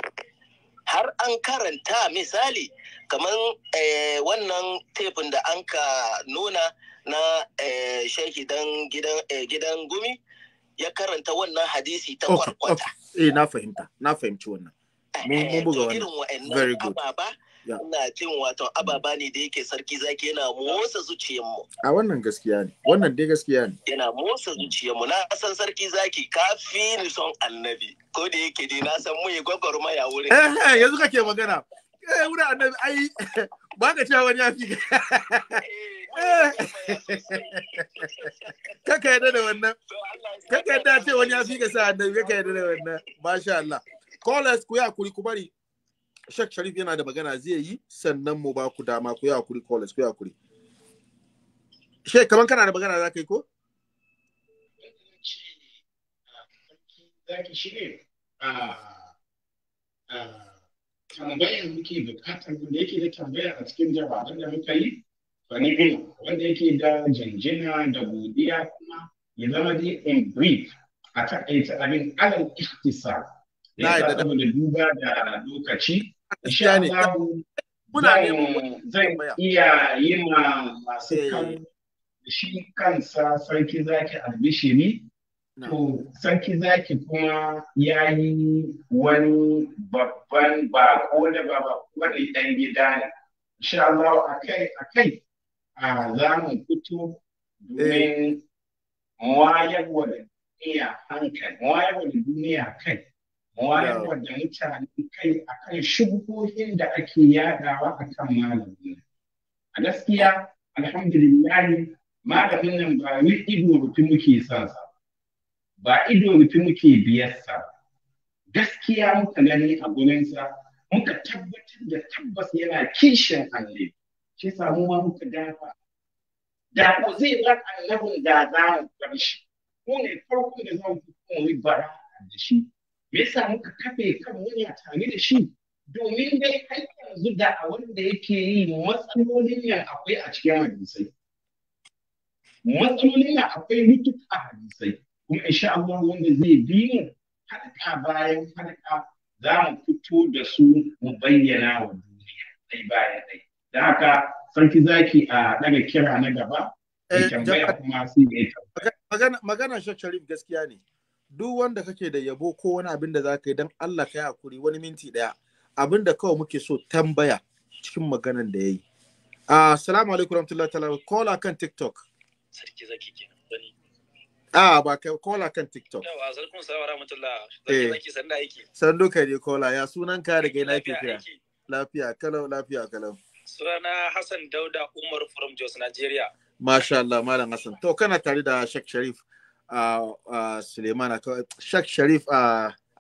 har an karanta misali kamar eh, wannan tefin da an ka nuna na eh, shaiki dan eh, gidan gumi ya karanta wannan hadisi ta kwarkwata. Eh na fahimta, na fahimci wannan. Mun buga wannan. Very good. Ababa ina jin wato ababa ne da yake sarki zaki yana motsa zuciyar mu a wannan gaskiya ne wannan dai gaskiya ne yana motsa zuciyar mu na san sarki zaki kafi ni son annabi ko da yake dai na san mu yi gwagwarmaya wurin eh, eh yanzu kake magana eh wurin annabi ai *laughs* ba ka cewa wani ya fi eh, kaka yadda da wannan kaka yadda ce wani ya fi ka sa annabi kaka yadda da wannan masha Allah Kolas ku ya kuri ku bari Sheikh Sharif yana da magana zai yi sannan mu ba ku dama ku yi hakuri college ku yi hakuri. Sheikh kaman kana da magana za ka yi ko? Zaki shi ne tambayar muke bukatar wanda yake da tambaya a cikin jawaban da muka yi wani wanda yake da janjina da godiya kuma ya zama dai in brief a takaita abin alal ikhtisar na da da duba da lokaci insha Allah zai iya yi ma masu eh. kan shi kansa sarki zaki ne. to sarki zaki kuma ya yi wani babban bako da ba bako da ɗan gida ne insha Allah akai akai a za mu fito domin eh. wayar wa duniya hankali wayarwa da duniya kai wayar da mutane kai akan shubuhohin da ake yadawa akan malami a gaskiya alhamdulillahi malamin nan ba wai ido rufi muke sasa. ba ido rufi muke biyarsa. gaskiya muka gani a gurinsa muka tabbatar da tabbas yana kishin alle shi samu ma muka dafa da ko zai bar annabin da za mu bar ne farko da za mu yi bara da shi me yasa muka kafe kan a tare da shi domin dai har yanzu da a wanda yake yi matsalolin nan akwai a cikin hadisai matsalolin nan akwai mutu a hadisai kuma insha Allah wanda zai bi mu harka bayan harka za mu fito da su mu bayyana wa duniya ɗai bayan ɗai da haka sarki zaki a daga kira na gaba eh, tambaya kuma magana magana Sharif gaskiya ne duk wanda kake da yabo ko wani abin da za ka yi don Allah ka yi hakuri wani minti ɗaya abin da kawai muke so tambaya cikin maganan da ya yi. Assalamu alaikum rahmatullahi ta'ala kola kan TikTok. Sarki zaki kenan bani. Ah ba kai kola kan TikTok. Yawa sarkun salamu rahmatullah. Sarki eh. zaki sanda aiki. Sando kai ne kola ya sunan ka daga ina ke kira. Lafiya kalau lafiya kalau. Sunana Hassan Dauda Umar from Jos Nigeria. Masha Allah Malam Hassan. To kana tare da Sheikh Sharif. Suleiman aka Shak Sharif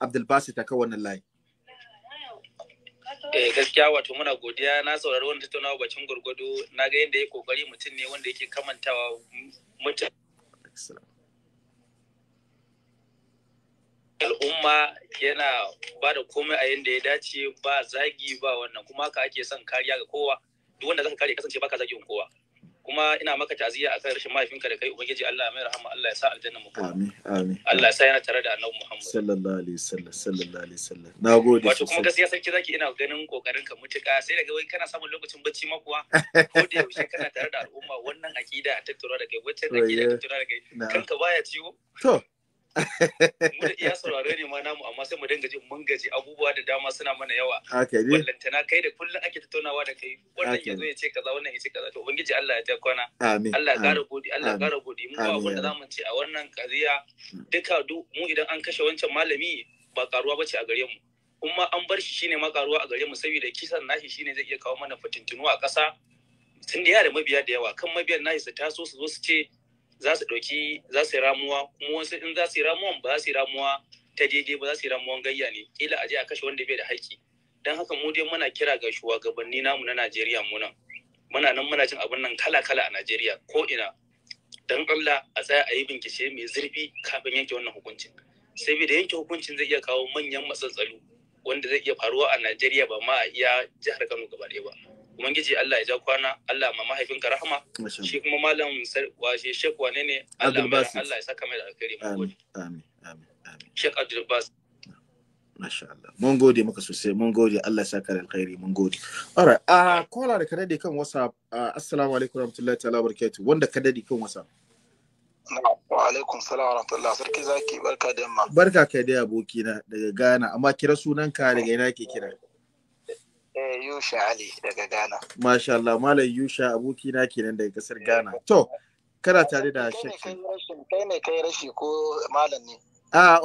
Abdulbasit aka wannan layi. Eh gaskiya wato muna godiya na saurari wannan tattaunawa bacin gurgudu na ga yadda ya kokari mutum ne wanda yake kamantawa mutum. al'umma yana ba da komai a yadda ya dace ba zagi ba wannan kuma haka ake son kariya ga kowa duk wanda zaka kare kasance baka zagin kowa kuma ina maka taziya akan rashin mahaifinka da kai ubangiji Allah mai rahama Allah ya sa aljanna mu amin amin Allah ya sa yana tare da annabi Muhammad sallallahu alaihi wasallam sallallahu alaihi wasallam nagode wato kuma gaskiya sarki zaki ina ganin kokarin ka mutuka sai daga wai kana samun lokacin bacci ma kuwa *laughs* ko da yaushe kana tare da al'umma wannan akida a tattauna da kai wacce akida a tattauna da kai kanka baya ciwo to ya saurare ne ma namu amma sai mu dinga jin mun gaji abubuwa da dama suna mana yawa wallantana kai da kullum ake tattaunawa da kai wannan ya zo ya ce kaza wannan ya ce kaza to ubangiji Allah ya ta kwana Allah ƙara godi Allah kara godi mu ba wanda zamu ce a wannan kariya hmm. duka du mu idan an kashe wancan malami ba karuwa bace a gare mu kuma an bar shi shine ma karuwa a gare mu saboda kisan nashi shine zai iya kawo mana fitintinu a ƙasa tun da yara mabiya da yawa kan mabiyan nashi su taso su zo su ce za su ɗauki za su ramuwa kuma wasu in za su yi ramuwan ba za su yi ramuwa ta daidai ba za su yi ramuwan gayya ne kila a je a kashe wanda bai da haƙƙi don haka mu dai muna kira ga shugabanni namu na Najeriya mu nan muna nan muna cin abin nan kala kala a Najeriya ko ina dan Allah a tsaya a yi bincike mai zurfi kafin yanke wannan hukuncin saboda yanke hukuncin zai iya kawo manyan matsatsalu wanda zai iya faruwa a Najeriya ba ma a iya jihar Kano gaba ɗaya ba ubangiji Allah ya ja kwana Allah ma mahaifinka rahama shi kuma malam washe shek wane ne Allah Allah ya saka mai da alkhairi mun gode amin amin amin shek Abdul Masha Allah. Mun gode maka sosai, mun gode Allah ya sa ka alkhairi, mun gode. Alright, a uh, kola da kadadi kan WhatsApp. Uh, assalamu alaikum warahmatullahi ta'ala barakatuh. Wanda kadadi kan WhatsApp. Wa alaikum salam wa rahmatullah. Sarki zaki barka da yamma. Barka kai da aboki na daga Ghana, amma kira sunanka daga ina ke kira? Eh, Yusha Ali daga Ghana. Masha Allah, Malam Yusha abokina kenan daga kasar eh, Ghana. To, kana tare da shakki. Kai ne kai rashi ko malam ne? A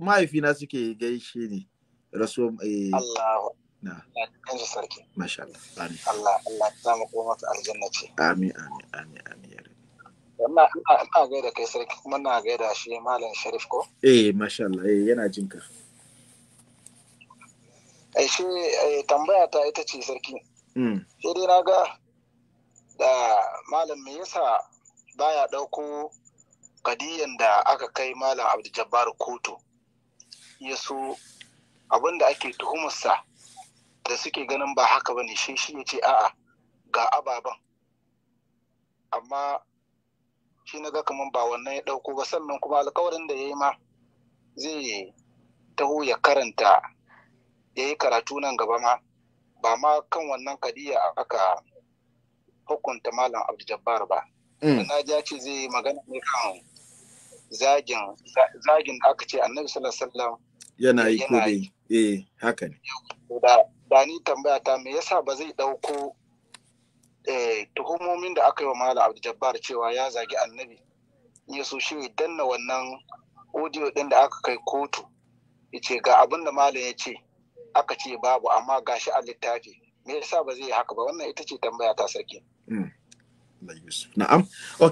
mahaifina suke gaishe ne. Rasu eh, Allah. Na. sarki. Masha Allah. Allah, Allah aljanna ce. Amin, amin, amin, amin. ina gaida kai sarki kuma na gaida shi malam Sharif ko? Eh, masha Allah, yana jinka. Aishe eh, tambaya ta ita ce sarki. Mm. Sai dai na ga da malam me yasa baya ɗauko kadiyan da aka kai malam Abdul Jabbar kotu ya so abinda ake tuhumarsa da suke ganin ba haka ba ne shi shi ya ce a'a ga ababen amma shi na ga kamar ba wannan ya ɗauko ba sannan kuma alkawarin da ya yi ma zai taho ya karanta ya yi karatu nan gaba ma ba ma kan wannan kadiya aka hukunta malam abdu jabbar ba mm. na ja ce zai yi magana ne kan zagin zagin da aka ce annabi sallallahu alaihi wasallam yana yi ko bai eh haka ne da ni tambaya ta me yasa ba zai dauko eh tuhumomin da aka yi wa malam abdu jabbar cewa ya zagi annabi ya so shi danna wannan audio din da aka kai kotu ce ga abin da malam ya ce aka ce babu amma gashi a littafi me yasa ba zai haka ba wannan ita ce tambaya ta sarki hmm. na'am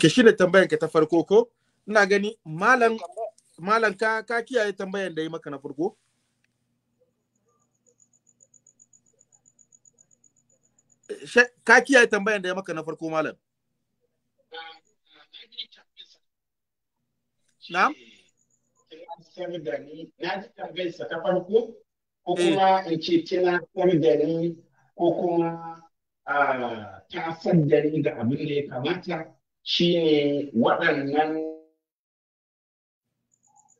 shi ne tambayan ka ta farko ko ina gani malam malam ka ka kiyaye tambayan da yi maka na farko ka kiyaye tambayan da ya maka na farko malam na'am na ji tambayarsa ta farko ko eh. kuma in ce tunatar da ni ko kuma ta da ni da abin da ya kamata shi ne waɗannan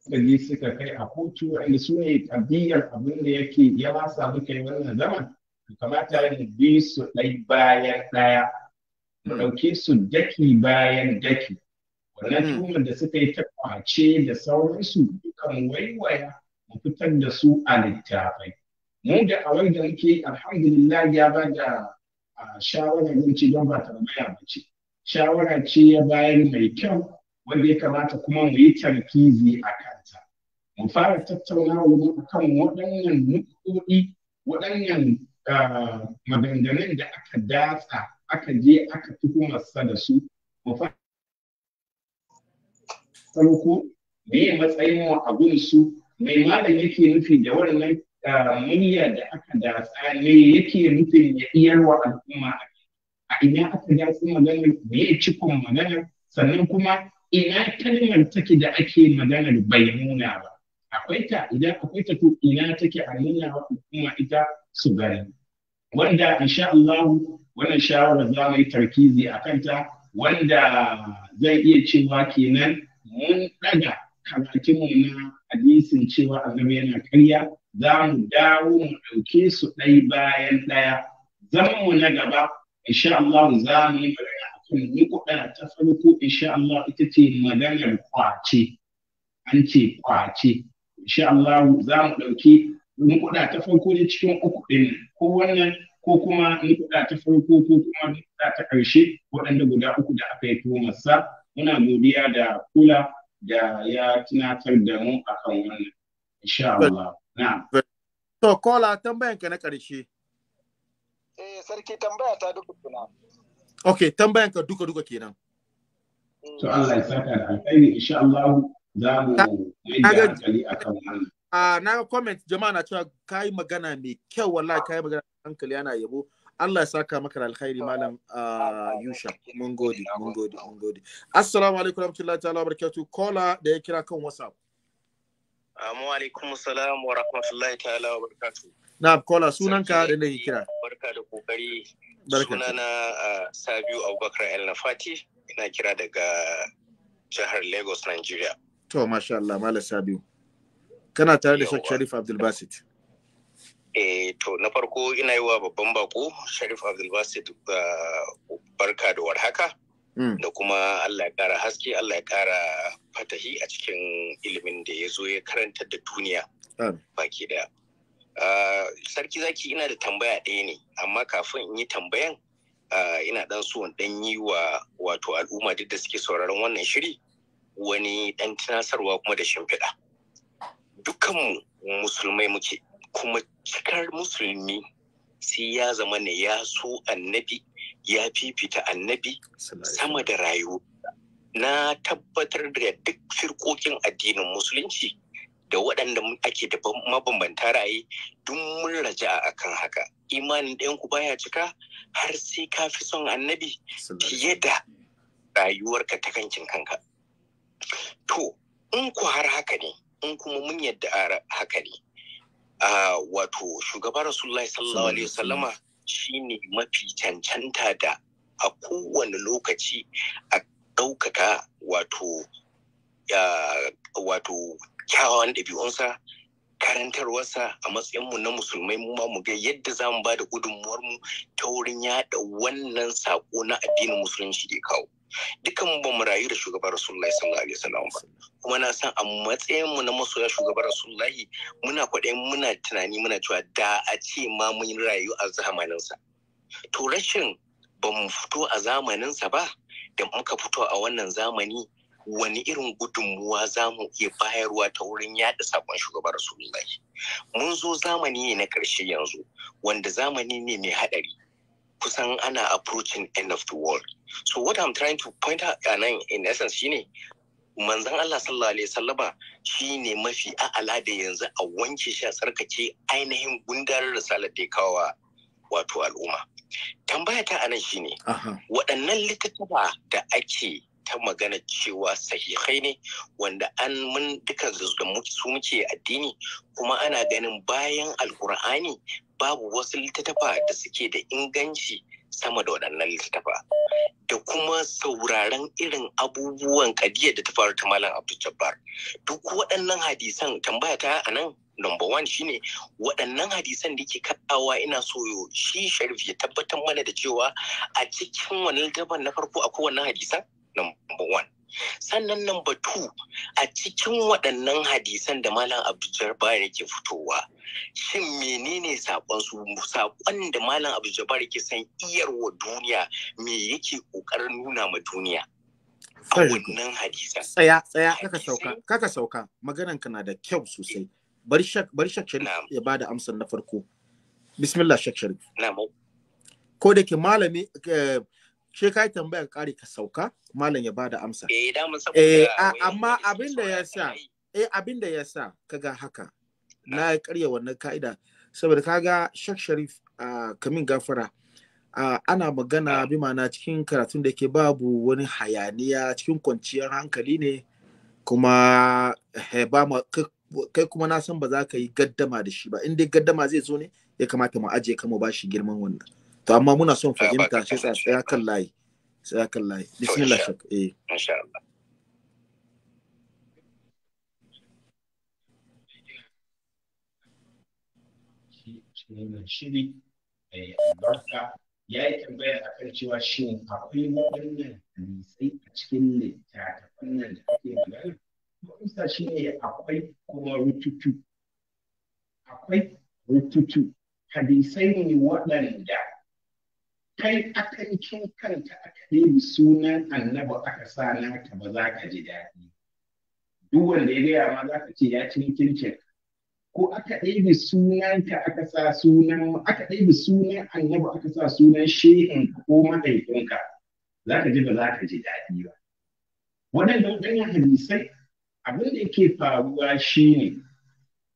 gari suka kai a kotu wanda su ne tabiyar abin da yake ya wasa muka yi wannan zaman kamata ne bi su ɗai bayan ɗaya mu ɗauke su daki bayan daki wannan hmm. tuhumar da suka yi ta kwace da sauransu dukan waiwaya ku fitar da su a littafai mu da a wanda yake alhamdulillah ya ba da shawara ne ce don ba ta tambaya ba ce shawara ce ya bayar mai kyau wanda ya kamata kuma mu yi tarkizi a kanta mu fara tattaunawa mu kan waɗannan nukuɗi waɗannan maganganun da aka datsa aka je aka tuhumarsa da su mu fara farko me matsayin mu a su? mai malam yake nufi da wannan ah, murya da aka datsa ne yake nufin ya iyar wa al'umma a ina aka su maganar me ya cikon maganar sannan kuma ina kalmar take da ake maganar bai nuna ba akwai ta idan akwai ta to ina take a nuna wa al'umma ita su gani wanda insha Allah wannan shawara za mu yi tarkizi a kanta wanda zai iya cewa kenan mun daga mu na hadisin cewa annabi yana karya za mu dawo mu ɗauke su ɗai bayan ɗaya zaman mu na gaba insha Allah za mu yi magana akan nukuɗa ta farko insha Allah ita ce maganar kwace an ce kwace insha Allah za mu ɗauki nukuɗa ta farko ne cikin uku ɗin ko wannan ko kuma nukuɗa ta farko ko kuma nukuɗa ta ƙarshe waɗanda guda uku da aka yi tuhumarsa muna godiya da kula da ya tunatar da mu akan wannan insha Allah na'am to kola tambayan ka na ƙarshe eh sarki tambaya ta duka kuna okay tambayan ka duka duka kenan eh. to Allah ya saka da alkhairi insha Allah za mu yi hankali akan wannan a ah, na comment jama'a na cewa kai magana mai kyau wallahi kai magana hankali ana yabo Allah ya saka maka da alkhairi malam ah, Yusha mun gode mun gode mun gode assalamu alaikum warahmatullahi ta'ala barakatu. kola da ya kira kan whatsapp Amu ah, alaikum salam wa rahmatullahi ta'ala wa barakatu. Na kola sunanka da na kira. Barka da kokari. Suna na ah, Sabiu Abubakar El Nafati ina kira daga jihar Lagos, Nigeria. To masha Allah Malam Sabiu. Kana tare da Sheikh Sharif Abdul Basit. Eh, to na farko ina yi wa babban bako Sharif Abdulbasit barka da warhaka. Mm. Da kuma Allah ya ƙara haske, Allah ya ƙara fatahi a cikin ilimin da ya zo ya karanta da duniya baki daya. Ah, sarki zaki ina da tambaya ɗaya ne, amma kafin in yi tambayan ah, ina ɗan so ɗan yi wa wato al'umma duk da suke sauraron wannan shiri wani ɗan tunasarwa kuma da shimfiɗa. Dukkanmu musulmai muke kuma cikar musulmi sai ya zama ne ya so annabi ya fifita annabi sama da rayuwa na tabbatar da duk firkokin addinin musulunci da waɗanda ake da mabambanta ra'ayi duk mun raja akan haka imanin ɗayanku baya cika har sai ka fi son annabi fiye da rayuwarka ta kankin kanka to in ku har haka ne in kuma mun yadda haka ne wato shugaba rasulullahi sallallahu alaihi wasallama shine mafi cancanta da a kowane lokaci a ɗaukaka wato wato kyawawan ɗabi'unsa karantarwarsa a matsayinmu na musulmai mu ma mu ga yadda za mu ba da gudunmuwarmu ta wurin yaɗa wannan saƙo na addinin musulunci da kawo. dukan mu bamu rayu da shugaban rasulullahi sallallahu alaihi wasallam ba kuma na san a matsayin mu na masoya shugaban rasulullahi muna kwaɗayin muna tunani muna cewa da a ce ma mun rayu a zamanin sa. to rashin bamu fito a zamanin sa ba da muka fito a wannan zamani wani irin gudunmuwa za mu iya bayarwa ta wurin yaɗa sakon shugaban rasulullahi mun zo zamani ne na ƙarshe yanzu wanda zamani ne mai haɗari kusan ana approaching end of the world so what i'm trying to point out a nan in essence shine manzan Allah sallallahu alaihi shi mafi a'ala da yanzu a wanke shi a tsarkake ainihin gundarar risalar da ya kawo wato al'umma tambaya ta anan shine waɗannan littattafa da ake ta magana cewa sahihai ne wanda an mun duka da su muke addini kuma ana ganin bayan alkur'ani babu wasu littattafa da suke da inganci sama da waɗannan littattafa da kuma sauraron irin abubuwan kadiyar da ta faru ta malam abdul jabbar duk waɗannan hadisan tambaya ta a nan number one shine waɗannan hadisan da ke kaɗawa ina soyo shi sharif ya tabbatar mana da cewa a cikin wani littattafan na farko akwai wannan hadisan number one sannan number two a cikin waɗannan hadisan da malam abdul yake fitowa shin menene saƙon su saƙon da malam abdul yake san iyarwa duniya me yake ƙoƙarin nuna ma duniya a wannan hadisan tsaya tsaya kaka sauka kaka sauka maganan na da kyau sosai bari shak bari ya sharif ya amsar na farko bismillah shak sharif ko da ke malami eh, she kai tambaya kare ka sauka malam ya bada amsa eh, eh amma abin da ya sa eh abin da ya sa kaga haka na ah. karya wannan ka'ida saboda kaga Sheikh Sharif kamin gafara ana magana ah. bi ma'ana cikin karatun da ke babu wani hayaniya cikin kwanciyar hankali ne kuma eh, ba ma kai kuma na san ba za ka yi gaddama da shi ba in dai gaddama zai zo ne ya kamata mu aje kama ba shi girman wannan to amma muna son fahimta shi tsaya kan layi tsaya kan layi bismillah shak eh insha Allah shiri mai eh, albarka ya yi tambaya a kan cewa shin akwai waɗannan hadisai a cikin littattafan nan da ake magana? isa shi ne akwai kuma rututu. Akwai rututu. Hadisai ne waɗanda kai akan kanta aka ɗebi sunan annabi aka sa naka ba za ka ji daɗi duk wanda ya gaya ma za ka ce ya cin kincin ko aka sunan sunanka aka sa sunan aka ɗebi sunan annabi aka sa sunan shehin ko maɗaikinka za ka ji ba za ka ji daɗi ba waɗannan hadisai abin da yake faruwa shine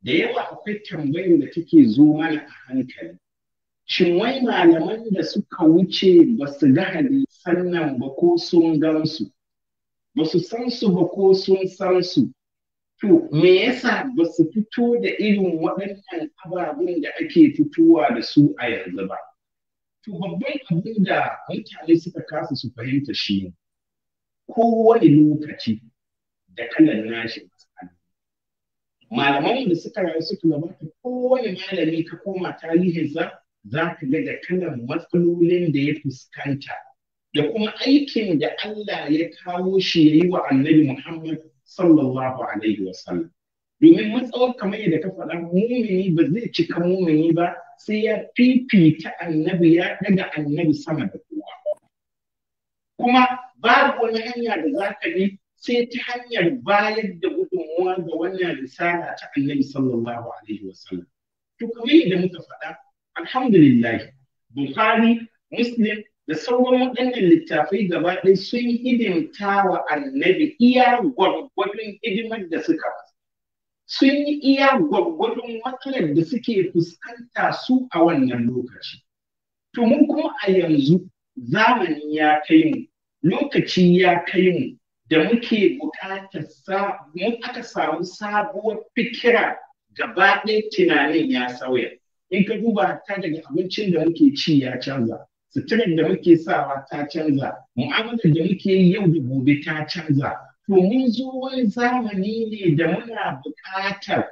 da yawa akwai tambayar da take zo mana a hankali Shin wai malaman da suka wuce ba su ga hadisan nan ba ko sun gansu, ba su san su ba ko sun san su, to me yasa ba su fito da irin waɗannan ababen da ake fitowa da su a yanzu ba. To babban abin da mutane suka kasa su fahimta shi ne, kowane lokaci da kalan nashi Malaman da suka rayu suka gabata kowane malami ka koma tarihinsa za ka ga da kalan matsalolin da ya fuskanta da kuma aikin da Allah ya kawo shi ya yi wa annabi Muhammad sallallahu alaihi wa sallam. Domin matsawar kamar yadda ka faɗa mumini ba zai cika mumini ba sai ya fifita annabi ya daga annabi sama da kowa. Kuma babu wani hanya da za ka bi sai ta hanyar bayar da gudunmuwa ga wannan risala ta annabi sallallahu alaihi wa sallam. To kamar yadda muka faɗa alhamdulillah bukhari muslim da sauran waɗannan littafai gaba ɗaya sun hidimta wa annabi iya gwargwadon hidimar da suka sun yi iya gwargwadon matsalar da suke fuskanta su a wannan lokaci. To mun kuma a yanzu zamani ya kai mu, lokaci ya kai mu da muke buƙatar sa mun aka samu sabuwar fikira gaba ɗaya tunanin ya sauya. in ka duba ta daga abincin da muke ci ya canza suturan da muke sawa ta canza mu'amalar da muke yi yau da gobe ta canza to mun zo wani zamani ne da muna buƙatar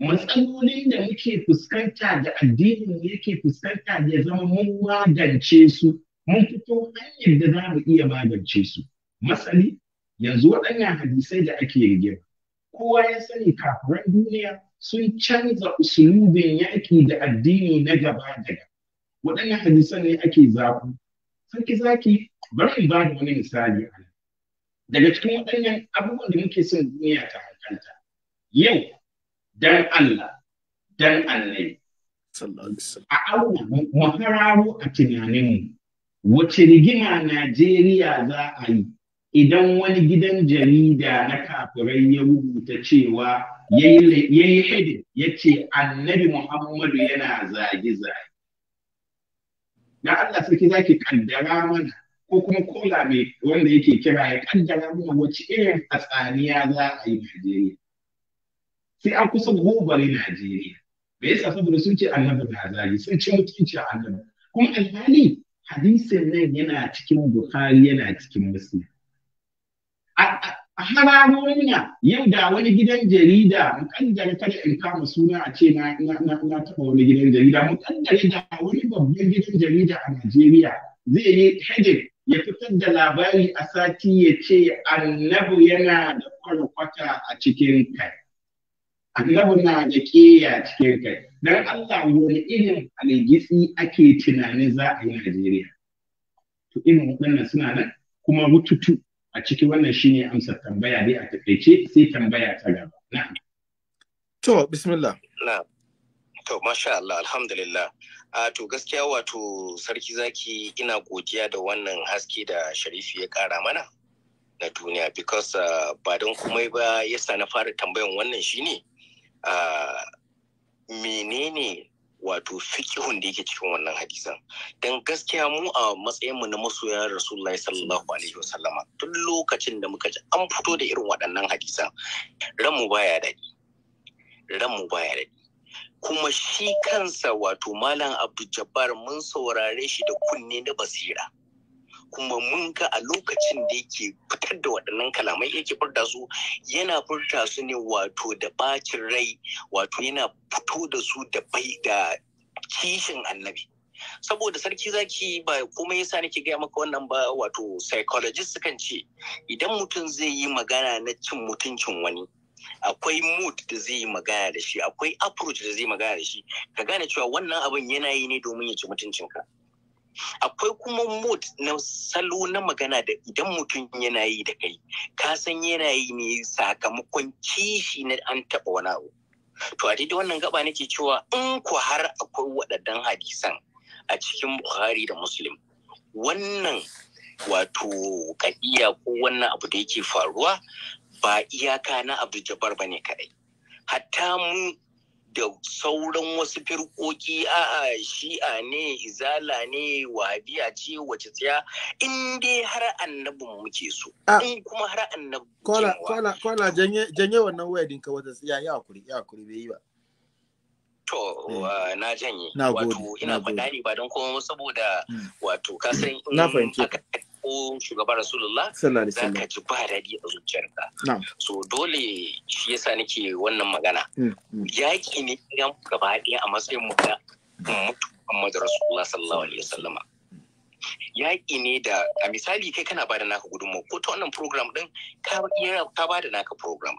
matsalolin da muke fuskanta da addinin yake fuskanta ya zama mun magance su mun fito hanyar da za mu iya magance su masali yanzu waɗannan hadisai da ake rigima kowa ya sani kafiran duniya sun canza usulubin yaƙi da addini na gaba daga waɗannan hadisan ne ake zaɓu sarki zaki bar mu ba da wani misali a daga cikin waɗannan abubuwan da muke son duniya ta hankalta yau dan Allah dan annabi a auna mu a tunaninmu wace rigima Najeriya za a yi idan wani gidan jarida na kafirai ya rubuta cewa ya yi hidin ya ce annabi Muhammadu yana zage-zage. Na Allah sarki za ki kaddara mana ko kuma kola mai wanda yake kira ya kaddara mana wacce irin hatsaniya za a yi Najeriya. Sai an kusa gobare Najeriya. Me yasa saboda sun ce annabi na zage sun ce mutunci annabi. Kuma alhali hadisin nan yana cikin Bukhari yana cikin Muslim. hararonya yau da wani gidan jarida mukaddara kada in kama suna a ce na taɓa wani gidan jarida mukaddara da wani babban gidan jarida a Najeriya zai yi hedin ya fitar da labari a sati ya ce annabu yana da kwarkwata a cikin kai annabu na da keya cikin kai don Allah wani irin aligitsi ake tunanin za a yi Najeriya to irin waɗannan suna nan kuma mututu a ciki wannan shine amsar tambaya dai a takaice sai tambaya ta gaba to bismillah to masha Allah alhamdulillah a to gaskiya wato sarki zaki ina godiya da wannan haske da sharifi ya kara mana na duniya because uh, ba don komai ba yasa na fara tambayan wannan shine uh, menene wato fikihun da yake cikin wannan hadisan don gaskiya mu a matsayin mu na masoya rasulullahi sallallahu alaihi wasallama duk lokacin da muka ji an fito da irin waɗannan hadisan ran mu baya daɗi ran mu baya daɗi kuma shi kansa wato malam abdul jabbar mun saurare shi da kunne na basira kuma mun ga a lokacin da yake fitar da waɗannan kalamai yake furta su yana furta su ne wato da bacin rai wato yana fito da su da bai da kishin annabi saboda sarki zaki ba komai yasa nake gaya maka wannan ba wato psychologist sukan ce idan mutum zai yi magana na cin mutuncin wani akwai mood da zai yi magana da shi akwai approach da zai magana da shi ka gane cewa wannan abin yana yi ne domin ya ci mutuncinka akwai kuma mood na salo na magana da idan mutum yana yi da kai ka san yana yi ne sakamakon kishi na an taɓa wani abu to a daidai wannan gaba nake cewa in ku har akwai waɗannan hadisan a cikin buhari da muslim wannan wato kadiya ko wannan abu da yake faruwa ba iyaka na abdul ba ne kadai hatta mu da sauran wasu firkoki a'a shi'a ne izala ne wahabiya ce wace tsaya in dai har annabin muke so in kuma har annabin kola kola kola janye janye wannan waya dinka wata tsaya ya hakuri ya hakuri bai yi ba To, eh. na janye. Wato, ina faɗa ne ba don kuma saboda mm. wato kasan in aka Ko shugaba rasulullah za ka ji ba daɗi a zuciyarka so dole shi yasa nake wannan magana mm, mm. yaƙi ne yan gaba ɗaya a matsayin mu da mutu Muhammadu Rasulullah sallallahu alaihi wasallama yaƙi ne da a misali kai kana bada naka gudunmu ko ta wannan program ɗin ka ba da naka program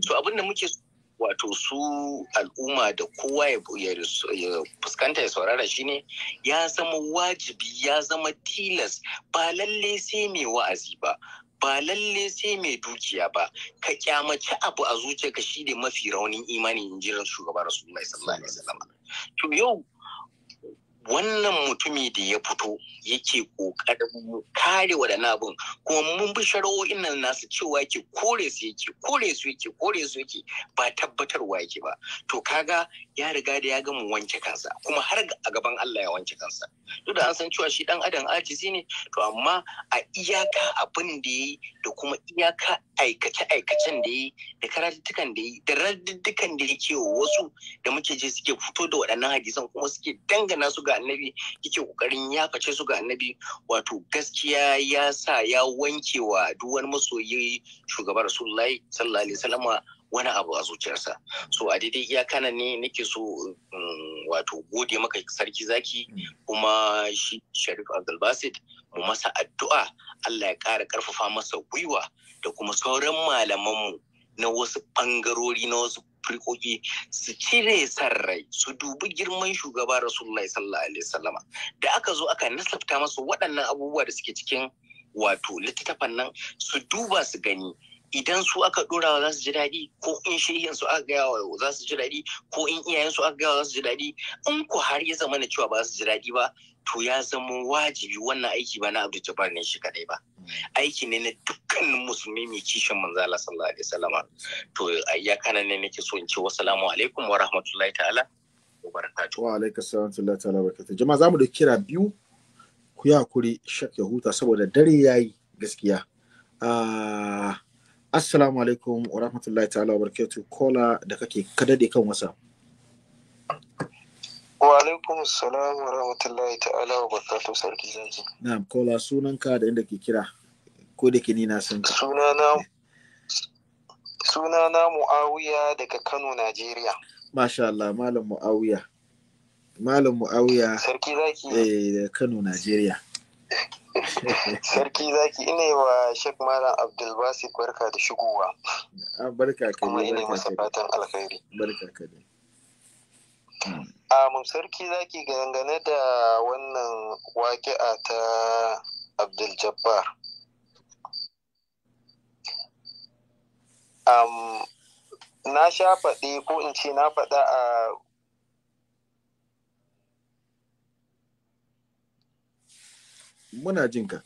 so abin da muke so wato su al'umma da kowa ya fuskanta ya saurara shi ne ya zama wajibi ya zama tilas ba lalle sai mai wa'azi ba ba lalle sai mai dukiya ba ka kyamaci abu a ka shi shirya mafi raunin imani injiran jiran shugaba rasulullahi sallallahu alaihi wasallam to yau wannan mutumi da ya fito yake ƙoƙarin kare waɗannan abin kuma mun bi shari'o'in nan nasu cewa ke kore su yake kore su yake kore su yake ba tabbatarwa yake ba to kaga ya riga da ya gama wanke kansa kuma har a gaban Allah ya wanke kansa duk da an san cewa shi dan adam ajizi ne to amma a iyaka abin da yi da kuma iyaka aikace aikacen da yi da karatuttukan da yi da raddukan da yake wasu da muke je suke fito da waɗannan hadisan kuma suke dangana su ga annabi kike kokarin ya face su ga annabi wato gaskiya ya sa ya wanke wa duk wani masoyi shugaba rasulullahi sallallahu alaihi wasallama wani abu a zuciyarsa so a daidai iyaka nan ne nake so wato gode maka sarki zaki kuma shi sharif abdulbasit mu masa addu'a allah ya ƙara karfafa masa gwiwa da kuma sauran malamanmu na wasu bangarori na wasu firkoki su cire san rai su dubi girman shugaba rasulullahi sallallahu alaihi wasallama da aka zo aka nasabta masu waɗannan abubuwa da suke cikin wato littattafan nan su duba su gani idan su aka dora za su ji daɗi ko in shehiyan su aka gaya wa za su ji daɗi ko in iyayen su aka gaya za su ji daɗi in ku har ya zama na cewa ba su ji daɗi ba to ya zama wajibi wannan aiki ba na abu Jabbar ne shi kadai ba aiki ne na dukkanin musulmi mai kishin manzo Allah sallallahu alaihi wasallama to ya kana ne nake so in ce Salamu alaikum wa rahmatullahi ta'ala wa barakatuh wa alaikum assalam wa ta'ala wa barakatuh jama'a zamu da kira biyu ku ya kuri shak ya huta saboda dare yayi gaskiya ah Assalamu alaikum wa rahmatullahi ta'ala wa barakatu kola da kake kadade kan wasa. Wa alaikum salam wa rahmatullahi ta'ala wa barakatu sarki zaki. Na'am kola sunanka da inda ke kira ko da ke ni na san ka. Sunana Sunana Muawiya daga Kano Najeriya. Masha Allah Malam Muawiya. Malam Muawiya. Sarki zaki. Eh Kano Najeriya. Sarki zaki ina wa Sheikh Malam Abdulbasi barka da shigowa. Ah, barka ka Kuma ina masa fatan alkhairi. Barka ka dai. Ah, mun sarki zaki dangane da wannan waƙi'a ta Abdul Jabbar. Um, na sha faɗi ko in ce na faɗa a muna jin ka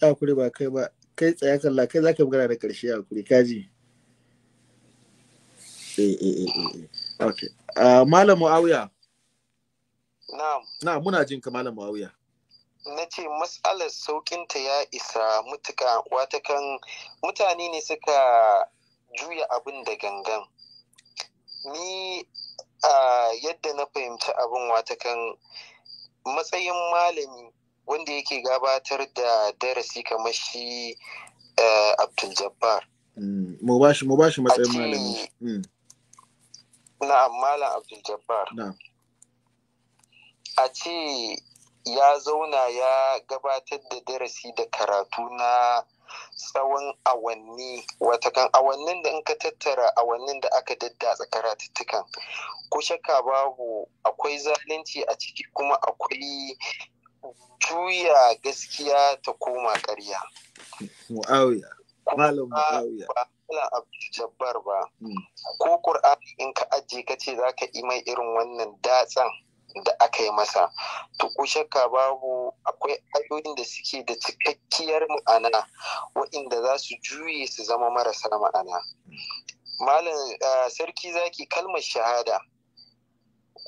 hakuri ba kai ba kai tsaya kalla kai ka magana da karshe hakuri kaji eh eh, eh eh eh okay uh, malam muawiya na'am na muna jin ka malam muawiya na ce matsalar sauƙinta ya isa mutuka watakan mutane ne suka juya abin da gangan ni a ah, yadda na fahimci abin watakan matsayin malami wanda yake gabatar da darasi kamar shi eh, abdul jabbar mm, mu ba shi matsayin malami mm. na'am malam abdul jabbar a ce ya zauna ya gabatar da darasi da karatu na tsawon awanni watakan awannin da in ka tattara awannin da aka daddatsa karatuttukan ko shakka babu akwai zalunci a ciki kuma akwai juya gaskiya ta koma ƙarya. Mu'awiya. Malam Mu'awiya. Abdul Jabbar ba. Hmm. Ko ƙur'ani in ka ajiye ka ce za ka mai irin wannan datsan. da aka yi masa to ko shakka babu akwai ayoyin da suke da cikakkiyar ma'ana waɗanda za su juye su zama marasa ma'ana malam sarki zaki kalmar shahada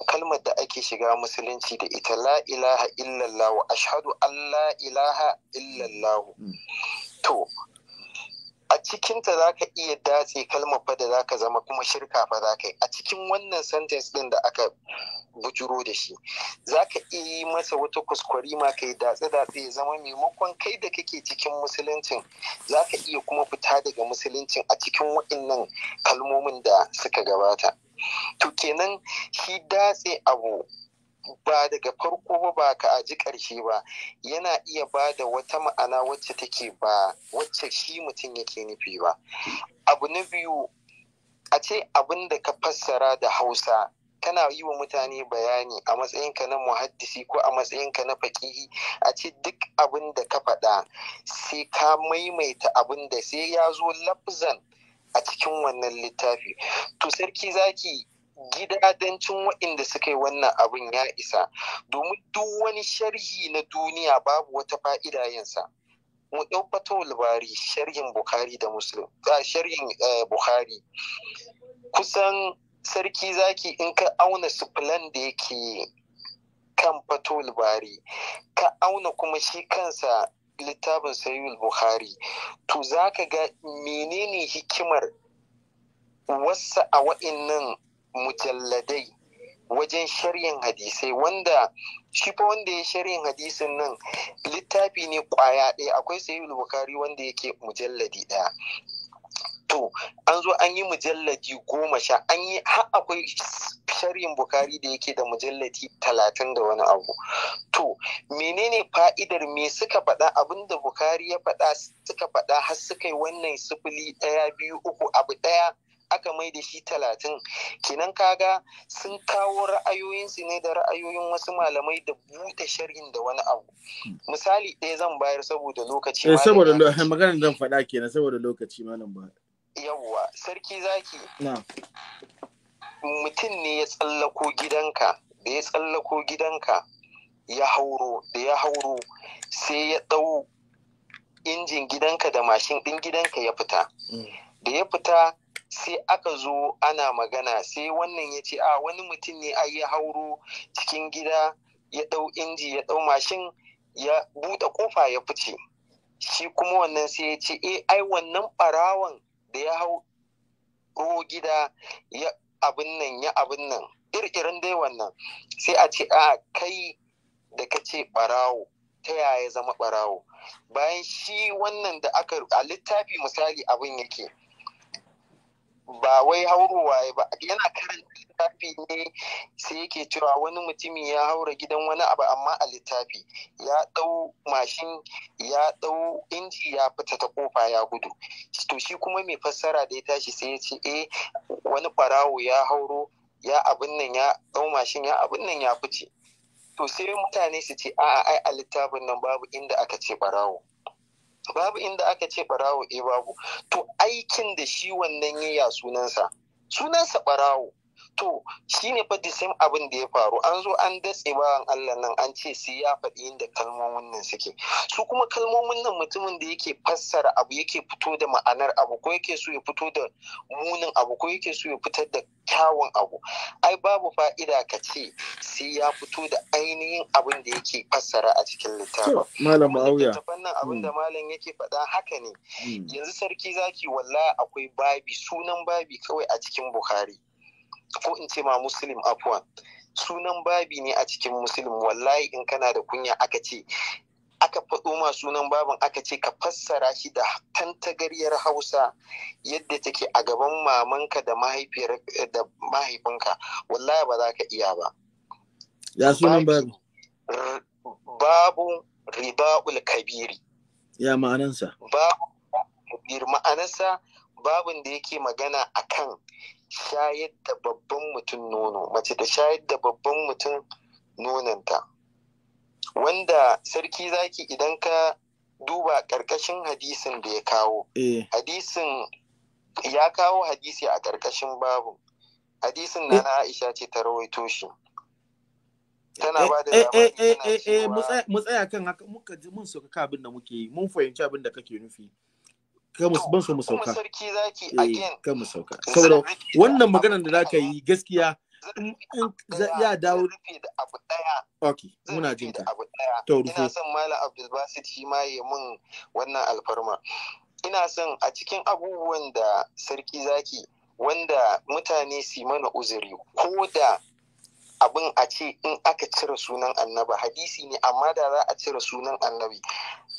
kalmar da ake shiga musulunci da ita la ilaha illallah wa ashhadu an ilaha illallah mm. to cikinta za ka iya datse kalmar fa da za ka zama kuma shirka fa za ka yi a cikin wannan sentence din da aka bujuro da shi za ka iya yi masa wata kuskwari ma ka yi datse-datse ya zama maimakon kai da kake cikin musuluncin za ka iya kuma fita daga musuluncin a cikin waɗannan kalmomin da suka gabata to kenan shi datse abu ba daga farko ba ka aji ƙarshe ba yana iya ba da wata ma'ana wacce take ba wacce shi mutum yake nufi ba abu na biyu a ce abin da ka fassara da hausa kana yi wa mutane bayani a matsayinka na muhaddisi ko a matsayinka na fakihi a ce duk abin da ka faɗa sai ka maimaita abin da sai ya zo lafzan a cikin wannan littafi to sarki zaki gidadancin waɗanda suka yi wannan abin ya isa domin duk wani sharhi na duniya babu wata fa'ida yinsa mu ɗau fatawul sharhin bukari da muslim sharhin bukari kusan sarki zaki in ka auna sufulan da yake kan Fato labari ka auna kuma shi kansa littafin sayyul bukhari to za ga menene hikimar wasa a wa'innan mujalladai wajen sharhin hadisai wanda shi fa wanda ya sharhin hadisin nan littafi ne kwaya ɗaya akwai sahihul bukari wanda yake mujalladi ɗaya to an zo an yi mujalladi goma sha an yi har akwai sharyin bukari da yake da mujalladi talatin da wani abu to menene fa'idar me suka faɗa abinda bukari ya faɗa suka faɗa har suka yi wannan sifili ɗaya biyu uku abu ɗaya aka mai da shi talatin kinan kaga sun kawo ra'ayoyinsu ne da ra'ayoyin wasu malamai da buɗe sharhin da wani abu misali ɗaya zan bayar saboda lokaci eh saboda *laughs* maganar zan faɗa kenan saboda lokaci malam ba yawwa sarki zaki mutum ne ya tsallako gidanka da ya tsallako gidanka ya hauro da ya hauro sai ya ɗau injin gidanka da mashin ɗin gidanka ya fita mm. da ya fita sai aka zo ana magana sai wannan ya ce a wani mutum ne a ya hauro cikin gida ya ɗau inji ya ɗau mashin ya buɗe ƙofa ya fice shi kuma wannan sai ya ce e ai wannan ɓarawan da ya hauro gida ya abin nan ya abin nan ƙirƙirin dai wannan sai a ce a kai da ka ce ɓarawo ta yaya zama ɓarawo bayan shi wannan da aka a littafi misali abin yake ba wai haurowa ba yana karanta littafi ne sai yake cewa wani mutumi ya haura gidan wani abu amma a littafi ya ɗau mashin ya ɗau inji ya fita ta kofa ya gudu to shi kuma mai fassara da ya tashi sai ya ce eh wani ɓarawo ya hauro ya abin nan ya ɗau mashin ya abin nan ya fice to sai mutane su ce a'a ai a littafin nan babu inda aka ce ɓarawo babu inda aka ce ɓarawo e babu to aikin da shi wannan ya sunansa sunansa ɓarawo. to shine fa the same abin da ya faru an zo an datse bawan Allah nan an ce sai ya faɗi inda kalmomin nan suke su kuma kalmomin nan mutumin da yake fassara abu yake fito da ma'anar abu ko yake so ya fito da munin abu ko yake so ya fitar da kyawun abu ai babu fa'ida ka ce sai ya fito da ainihin abin da yake fassara a cikin littafin malam ma'auya wannan abin da hmm. malam yake faɗa haka ne hmm. yanzu sarki zaki wallahi akwai babi sunan babi kawai a cikin bukhari ko in ce ma muslim afuwa, sunan babi ne a cikin muslim wallahi in kana da kunya aka ce aka faɗo ma sunan babin aka ce ka fassara shi da tantagaryar hausa yadda take a gaban mamanka da mahaifinka wallahi ba za ka iya ba ya sunan babi babu riba'ul kabiri ya ma'anansa babu ma'anansa babin da yake magana akan shayar da babban mutum nono mace ta shayar da babban mutum nonanta wanda sarki zaki idan ka duba ƙarƙashin hadisin da ya kawo eh. hadisin ya kawo hadisi a ƙarƙashin babu hadisin na eh. na aisha ce ta rawaito shi tana eh, ba da mu tsaya kan haka muka ji mun soka abin da muke yi mun fahimci abin da kake nufi ban so mu sauka eh, saboda wannan maganar da zaka yi gaskiya ya dawo da abu ok muna jin ka to rufe ina son malam abdul basit shi ma ya mun wannan alfarma ina son a cikin abubuwan da sarki zaki wanda mutane su mana uzuri ko da abin a ce in aka cire sunan annaba hadisi ne amma da za a cire sunan annabi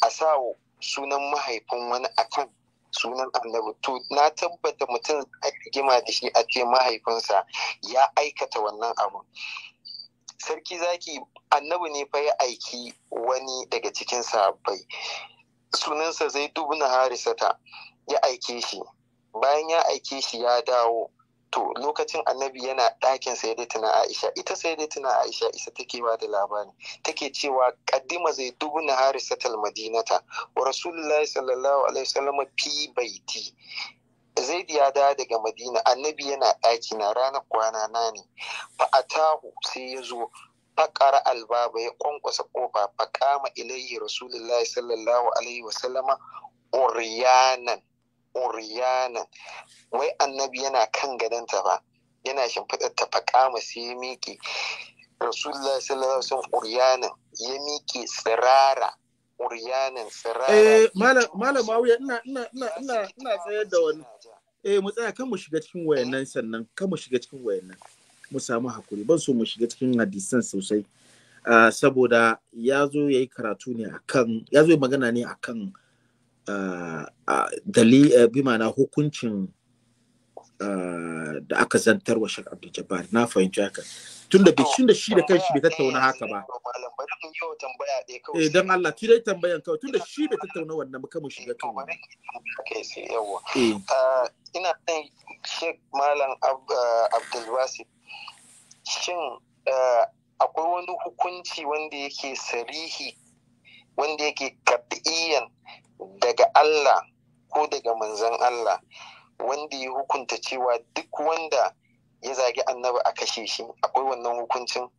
a sa sunan mahaifin wani akan sunan annabi to na tabbata mutum a rigima da shi a ce mahaifinsa ya aikata wannan abu sarki zaki annabi ne fa ya aiki wani daga cikin sahabbai sunansa zai dubna harisata ya aike shi bayan ya aike shi ya dawo to lokacin annabi yana ɗakin sai dai tuna aisha ita sai dai tuna aisha isa take ba da labari take cewa kaddima zai dubu na harisatal madinata wa rasulullahi sallallahu alaihi wasallam fi baiti zai ya da daga madina annabi yana ɗaki na ranar kwana na ne fa atahu sai ya zo faƙara albaba ya kwankwasa kofa faƙama ilaihi rasulullahi sallallahu alaihi wasallama uriyanan uriyana wai annabi yana kan gadonta ba yana shimfiɗar ta faƙama sai ya miƙe rasulullah sallallahu alaihi uriyana ya miƙe tsirara uryanin tsirara eh malam malam ina ina ina ina ina tsayar da wani eh mu tsaya kan mu shiga cikin wayannan sannan kan mu shiga cikin wayannan mu samu hakuri ban so mu shiga cikin hadisan sosai ah, saboda ya zo ya yi karatu ne akan ya zo magana ne akan Eh, bi ma'ana hukuncin da aka zantar wa Sheikh Abdul Jabbar na fahimci haka tun da bishin da shi da kanshi bai tattauna haka ba eh dan Allah ki dai tambayan kawai tun da shi bai tattauna wannan ba kamar shiga kan wannan yawa eh. eh, ina san Sheikh Malam Abdul Wasif shin akwai wani hukunci wanda yake sarihi wanda yake kafiyan daga Allah ko daga manzan Allah wanda ya hukunta cewa duk wanda ya zagi annabi a kashe shi akwai wannan hukuncin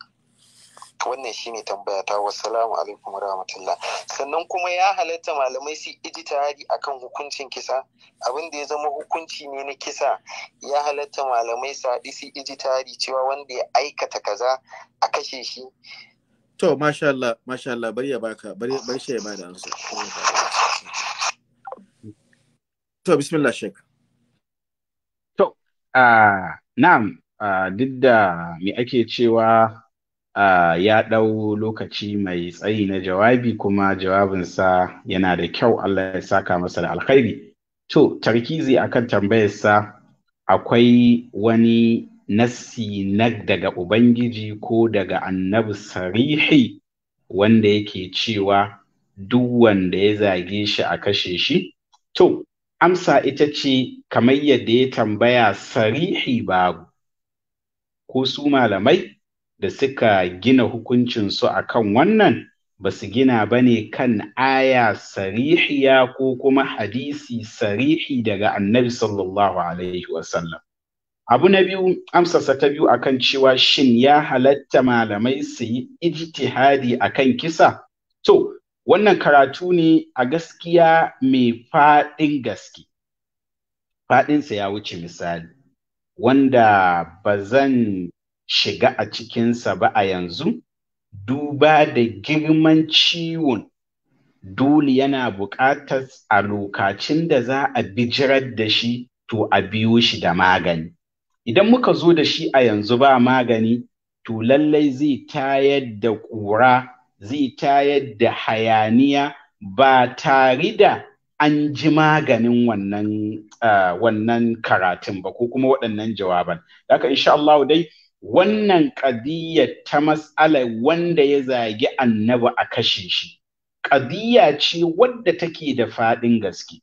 wannan shi ne tambaya ta salamu alaikum rahmatullah sannan kuma ya halatta malamai su a akan hukuncin kisa abinda ya zama hukunci ne na kisa ya halatta malamai su haɗi su ijtihadi cewa wanda ya aikata kaza a kashe shi To, masha Allah, masha Allah, bari ya baka, bari shi ya bada amsa. To, bismillah shek. To, uh, na'am, duk da me ake cewa ya ɗau lokaci mai tsayi na jawabi kuma jawabinsa yana da kyau Allah ya saka masa da alkhairi. To, tarkizi akan tambayarsa akwai wani nassi na daga ubangiji ko daga annabi sarihi wanda yake cewa duk wanda ya zage shi a kashe shi to amsa ita ce kamar yadda ya tambaya sarihi babu ko su malamai da suka gina hukuncinsu a kan wannan ba su gina ba ne kan aya sarihiya ko kuma hadisi sarihi daga annabi sallallahu alaihi wasallam Abu na biyu amsarsa ta biyu akan cewa shin ya halatta malamai su yi ijtihadi akan kisa? To, wannan karatu ne a gaskiya mai faɗin gaske. Faɗinsa ya wuce misali, wanda ba zan shiga a cikinsa ba a yanzu, duba da girman ciwon dole yana buƙatar a lokacin da za a bijirar da shi to a biyo shi da magani. idan muka zo da shi a yanzu ba magani to lallai zai tayar da ƙura zai tayar da hayaniya ba tare da an ji maganin wannan uh, wannan karatun ba ko kuma waɗannan jawaban haka insha Allah dai wannan ƙadiyya ta matsala wanda ya zagi annabi a kashe shi ƙadiyya ce wadda take da faɗin gaske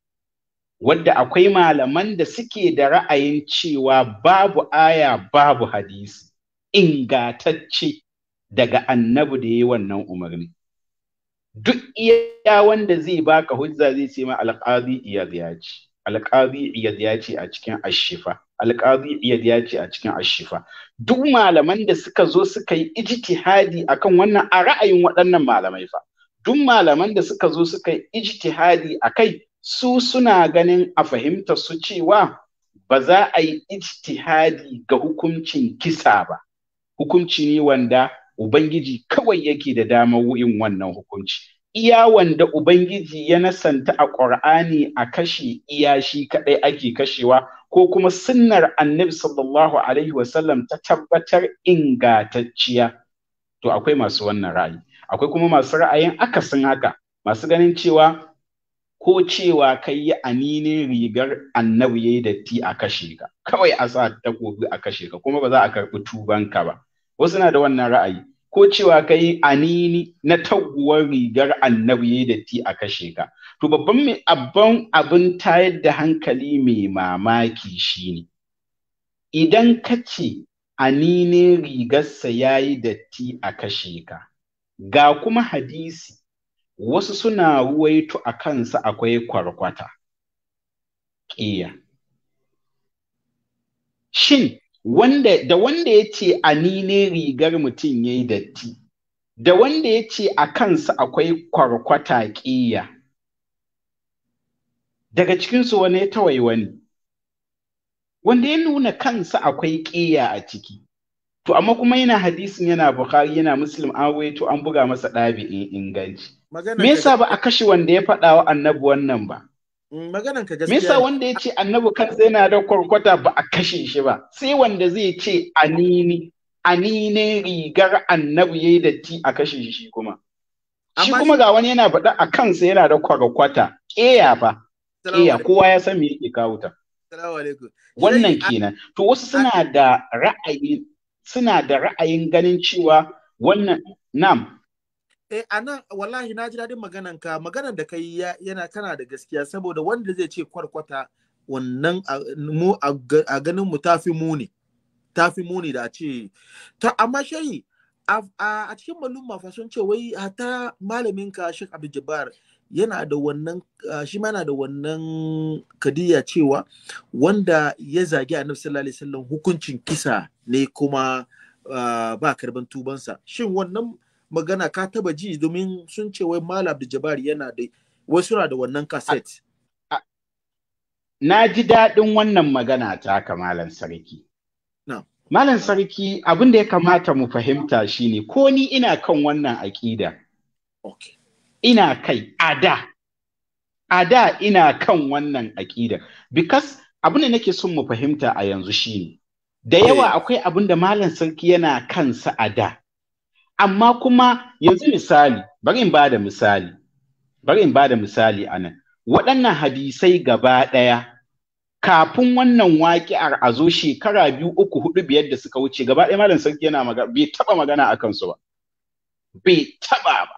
wadda akwai malaman da suke da ra'ayin cewa babu aya babu hadisi ingatacce daga annabi da ya yi wannan umarni duk iya wanda zai baka hujja zai ce ma alƙazi iya ya ce alƙazi iyad ya ce a cikin ashifa alƙazi iyad ya ce a cikin ashifa duk malaman da suka zo suka yi ijtihadi akan wannan a ra'ayin waɗannan malamai fa duk malaman da suka zo suka yi ijtihadi akai su suna ganin a fahimta su cewa ba za a yi ijtihadi ga hukuncin kisa ba hukunci ne wanda ubangiji kawai yake da damar yin wannan hukunci iya wanda ubangiji ya nasanta a ƙur'ani a kashe iya shi kaɗai ake kashewa ko kuma sunnar annabi sallallahu alaihi wasallam ta tabbatar ingatacciya to akwai masu wannan ra'ayi akwai kuma masu ra'ayin akasin haka masu ganin cewa ko cewa kai yi aninin rigar annabi yayi datti a kashe ka kawai a sa takobi a kashe ka kuma ba za a karɓi tubanka ba wasu na da wannan ra'ayi ko cewa kai anini na taguwar rigar annabi yayi datti a kashe ka to babban abban abin tayar da hankali mai mamaki shine idan ka ce aninin rigarsa yayi datti a kashe ka ga kuma hadisi wasu suna ruwaito a kansa akwai kwarkwata Iya. shin wanda da wanda ya ce a ni ne rigar mutum ya yi datti da wanda ya ce a kansa akwai kwarkwata ƙiya daga cikinsu wani ya tawaye wani wanda ya nuna kansa akwai ƙiya a ciki To amma kuma yana hadisin yana Bukhari yana Muslim an to an buga masa ɗabi'in inganci. Me yasa ba a kashe wanda ya faɗa wa annabi wannan ba? Mm, maganan ka gaskiya. Me yasa wanda ya ce annabi kansa yana da kwarkwata ba a kashe shi ba? Sai wanda zai ce anini anine rigar annabi yayi datti a kashe shi kuma. Shi kuma ga wani yana faɗa a kansa yana da kwarkwata. Ƙeya fa. Ƙeya kowa ya san me yake kawo ta. Wannan kenan. To wasu suna da ra'ayi suna da ra'ayin ganin cewa wannan nam eh nan wallahi na ji daɗin maganan ka maganan da kai yana kana da gaskiya saboda wanda zai ce kwarkwata wannan a ganin mu tafi muni tafi muni da ce ta amma shehi a cikin malumma mafa sun ce wai hata malamin ka Sheikh abu yana da wannan ah, shi ma yana da wannan kadiya cewa wanda ya zagi annabi sallallahu alaihi wasallam hukuncin kisa ne kuma ah, ba karban tubansa shin wannan magana ka taba ji domin sun ce wai malam abdul jabari yana da wasu na da wannan kaset na ji daɗin wannan magana ta haka malam sarki malam sarki abin da ya kamata mu fahimta shine ko ni ina kan wannan aƙida okay. ina kai a da a da ina kan wannan aƙidar because abin da nake son mu fahimta a yanzu shine da yawa eh. akwai abin da malam sarki yana kansa a da amma kuma yanzu misali bari in bada misali bari in bada misali a nan waɗannan hadisai gaba ɗaya kafin wannan waƙi'ar a zo shekara biyu uku hudu biyar da suka wuce gaba ɗaya malam sarki yana magana bai taɓa magana a kansu ba bai taɓa ba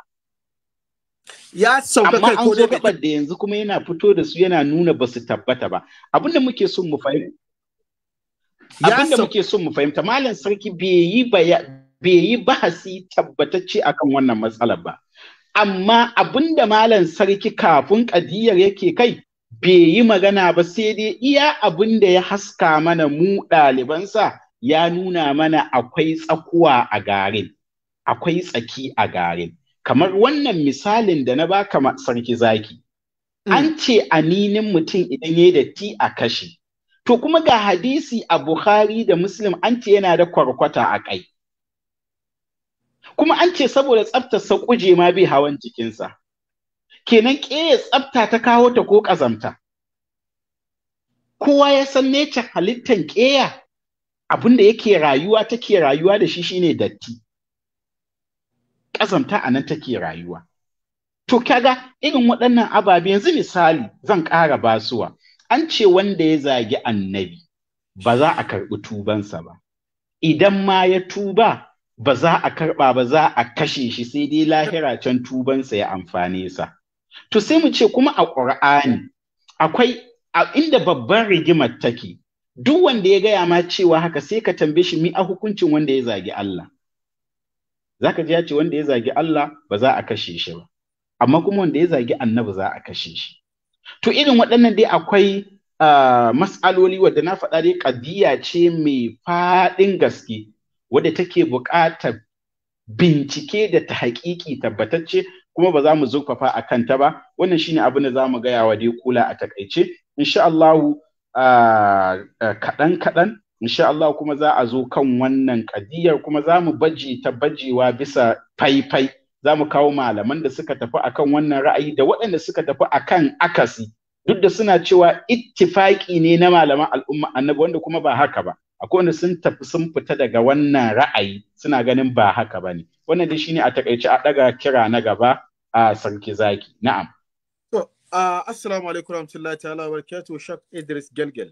ya sauka kai ko dai gaban da yanzu kuma yana fito da su yana nuna ba su tabbata ba abin da muke son mu fahimta abin da muke son mu fahimta malam sarki bai yi bahasi tabbatacce akan wannan matsalar ba amma abin da malam sarki kafin kadiyar yake kai bai yi magana ba sai dai iya abin da ya haska mana mu ɗalibansa ya nuna mana akwai tsakuwa a garin akwai tsaki a garin kamar wannan misalin da na baka sarki zaki mm. an ce aninin mutum idan ya datti a kashe to kuma ga hadisi a bukhari da muslim an ce yana da kwarkwata a kai kuma an ce saboda tsafta kuje ma bai hawan jikinsa kenan ƙeya tsafta ta kawo ta ko ƙazamta kowa ya san necin halittan ƙeya abinda yake rayuwa take rayuwa da shi shine datti ƙazamta a nan take rayuwa. To kaga irin waɗannan ababe yanzu misali zan ƙara basuwa an ce wanda ya zagi annabi ba za a karɓi tubansa ba. Idan ma ya tuba ba za a karɓa ba za a kashe shi sai dai lahira can tubansa ya amfane sa. To sai mu ce kuma a ƙur'ani akwai a inda babban rigimar take duk wanda ya gaya ma cewa haka sai ka tambaye shi mi a hukuncin wanda ya zagi Allah. zaka ji ya ce wanda ya zagi Allah ba za a kashe shi ba amma kuma wanda ya zagi annabi za a kashe shi to irin waɗannan dai akwai uh, mas'aloli wadda na faɗa dai ƙadiyya ce mai faɗin gaske wadda take buƙatar bincike da ta haƙiƙi tabbatacce kuma ba za mu zurfafa a kanta ba wannan shine abin da za mu gaya wa dai kula a takaice insha Allah kaɗan kaɗan insha Allah kuma za a zo kan wannan kadiyar kuma za mu baje ta bajewa bisa faifai za mu kawo malaman da suka tafi akan wannan ra'ayi da waɗanda suka tafi akan akasi duk da suna cewa ittifaki ne na malaman al'umma annabi wanda kuma ba haka ba akwai wanda sun tafi sun fita daga wannan ra'ayi suna ganin ba haka ba ne wannan dai shine a takaice a daga kira na gaba a sarki zaki na'am to assalamu alaikum warahmatullahi ta'ala wa barakatuh shak idris gelgel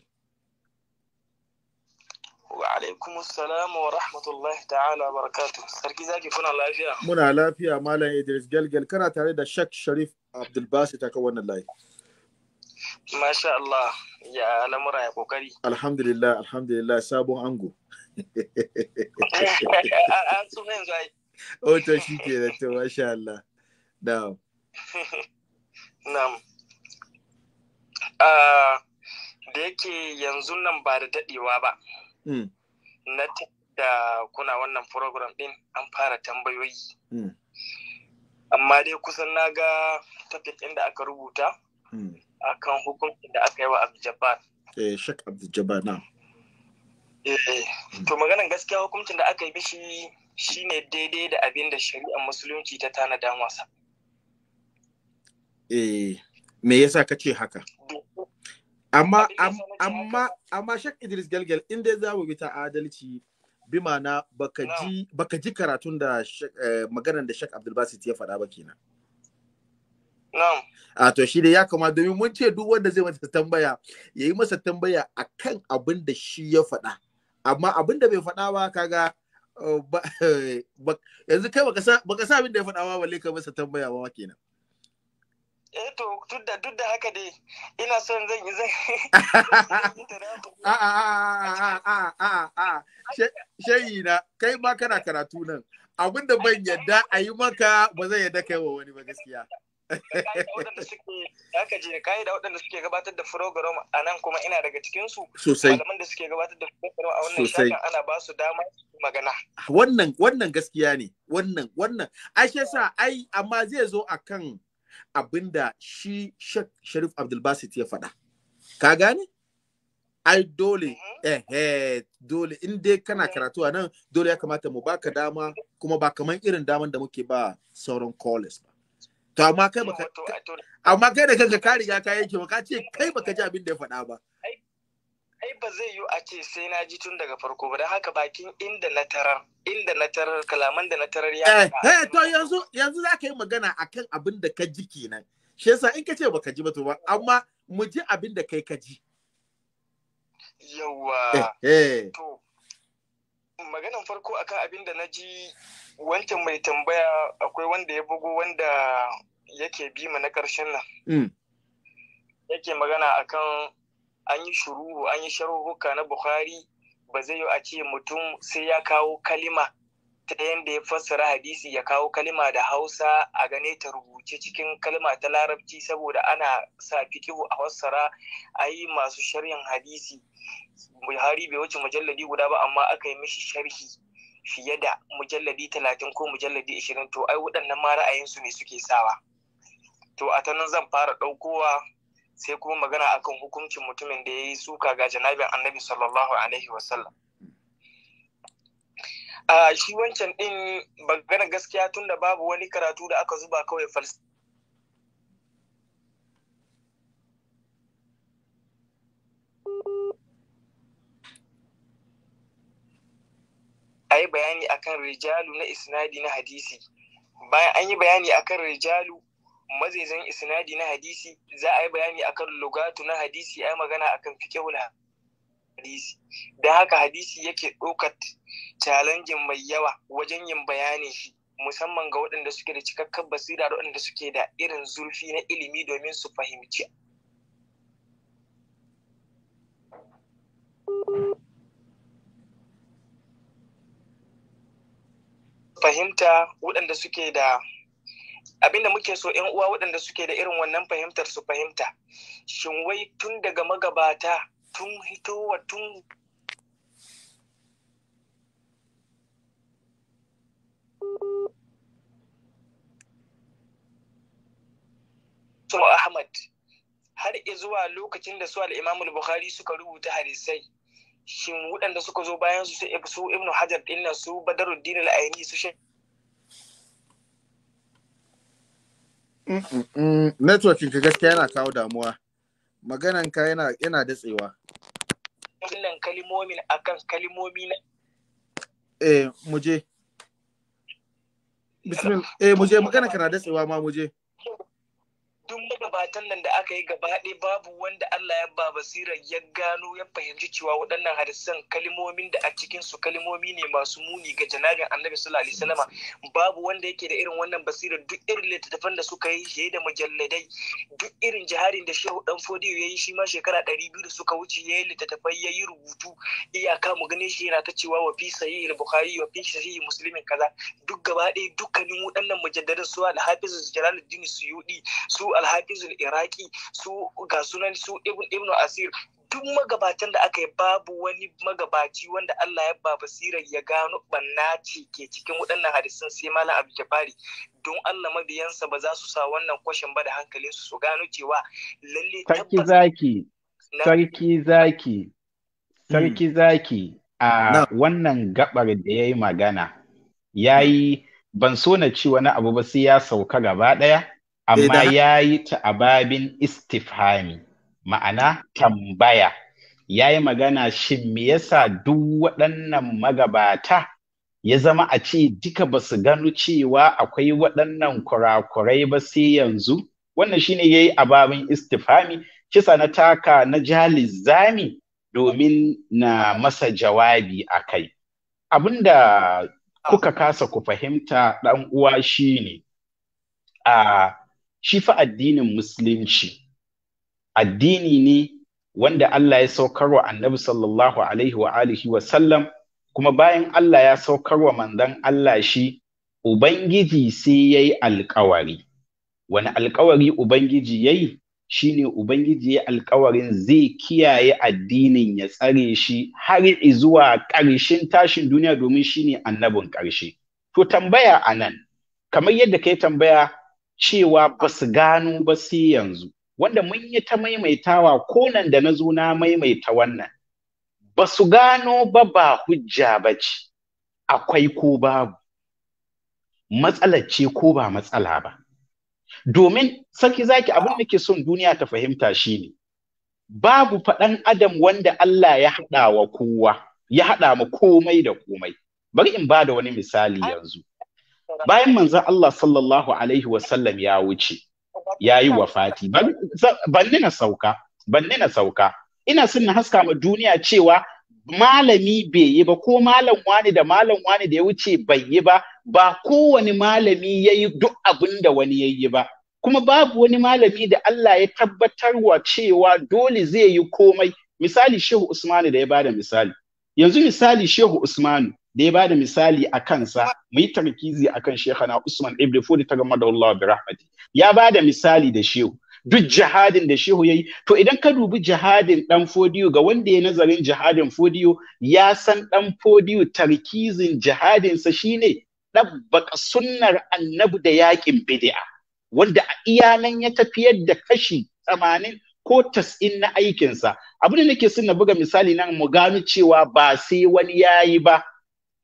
Wa alaikum salamu wa rahmatullahi ta'ala barakatu. Sarki zaki kuna lafiya? Muna lafiya Malam Idris Galgal kana tare da Shak Sharif Abdulbasi ta kawo wannan layi. Masha Allah ya lamura ya kokari. Alhamdulillah alhamdulillah sabon ango. *laughs* An su yanzu ai. *laughs* O to shi ke da to masha Allah. Na'am. *laughs* Na'am. Ah, da yake yanzu nan ba da dadewa ba. Mm. na da kuna wannan program din an fara tambayoyi mm. amma dai kusan na ga topic inda aka rubuta mm. akan hukuncin da aka yi wa abdujabar eh shak abdujabar na eh, eh. to maganan gaskiya hukuncin da aka yi mishi shine daidai da abin da shari'ar musulunci ta tanada masa eh me yasa kace haka amma amma amma shak idris galgal in dai za mu bi ta adalci bi mana baka ji baka ji karatun da eh, maganar da shak basit ya faɗa ba kenan a to shi da ya kama domin mun ce duk wanda zai masa tambaya ya yi masa tambaya akan abin da shi ya faɗa amma abin da bai faɗa ba kaga eh, *laughs* yanzu kai baka sa abin da ya faɗa ba balle ka masa tambaya ba kenan eh to duk da duk da haka dai ina son zan yi zan a a a a a shayi na kai ma kana karatu nan abinda ban yadda a yi maka ba zai yadda kai wa wani ba gaskiya haka je kai da waɗanda suke gabatar da program a nan kuma ina daga cikinsu. su sosai malaman da suke gabatar da program a wannan shafin ana ba su dama magana wannan wannan gaskiya ne wannan wannan ashe sa ai amma zai zo a kan. abinda shi Sharif Abdulbasit ya faɗa. Ka gane? Ai dole, eh, dole, in dai kana mhm. karatu a nan dole ya kamata mu baka dama kuma ba kaman irin daman da muke ba sauran callers ba. To amma kai baka amma kai da kanka ka riga ka yanke ba ka ce kai baka ji abin da ya faɗa ba. ai ba zai yiwu a ce sai na ji tun daga farko ba don haka bakin inda na tarar inda na tarar kalaman da na tarar ya eh, eh to yanzu yanzu za ka yi magana akan abin da ka ji kenan shi yasa in ka ce ba ka ji ba to ba amma mu ji abin da kai ka ji yawa eh, eh. to maganan farko akan abin da na ji wancan mai tambaya akwai wanda ya bugo wanda yake bi na karshen nan mm. yake magana akan an yi shuruhu an yi sharuhuka na bukhari ba zai yi a ce mutum sai ya kawo kalima ta yadda ya fassara hadisi ya kawo kalima da hausa a gane ta rubuce cikin kalima ta larabci saboda ana sa fikihu a fassara a yi masu sharhin hadisi buhari bai wuce mujalladi guda ba amma aka yi mishi sharhi fiye da mujalladi talatin ko mujalladi ashirin to ai waɗannan ma ra'ayinsu ne suke sawa to a ta nan zan fara ɗaukowa sai kuma magana akan hukuncin mutumin da ya yi suka ga janabin annabi sallallahu alaihi wasallam a shi wancan din magana gaskiya tun da babu wani karatu da aka zuba kawai falsafa a yi bayani akan rijalu na isnadi na hadisi bayan an yi bayani akan rijalu mazaizan isnadi na hadisi za a yi bayani akan lugatu na hadisi a yi magana akan fikihul hadisi da haka hadisi yake ɗaukar challenging mai yawa wajen yin bayani shi musamman ga waɗanda suke da cikakken basira da waɗanda suke da irin zurfi na ilimi domin su fahimci fahimta waɗanda suke da abinda muke so yan uwa waɗanda suke da irin wannan fahimtar su fahimta shin wai tun daga magabata tun hitowa tun so Ahmad har zuwa lokacin da su al'imamu Bukhari suka rubuta hadisai shin waɗanda suka zo bayan su su Ibnu Hajar ɗin su Badaruddin al-Aini su networking ka gaskiya yana kawo damuwa maganan ka yana yana datsewa wannan kalimomin akan kalimomi na eh muje bismillah eh muje maganan ka na datsewa ma muje duk magabatan nan da aka yi gaba ɗaya babu wanda Allah ya ba basirar ya gano ya fahimci cewa waɗannan hadisan kalimomin da a cikin su kalimomi ne masu muni ga janabin Annabi sallallahu alaihi wasallama babu wanda yake da irin wannan basirar duk irin littattafan da suka yi shi da mujalladai duk irin jiharin da Shehu Dan Fodiyo ya shi ma shekara ɗari biyu da suka wuce yayi yi littattafai ya yi rubutu iyaka mu gane shi yana ta cewa wa fi sahih Bukhari wa fi sahih Muslim kaza duk gaba ɗaya dukkanin waɗannan mujaddadin su al-Hafiz Jalaluddin Suyudi su alhafizul iraki su ga sunan su ibnu asir duk magabatan da aka yi babu wani magabaci wanda Allah ya ba basira ya gano banna ce ke cikin waɗannan hadisin sai malam abu jabari don Allah mabiyansa ba za su sa wannan kwashin ba da hankalin su su gano cewa lalle sarki zaki sarki zaki sarki hmm. zaki a wannan gabar da ya yi magana ya yi ban so na ci wani abu ba sai ya sauka gaba ɗaya amma ya yi ta ababin babin istifhami ma'ana tambaya ya yi magana shin me yasa duk waɗannan magabata ya zama a ce duka ba su gano cewa akwai waɗannan kurakurai ba sai yanzu wannan shi ne ya yi a babin istifhami kisa na taka na jalizami domin na masa jawabi a kai abinda kuka kasa ku fahimta ɗan uwa shi ne. a shi fa addinin musulunci addini ne wanda Allah ya saukarwa annabi sallallahu alaihi wa alihi wa sallam kuma bayan Allah ya saukar wa manzon Allah shi ubangiji sai yayi alkawari wani alkawari ubangiji yayi shine ubangiji ya alkawarin zai kiyaye addinin ya tsare shi har zuwa ƙarshen tashin duniya domin shine annabin ƙarshe to tambaya anan kamar yadda kai tambaya cewa ba su gano ba sai yanzu wanda mun yi ta maimaitawa ko nan da na zo na maimaita wannan ba su gano ba ba hujja ba ce akwai ko babu matsalar ce ko ba matsala ba domin sarki zaki abin da ke son duniya ta fahimta shi ne. babu faɗan adam wanda Allah ya haɗa wa kowa ya haɗa mu komai da komai bari in ba da wani misali yanzu bayan manzon Allah sallallahu alaihi wasallam ya wuce ya yi wafati balle na sauka balle na sauka ina sun na haska ma duniya cewa malami bai yi ba ko malam wani da malam wani da ya wuce bai yi ba ba kowane malami ya yi duk abin da wani ya yi ba kuma babu wani malami da Allah ya tabbatar wa cewa dole zai yi komai misali shehu usmanu da ya bada misali yanzu misali shehu usmanu da ya da misali a kansa mu yi tarkizi akan shekana Usman Ibn Fodi ta gama da Allah bi rahmati ya bada misali da shehu duk jihadin da shehu yayi to idan ka dubi jihadin dan fodiyo ga wanda ya nazarin jihadin fodiyo ya san dan fodiyo tarkizin jihadin sa shine dabbaka sunnar annabi da yakin bid'a wanda a iyanan ya tafiyar da kashi 80 ko tas'in na aikinsa abin da nake son buga misali nan mu gano cewa ba sai wani yayi ba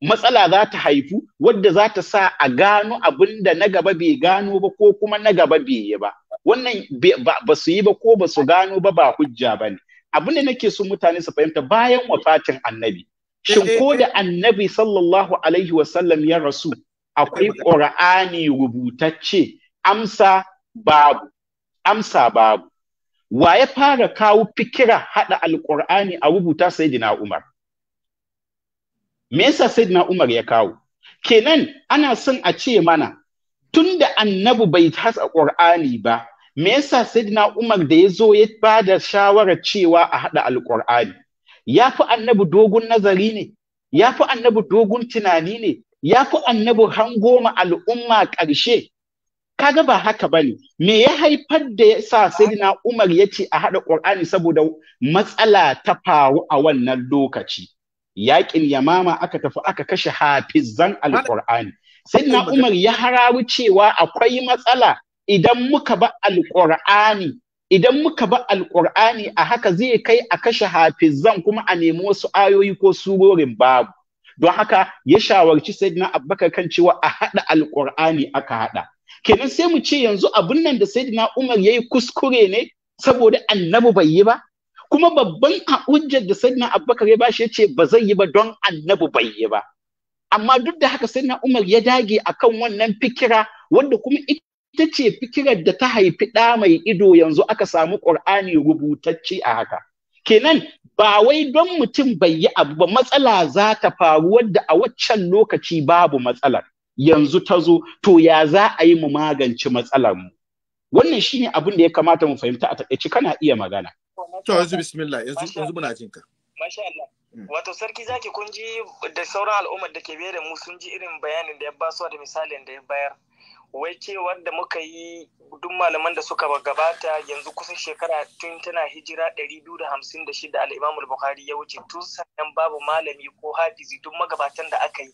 matsala za ta haifu wadda za ta sa a gano abin da na gaba bai gano ba ko kuma na gaba bai yi ba wannan ba su yi ba ko ba su gano ba ba hujja ba ne abin da nake so mutane su fahimta bayan wafatin annabi shin eh, eh, ko da eh. annabi sallallahu alaihi wasallam ya rasu akwai ƙur'ani rubutacce amsa babu amsa babu wa ya fara kawo fikira haɗa alqur'ani a rubuta sayyidina umar me yasa sayyidina Umar ya kawo kenan ana son a ce mana tunda annabi bai hasa Qur'ani ba me yasa sayyidina Umar da ya zo ya bada da shawarar cewa a hada alqur'ani ya fi annabi dogon nazari ne ya annabi dogon tunani ne ya fi annabi hangoma al'umma ƙarshe kaga ba haka bane me ya haifar da yasa sayyidina umar ya ce a haɗa ƙur'ani saboda matsala ta faru a wannan lokaci yaƙin yamama aka tafi aka kashe hafizan alƙur'ani sai na umar ya hararu cewa akwai matsala idan muka ba alƙur'ani idan muka ba alƙur'ani a haka zai kai a kashe hafizan kuma a nemi wasu ayoyi ko surorin babu don haka ya shawarci na abbakar kan cewa a haɗa alƙur'ani aka haɗa kenan sai mu ce yanzu abun nan da sayyidina umar yayi kuskure ne saboda annabi bai yi ba kuma babban hujjar da sannan abubakar ya bashi yace ba zai yi ba don annabi bai yi ba amma duk da haka sannan umar ya dage akan wannan fikira wanda kuma ita ce fikirar da ta haifi ɗa mai ido yanzu aka samu ƙur'ani rubutacce a haka kenan ba wai don mutum bai yi abu ba matsala za ta faru wadda a waccan lokaci babu matsalar yanzu ta zo to ya za a yi mu magance matsalar mu wannan shine abin da ya kamata mu fahimta a taƙaice kana iya magana To yanzu bismillah yanzu yanzu muna jinka. Masha Allah. Mm. Wato sarki zaki kun ji da sauran al'ummar da ke bayar da mu sun ji irin bayanin da ya ba su da misalin da ya bayar. wai cewar da muka yi duk malaman da suka gabata yanzu kusan shekara tun tana hijira 256 al'imamu bukhari ya wuce tun sannan babu malami ko hafizi duk magabatan da aka yi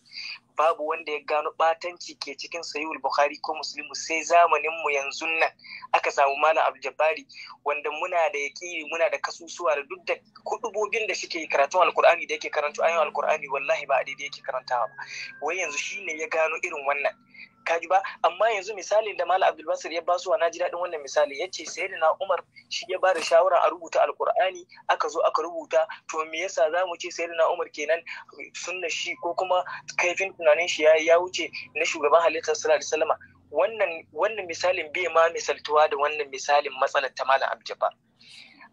babu wanda ya gano batanci ke cikin sayu bukhari ko musulmi, sai zamanin mu yanzu nan aka samu malam abjabari wanda muna da yaƙini muna da kasusuwa da duk da kudubobin da shike karatun alkur'ani da yake karanta ayoyin alkur'ani wallahi ba a daidai yake karantawa ba wai yanzu shine ya gano irin wannan kaji ba amma yanzu misalin da Malam Abdul Basir ya basuwa na ji daɗin wannan misali yace sayyidina Umar shi ya ba da shawara a rubuta alkur'ani aka zo aka rubuta to me yasa mu ce sayyidina Umar kenan sunna shi ko kuma kaifin tunanin shi ya wuce na shugaban halittar sallallahu alaihi wannan wannan misalin bai ma misaltuwa da wannan misalin matsalar ta Malam Abdul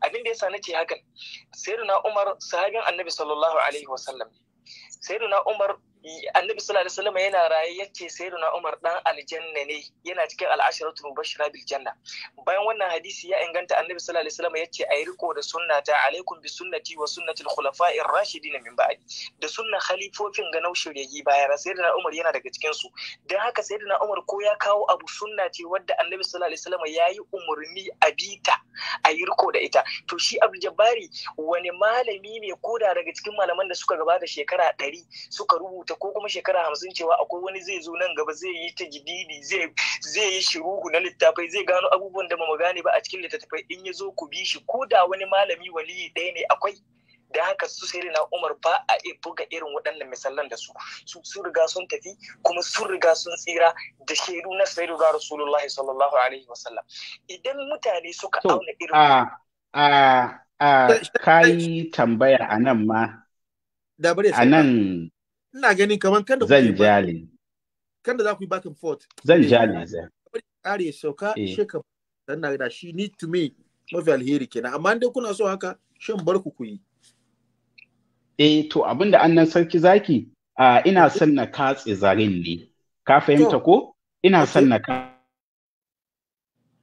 abin da yasa nace hakan sayyidina Umar sahabin Annabi sallallahu alaihi wasallam sayyidina Umar annabi sallallahu alaihi wasallam yana raye yace sayyiduna umar dan aljanna ne yana cikin al'asharatu mubashira bil janna bayan wannan hadisi ya inganta annabi sallallahu alaihi wasallam yace ayi riko da sunnata alaikum bi sunnati wa sunnati al khulafa'i rashidin min ba'di da sunna khalifofin ga naushiriyyi bayan sayyiduna umar yana daga cikin su dan haka sayyiduna umar ko ya kawo abu sunna ce wadda annabi sallallahu alaihi wasallam yayi umurni a bita ayi riko da ita to shi abdul jabbari wani malami ne koda daga cikin malaman da suka gabata shekara ɗari suka rubuta ko kuma shekara hamsin cewa akwai wani zai zo nan gaba zai yi ta jididi zai yi shiruhu na littafai zai gano abubuwan da ba mu gane ba a cikin littattafai in ya zo ku bi shi ko da wani malami waliyi ɗaya ne akwai da haka su sai na umar ba a buga irin waɗannan misalan da su sun riga sun tafi kuma sun riga sun tsira da shaidu na sai riga rasulullah sallallahu alaihi wasallam idan mutane suka auna irin Ka a tambaya a nan ma a nan ina ganin kamar kan da zan jale kan da za ku yi back and forth zan eh, jale zan so sauka eh. sheka dan na da shi need to me mafi alheri kenan amma dai kuna so haka shin bar ku yi eh to abinda annan sarki zaki uh, ina eh. son na katse zarin ne ka fahimta ko ina son na ka.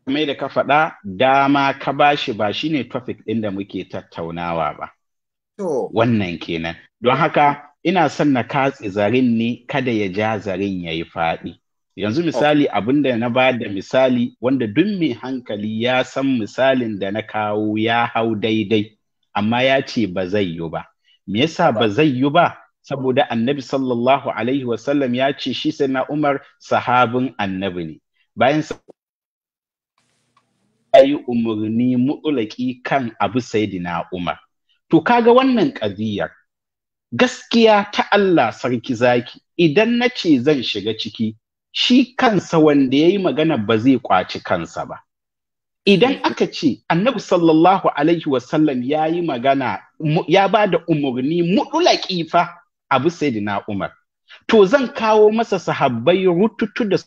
mai da ka faɗa dama ka bashi ba shine topic ɗin da muke tattaunawa ba wannan kenan don haka ina son na katse zarin ne kada ya ja zarin ya yi faɗi. Yanzu misali okay. abin da na ba da misali wanda duk mai hankali ya san misalin da na kawo ya hau daidai, amma ya ce ba zai yi ba. Me yasa ba zai yi ba? Saboda annabi sallallahu Alaihi wasallam ya ce shi sai na Umar sahabin annabi ne. Bayan ya yi umarni mutulaki kan abu sai Umar. To kaga wannan ƙaziyar gaskiya ta Allah sarki zaki idan na ce zan shiga ciki shi kansa wanda ya yi magana ba zai kwaci kansa ba idan aka ce annabi sallallahu alaihi wasallam ya yi magana ya ba da umarni muɗulaƙi kifa, abu sai na umar to zan kawo masa sahabbai rututu da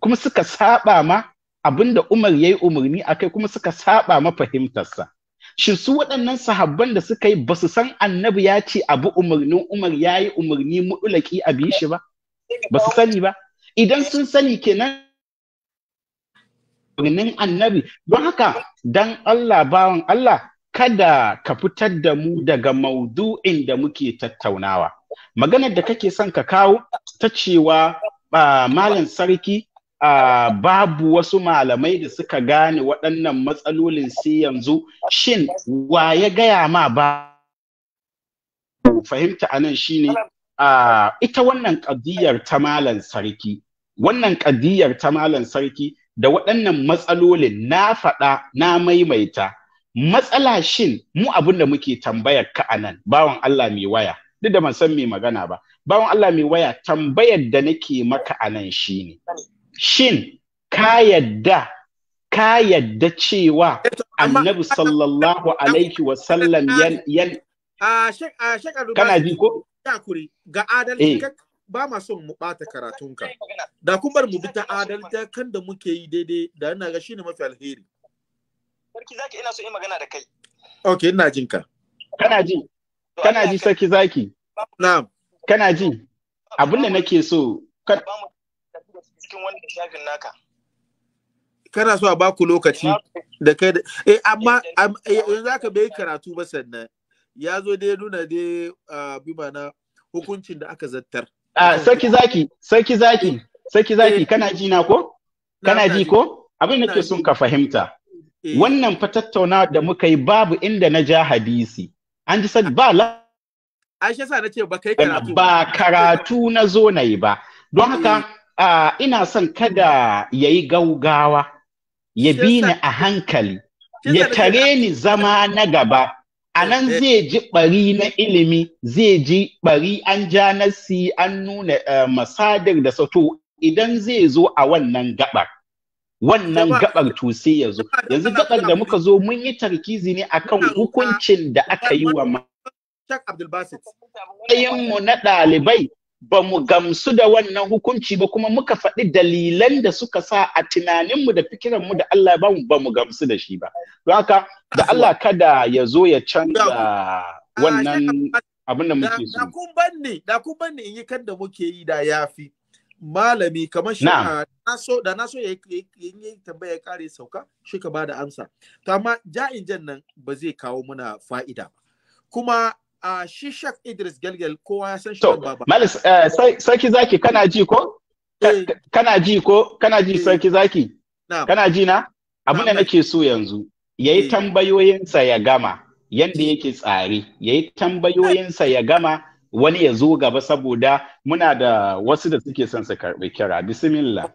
kuma suka saba ma abinda umar ya yi umarni akai kuma suka saba ma fahimtarsa shi su waɗannan sahabban da suka yi ba su san annabi ya ce abu umarnin umar ya yi umarni mu'ulaki a bi shi ba ba su sani ba idan sun sani kenan umarnin annabi don haka dan Allah bawan Allah kada ka fitar da mu daga maudu'in da muke tattaunawa maganar da kake son ka kawo ta cewa ah, malam sarki uh, babu wasu malamai da suka gane waɗannan matsalolin sai yanzu shin wa ya gaya ma ba fahimta anan shine uh, ita wannan ƙadiyar ta malan sarki wannan ƙadiyar ta malan sarki da waɗannan matsalolin na faɗa na maimaita matsala shin mu abin da muke tambayar ka anan bawan Allah mai waya duk da ban san mai magana ba bawan Allah mai waya tambayar da nake maka anan shine shin ka yadda ka yadda cewa eh, annabi sallallahu alaihi wa sallam yan yan kana ji ko ga adalci eh. ba ma son mu bata karatunka da kun bar mu bi ta adalta kan da muke yi daidai da ina ga shine mafi alheri sarki zaki ina so in magana da kai okay ina jin ka kana ji kana ji sarki zaki na'am kana ji abin da nake so cikin wannan shafin naka kana so a ba ku lokaci da kai da eh amma eh, eh, yanzu aka bai karatu ba sannan ya zo dai nuna dai ah, bi mana hukuncin da aka zattar a ah, saki zaki saki zaki saki zaki eh, kana ji na ko kana ji ko abin da ke son ka fahimta wannan fa tattauna da muka yi babu inda na ja hadisi an ji sadi ba la Aisha sa nace ba kai karatu ba karatu na zo na yi ba don haka uh, ina son kada ya yi gaugawa, ya bi ni a hankali, ya tare ni zama na gaba, a nan eh, eh. zai ji ɓari na ilimi, zai ji ɓari an ja nasi an nuna uh, eh, masadar da sato idan zai zo a wannan gabar. wannan gabar to sai ya zo yanzu gabar da muka zo mun yi tarkizi ne kan hukuncin da aka yi wa ma. mu na ɗalibai ba mu gamsu da wannan hukunci ba kuma muka faɗi dalilan da suka sa a tunaninmu da fikiranmu da Allah ba mu ba mu gamsu da shi ba. Don haka da Allah kada ya zo ya canza ah, wannan abin da muke so. Da kun banne, da kun banne in yi kan da muke yi da yafi. Malami kamar shi ah, na so da na so ya yi tambaya kare sauka shi ka bada amsa. To amma ja'in jan nan ba zai kawo muna fa'ida ba. Kuma a shi Sheikh Idris Gelgel kowa ya san shi baba. Malis eh, sarki zaki kana ji ko? Eh. Kana ji ko? Kana ji eh. sarki zaki? Kana ji na? Abin da nake so yanzu yayi tambayoyinsa ya gama yadda yake tsari yayi tambayoyinsa ya gama wani ya zo gaba saboda muna da wasu da suke son su karɓi kira bismillah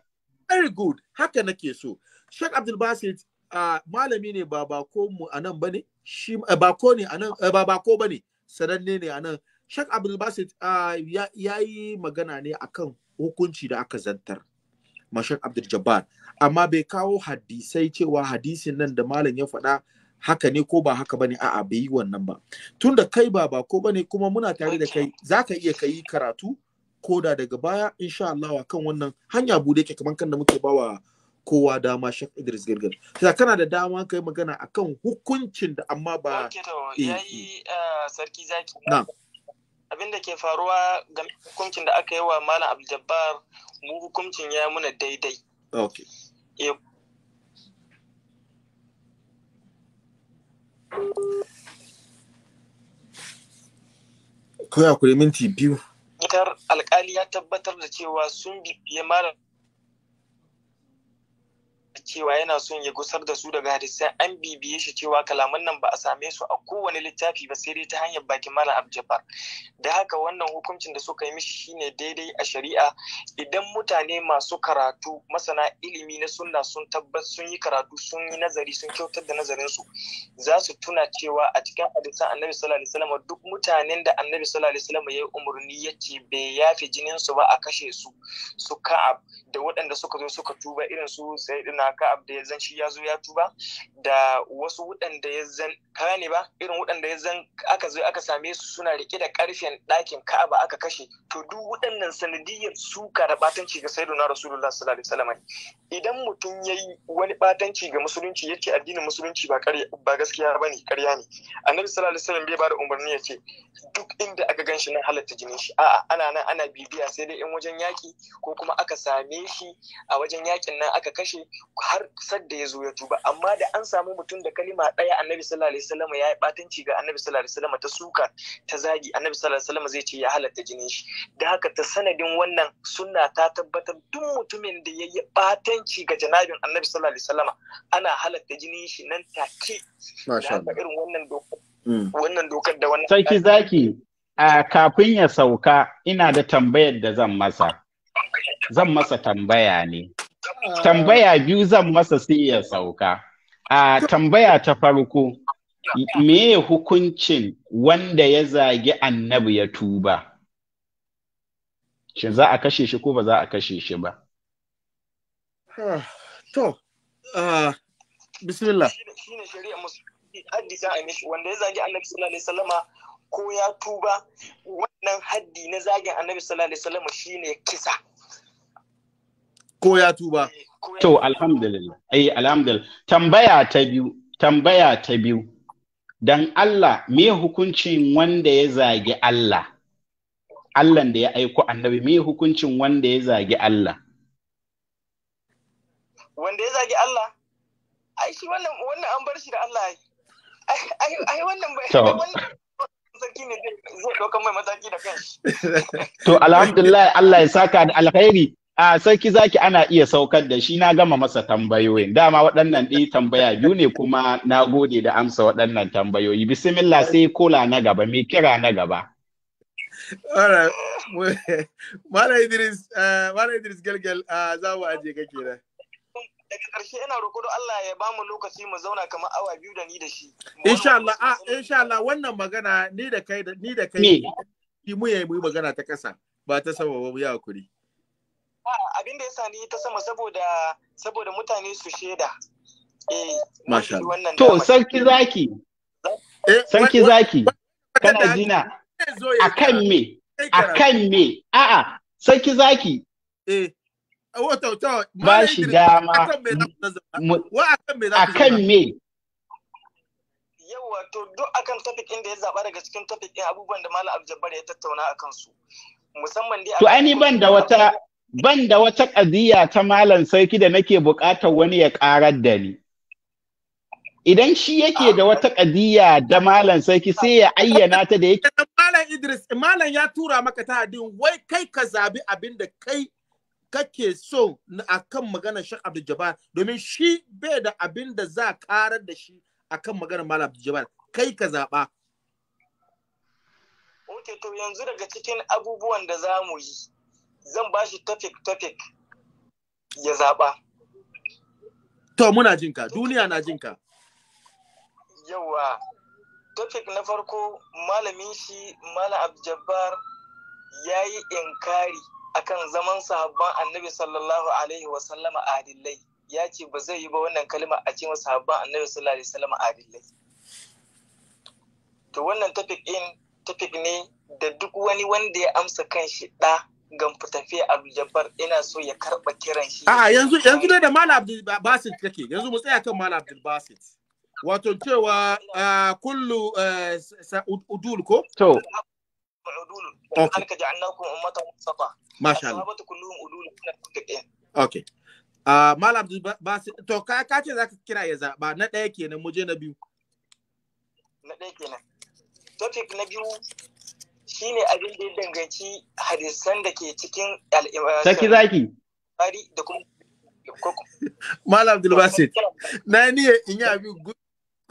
very good haka nake so Sheikh Abdul Basit ah, malami ne ba bako mu ba, bane shi bako ne anan ba ba, bane sananne ne a nan abdul abdulbasit ah, ya yi magana ne akan hukunci da aka zantar mashak abdul jabbar amma bai kawo hadisai cewa hadisin nan da malam ya faɗa haka ne ko ba haka bane a'a bai yi wannan ba tunda kai ba ba ko bane kuma muna tare da kai zaka iya kai karatu koda daga baya insha Allah kan wannan hanya bude ke kamar kan da muke bawa kowa dama Sheikh Idris Girgir. Sai kana da dama kai magana akan hukuncin da amma ba eh, yayi eh. eh, sarki zaki. Na'am. Abin da ke faruwa ga hukuncin da aka yi wa Malam Abdul mu hukuncin ya muna daidai. Okay. ya akwai minti biyu. Gitar alkali ya tabbatar da cewa sun biye malam cewa yana son ya gusar da su daga hadisai an bibiye shi cewa kalaman nan ba a same su a kowane littafi ba sai dai ta hanyar bakin malam abjabar da haka wannan hukuncin da suka yi mishi shine daidai a shari'a idan mutane masu karatu masana ilimi na sunna sun tabbas sun yi karatu sun yi nazari sun kyautar da nazarin su za su tuna cewa a cikin hadisan annabi sallallahu alaihi wasallam duk mutanen da annabi sallallahu alaihi wasallam ya yi umarni yace bai yafe jinin su ba a kashe su su ka'ab da waɗanda suka zo suka tuba irin su sai na. ka'ab da ya zan shi ya zo ya tuba da wasu waɗanda ya zan ne ba irin waɗanda ya zan aka zo aka same su suna rike da ƙarfen ɗakin ka'aba aka kashe to duk waɗannan sanadiyar su da batanci ga na rasulullah sallallahu alaihi wasallam idan mutum yayi wani batanci ga musulunci yace addinin musulunci ba ba gaskiya karya ƙarya ne annabi sallallahu alaihi wasallam bai bada umarni yace duk inda aka ganshi nan halatta jinin shi a'a ana nan ana bibiya sai dai in wajen yaki ko kuma aka same shi a wajen yakin nan aka kashe har da ya zo ya tuba amma da an samu mutum da kalima ɗaya annabi sallallahu alaihi wasallam ya yi batanci ga annabi sallallahu alaihi wasallam ta suka ta zagi annabi sallallahu alaihi wasallam zai ce ya halatta jinin shi da haka ta sanadin wannan sunna ta tabbatar duk mutumin da ya yi batanci ga janabin annabi sallallahu alaihi wasallam ana halatta jinin shi nan take masha irin wannan dokar hmm. wannan dokar da wannan sarki zaki a kafin ya sauka ina da tambayar da zan masa zan masa tambaya ne tambaya biyu zan masa sai ya sauka. A tambaya ta farko, me hukuncin wanda ya zagi annabi ya tuba? Shin za a kashe shi ko ba za a kashe shi ba? Ah, to, ah, bismillah. wanda ya zagi annabi sallallahu alaihi wasallama ko ya tuba wannan haddi na zagin annabi sallallahu alaihi wasallama shine kisa ko ya tuba to alhamdulillah ai eh, alhamdulillah tambaya ta biyu tambaya ta biyu dan Allah me hukuncin wanda ya zagi Allah Allah da ya aiko annabi me hukuncin wanda ya zagi Allah wanda ya zagi Allah ai shi wannan wannan an bar shi da Allah ai ai wannan bai sarki ne zai ɗaukar mai mataki da kanshi. To alhamdulillah Allah ya saka da alkhairi a sarki zaki ana iya saukar da shi na gama masa tambayoyin dama waɗannan ɗin tambaya biyu ne kuma na gode da amsa waɗannan tambayoyi bismillah sai kola na gaba mai kira na gaba *laughs* Mala Idris, eh, Mala Idris Gelgel eh, za mu aje ka kenan. Daga ƙarshe ina roƙo don Allah ya bamu lokaci mu zauna kamar awa biyu da ni da shi. Insha Allah, ah, insha Allah wannan magana ni da kai ni da kai mu yayi mu magana ta ƙasa ba ta sama ba mu yi hakuri. abin da ya sani ta sama saboda saboda mutane su shaida eh to sarki zaki sarki zaki kana jina akan me akan me a a sarki zaki eh wato eh, oh, to ba shi dama akan me akan me yawa to duk akan topic din da ya zaba daga cikin topic din abubuwan da Malam Abdul ya tattauna akan su musamman dai to ai ban da wata ban da wata ƙaziya ta malam sarki da nake buƙatar wani ya ƙarar da ni. Idan shi yake da wata ƙaziya da malam sarki sai ya ayyana ta da yake. Malam Idris, malam ya tura maka ta hadin wai kai ka zabi abin da kai kake so a kan maganar Sheikh Abdul domin shi bai da abin da za ƙarar da shi a kan maganar malam Abdul kai ka zaɓa. Ok, to yanzu daga cikin abubuwan da za mu yi, zan ba shi topic topic ya zaba. To muna jinka, duniya na jinka. Yawa, topic na farko malamin shi Malam Abjabbar ya yi inkari akan zaman sahabban annabi sallallahu alaihi wasallama adillai ya ce ba zai yi ba wannan kalma a cikin sahabban annabi sallallahu alaihi wasallama adillai. To wannan topic in topic ne da duk wani wanda ya amsa kan shi ɗa gamfutafe Abdul ina so ya karba kiran shi. A yanzu yanzu dai da Malam Abdul Basit kake yanzu mu tsaya kan Malam Abdul Basit. Wato cewa kullu udul ko? To. Udul. Okay. Alka ja'alnakum ummatan wasata. Masha Allah. Sahabatu kulluhum udul kuna kuka Okay. Uh, Malam Abdul Basit to ka ka ce zaka kira ya zaba na ɗaya kenan mu je na biyu. Na ɗaya kenan. Topic na biyu Shi ne abin da ya danganci hadisan da ke cikin Saki zaki. da kuma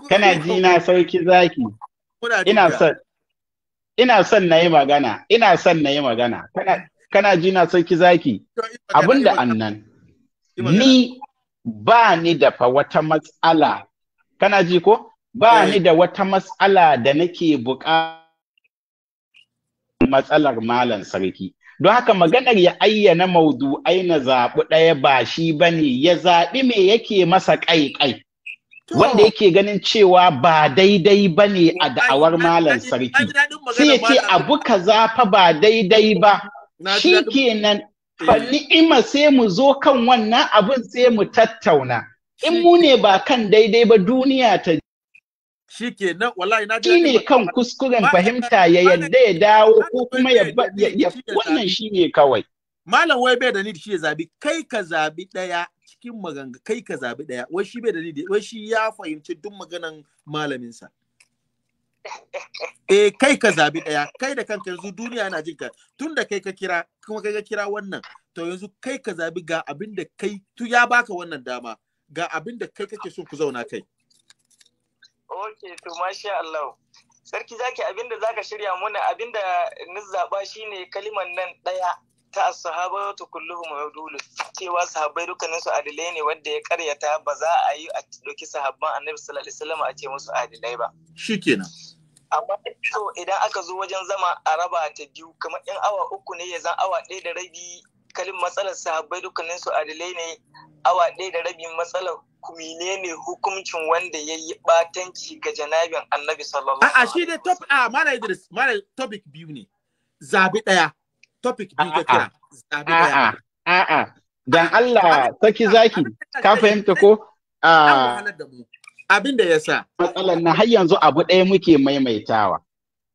Kana ji na sauki zaki. Ina son na yi magana, Kana ji na sauki zaki. annan. Ni ba ni da wata matsala. Ba eh. ni da wata matsala da nake buƙata matsalar malam sarki don haka maganar ya ayyana Maudu na zaɓi ɗaya ba shi ba ne ya zaɓi me yake masa ƙaiƙai wanda yake ganin cewa ba daidai ba ne a da'awar malam sarki sai ya ce abu ka zafa ba daidai ba shi kenan eh. fa ni'ima sai mu zo kan wannan abin sai mu tattauna in mu ne ba kan daidai ba duniya ta shi ke nan wallahi na ji ne kan kuskuren fahimta ya yadda ya dawo ko kuma ya wannan shi ne kawai malam wai bai da ni shi ya zabi kai ka zabi daya cikin maganga kai ka zabi daya wai shi bai da ni wai shi ya fahimci duk maganan malamin sa eh kai ka zabi daya kai da kanka yanzu duniya yana jin ka tunda kai ka kira kuma kai ka kira wannan to yanzu kai ka zabi ga abin da kai tu ya baka wannan dama ga abin da kai kake son ku zauna kai ok to masha Allah sarki zaki abinda zaka shirya muna abinda ni zaba shine kaliman nan ɗaya ta sahabatu kulluhum udulu cewa sahabbai dukkanin su adilai ne wanda ya karyata ba za a yi a doki sahabban annabi sallallahu alaihi a ce musu adilai ba shikenan amma to idan aka zo wajen zama a raba ta biyu kamar in awa uku ne ya zan awa ɗaya da rabi hankalin matsalar sahabbai dukkanin su adalai ne awa ɗaya da rabin matsalar kumine ne hukuncin wanda ya yi batanci ga janabin annabi sallallahu alaihi wasallam. A shi dai top a ah, mana Idris mana topic biyu ne. Zabi ɗaya. Topic biyu ka kira. Zabi ɗaya. a Dan Allah saki zaki ka fahimta ko? Ah. a Abin da yasa sa. Matsalar na har yanzu abu ɗaya muke maimaitawa.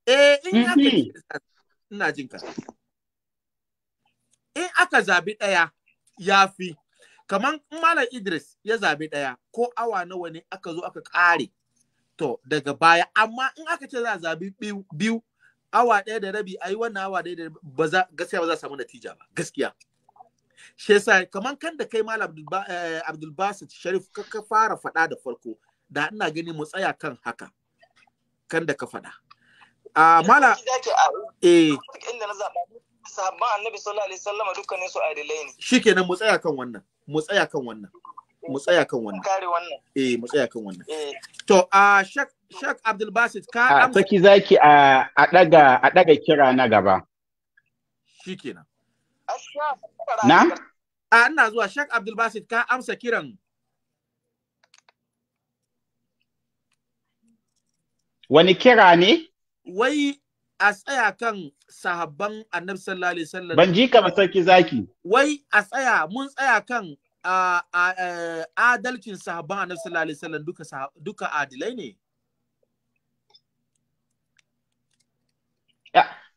Eh in ya mm-hmm. ina jin ka. in aka zabi ɗaya ya fi kamar malam idris ya zabi ɗaya ko awa nawa ne aka zo aka ƙare to daga baya amma in aka ce za a zabi biyu awa ɗaya da rabi yi wannan awa ɗaya da rabi ba za gaskiya ba za a samu natija ba gaskiya shi yasa kamar kan da kai malam abdul eh, basit sharif ka fara faɗa da farko da ina gani mu tsaya kan haka kan da ka faɗa ah, a mala eh inda na sahabban annabi sallallahu alaihi wasallam dukkanin su adilai ne shikenan mu tsaya kan wannan mu tsaya kan wannan mu tsaya kan wannan kare wannan eh mu tsaya kan wannan eh. to a shak shak abdul basit ka ah, am saki zaki a a daga a daga kira na gaba shikenan na a ina zuwa shak abdul basit ka amsa kiran wani kira ne wai a tsaya kan sahabban annabi sallallahu alaihi wasallam ban ji ka ba sarki zaki wai a tsaya mun tsaya kan adalcin sahabban annabi sallallahu alaihi wasallam duka duka adilai ne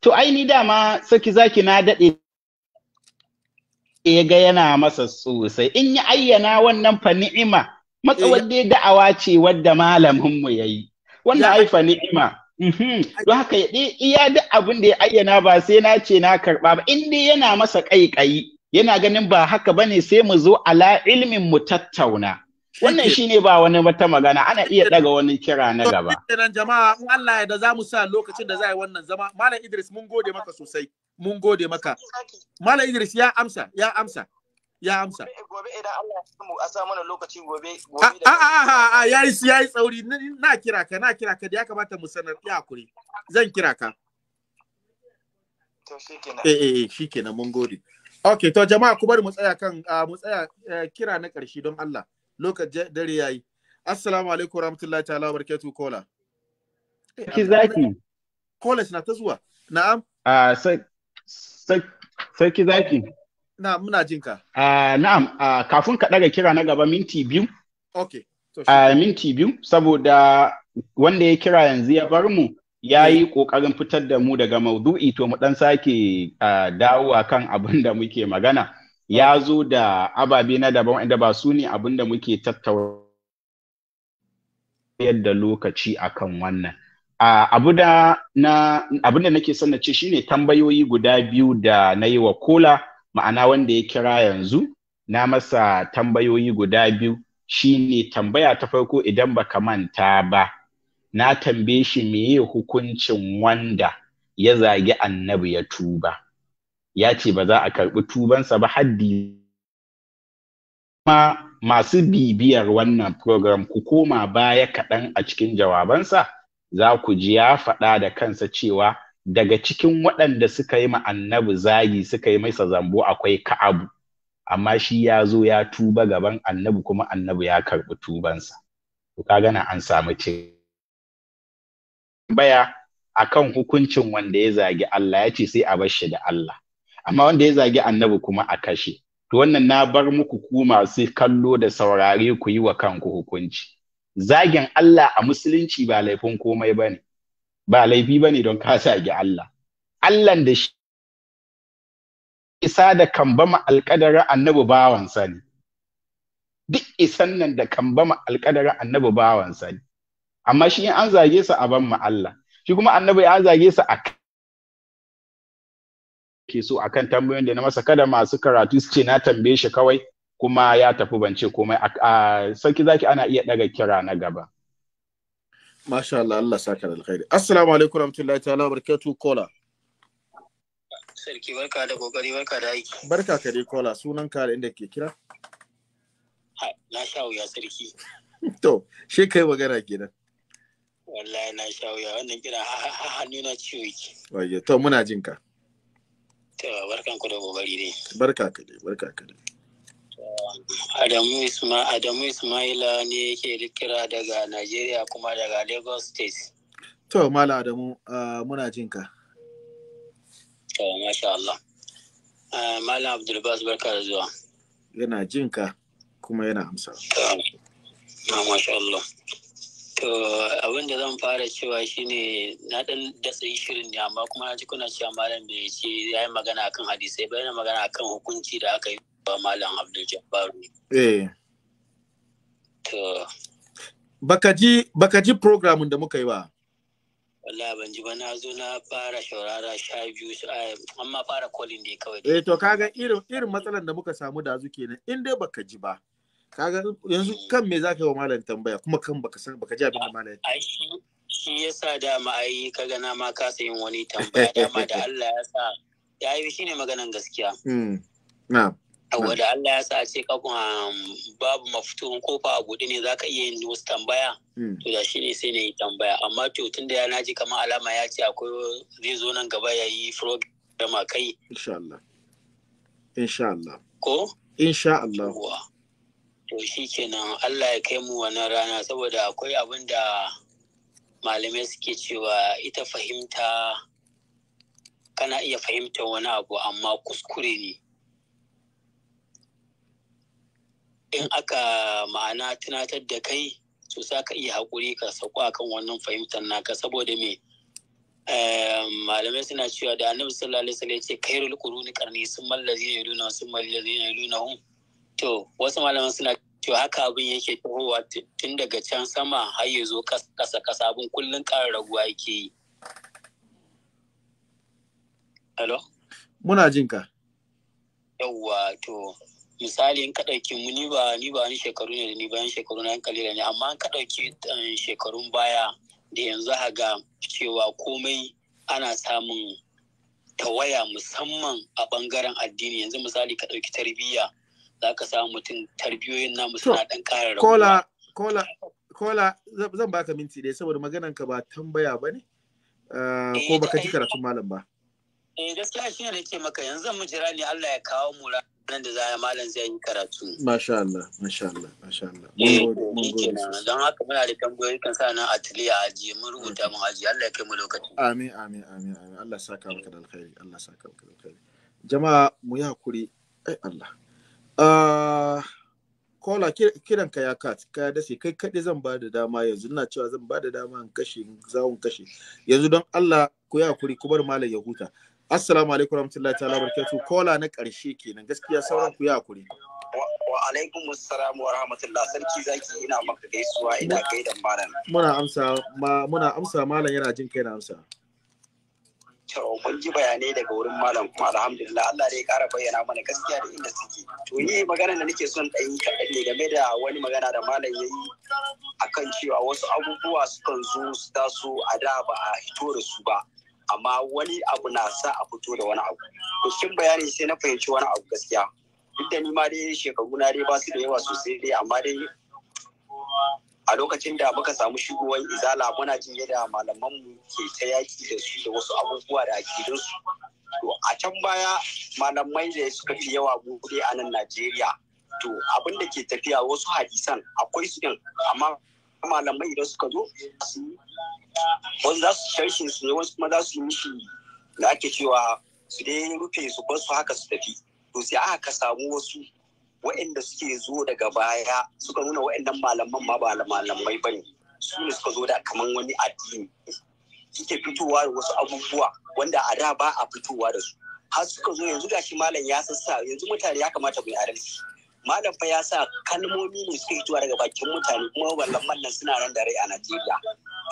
to ai ni dama sarki zaki na dade ya ga yana masa sosai in ya ayyana wannan fa ni'ima matsawar eh. dai da'awa ce wadda malamin mu yayi wannan ai fa ni'ima Mhm. Don haka iya duk abin da ya ayyana ba sai na ce na karɓa ba, in dai yana masa ƙaiƙayi, yana ganin ba haka ba ne sai mu zo ala ilmin mu tattauna. Wannan shine ba wani wata magana, ana iya daga wani kira na gaba. Kenan jama'a, in Allah ya da za mu sa lokacin da za a yi wannan zama. Malam Idris, mun gode maka sosai. Mun gode maka. Malam Idris ya amsa, ya amsa. ya amsa gobe idan Allah ya samu a sa mana lokaci gobe gobe ya yi a ya yi tsauri na kira ka na kira ka da ya kamata mu sanar ya kure, zan kira ka to shikenan eh, eh, eh shi kenan mun gode okay to jama'a ku bari mu tsaya kan mu tsaya eh, kira na karshe don Allah lokacin dare yayi assalamu alaikum warahmatullahi ta'ala barakatuh kola ki zaki kola na ta zuwa na'am Ah sai sai sai ki zaki na muna jin ka. Uh, ah, na'am, uh, kafin ka ɗaga kira na gaba minti biyu. Okay. uh, minti biyu saboda wanda ya kira yanzu ya bar mu ya yi ƙoƙarin fitar da mu daga maudu'i to mu ɗan sake uh, dawo kan abin da muke magana. Ya zo da ababe na daban wanda ba su ne abin da muke tattauna yadda lokaci akan wannan. Uh, abu da nake son na ce shine tambayoyi guda biyu da na yi wa kola. ma'ana wanda ya kira yanzu na masa tambayoyi guda biyu shine tambaya ta farko idan baka manta ba na tambaye shi meye hukuncin wanda ya zagi annabi ya tuba ya ce ba za a karɓi tubansa ba haddi masu bibiyar wannan program ku koma baya kaɗan a cikin jawabansa za ku ji ya faɗa da kansa cewa daga cikin waɗanda suka yi annabi zagi suka yi masa zambo akwai ka'abu amma shi ya zo ya tuba gaban annabi kuma annabi ya karɓi tubansa to ka gana an samu ce baya akan hukuncin wanda ya zagi Allah ya ce sai a bar shi da Allah amma wanda ya zagi annabi kuma a kashe to wannan na bar muku ku masu kallo da saurare ku yi wa kanku hukunci zagin Allah a musulunci ba laifin komai bane ba laifi ba ne don ka sagi Allah Allahn da shi isa da kambama alƙadarar annabi bawansa ne duk isan nan da kambama alƙadarar annabi bawansa ne amma shi an zage sa a ban Allah shi kuma annabi ya zage sa a ke so akan tambayoyin da na masa kada masu karatu su ce na tambaye shi kawai kuma ya tafi bance komai a sarki zaki ana iya daga kira na gaba Masha Allah Allah saka da alkhairi. Assalamu alaikum warahmatullahi ta'ala barkatu kola. Sarki barka da kokari barka da aiki. Barka ka dai kola sunan ka da inda ke kira? Na sha wuya sarki. *laughs* To, shi kai magana kenan. Wallahi na sha wuya wannan kira ha, nuna ciwo yake. Wayyo to muna jin ka. To barkan ku da kokari dai. Barka ka dai barka ka dai. Adamu Isma Adamu Ismaila ne yake kira daga Najeriya kuma daga Lagos State. To Mala Adamu uh, muna jin ka. To masha Allah. Uh, Mala Abdulbas barka da zuwa. Yana jin ka kuma yana amsa. To masha Allah. To abin da zan fara cewa shine na dan datsa shirin ne amma kuma na ji kuna cewa malam bai ce ya yi magana akan hadisai bai yana magana akan hukunci da aka yi ba malam abdul jabbaru eh to baka ji baka ji program da muka yi ba wallahi ban ji ba na zo na fara shaurara sha biyu amma eh, fara kolin da kawai eh to kaga irin irin matsalan da muka samu da zu kenan in dai baka ji ba kaga yanzu mm. kan me zaka yi wa malam tambaya kuma kan baka san baka ji abin da malam ai shi yasa da ma ai kaga na ma kasa yin wani tambaya dama da *laughs* Allah ya sa ya yi shine maganan gaskiya mm. na'am da Allah ya sa ce kakun um, babu mafitin kofa a buɗe ne za ka iya yin wasu tambaya. Hmm. To da shi ne sai na yi tambaya. Amma to tun da ya naji kamar alama ya ce akwai zai zo nan gaba ya yi program a kai. Insha Allah. Insha Allah. Ko? Insha Allah. To shi kenan Allah ya kai mu wannan rana saboda akwai abin da malamai suke cewa ita fahimta kana iya fahimtar wani abu amma kuskure ne. in aka ma'ana tunatar da kai to sa ka iya haƙuri ka sauko kan wannan fahimtar naka saboda me ehm, malamai suna cewa da annabi sallallahu alaihi wasallam ce kairul quruni qarni sun mallazi yaluna sun yi yaluna hum to wasu malaman suna cewa haka abin yake tahowa tun daga can sama har ya zo kasa kasa abin kullun ƙara raguwa yake yi Hello? Muna jinka. Yawwa to misali in ka ɗauki mu ni ba ni ba wani shekaru ne da ni bayan shekaru na kalila ne amma in ka ɗauki eh, shekarun baya da yanzu haga cewa komai ana samun tawaya musamman a bangaren addini yanzu misali ka ɗauki tarbiyya za ka samu mutum tarbiyoyin namu na ɗan ƙara Kola, kola, kola zan baka minti dai saboda maganan ka ba tambaya ba ne? Eh, ko eh, baka ji karatun malam ba? Eh gaskiya shi ne nake maka yanzu mu jira ne Allah ya kawo mu nan da zaya malam zai yi karatu. Masha Allah, masha Allah, masha Allah. Eh, don haka muna da tambayoyi kan sa nan a tiliya a ajiye mun rubuta mun aji Allah ya kai mu lokaci. Amin, amin, amin, amin. Allah ka maka da alkhairi, Allah ka maka da alkhairi. Jama'a mu yi hakuri, ai Allah. Ah, Kola kiran ka ya kat, ka ya dace kai kaɗai zan ba da dama yanzu ina cewa zan ba da dama in kashe zawon kashe yanzu don Allah ku yi hakuri ku bar malam ya huta Assalamu alaikum warahmatullahi ta'ala barkatu kola na ƙarshe kenan gaskiya sauran ku ya kuri. Wa alaikum assalamu wa sarki zaki ina maka gaisuwa ina gaida malam. Muna amsa ma muna amsa malam yana jin kai na amsa. To mun ji bayanai daga wurin malam kuma alhamdulillah Allah ne ya ƙara bayyana mana gaskiya da inda suke. To ni magana da nake son ɗan yi kaɗan ne game da wani magana da malam ya yi akan cewa wasu abubuwa sukan zo su taso a da ba a hito da su ba. amma wani abu na sa a fito da wani abu to bayani sai na fahimci wani abu gaskiya duk da ni ma dai shekaru na dai ba su da yawa sosai dai amma dai a lokacin da muka samu shigowar izala muna jin yadda mu ke ta yaki da su da wasu abubuwa da su. to a can baya malamai da suka fi yawa gobe a nan najeriya to abin da ke tafiya wasu hadisan akwai su din amma malamai idan suka zo su wasu za su sharshin su ne wasu kuma za su yi mishi da ake cewa su dai rufe su bar su haka su tafi to sai aka samu wasu wa'inda suke zo daga baya suka nuna waɗannan malaman ma ba malamai bane su ne suka zo da kaman wani addini suke fitowa da wasu abubuwa wanda a da ba a fitowa da su har suka zo yanzu gashi malam ya sassa yanzu mutane ya kamata mu yi adalci malam fa ya sa kalmomi ne suke hitowa daga bakin mutane kuma wallan mallan suna ran da rai a Najeriya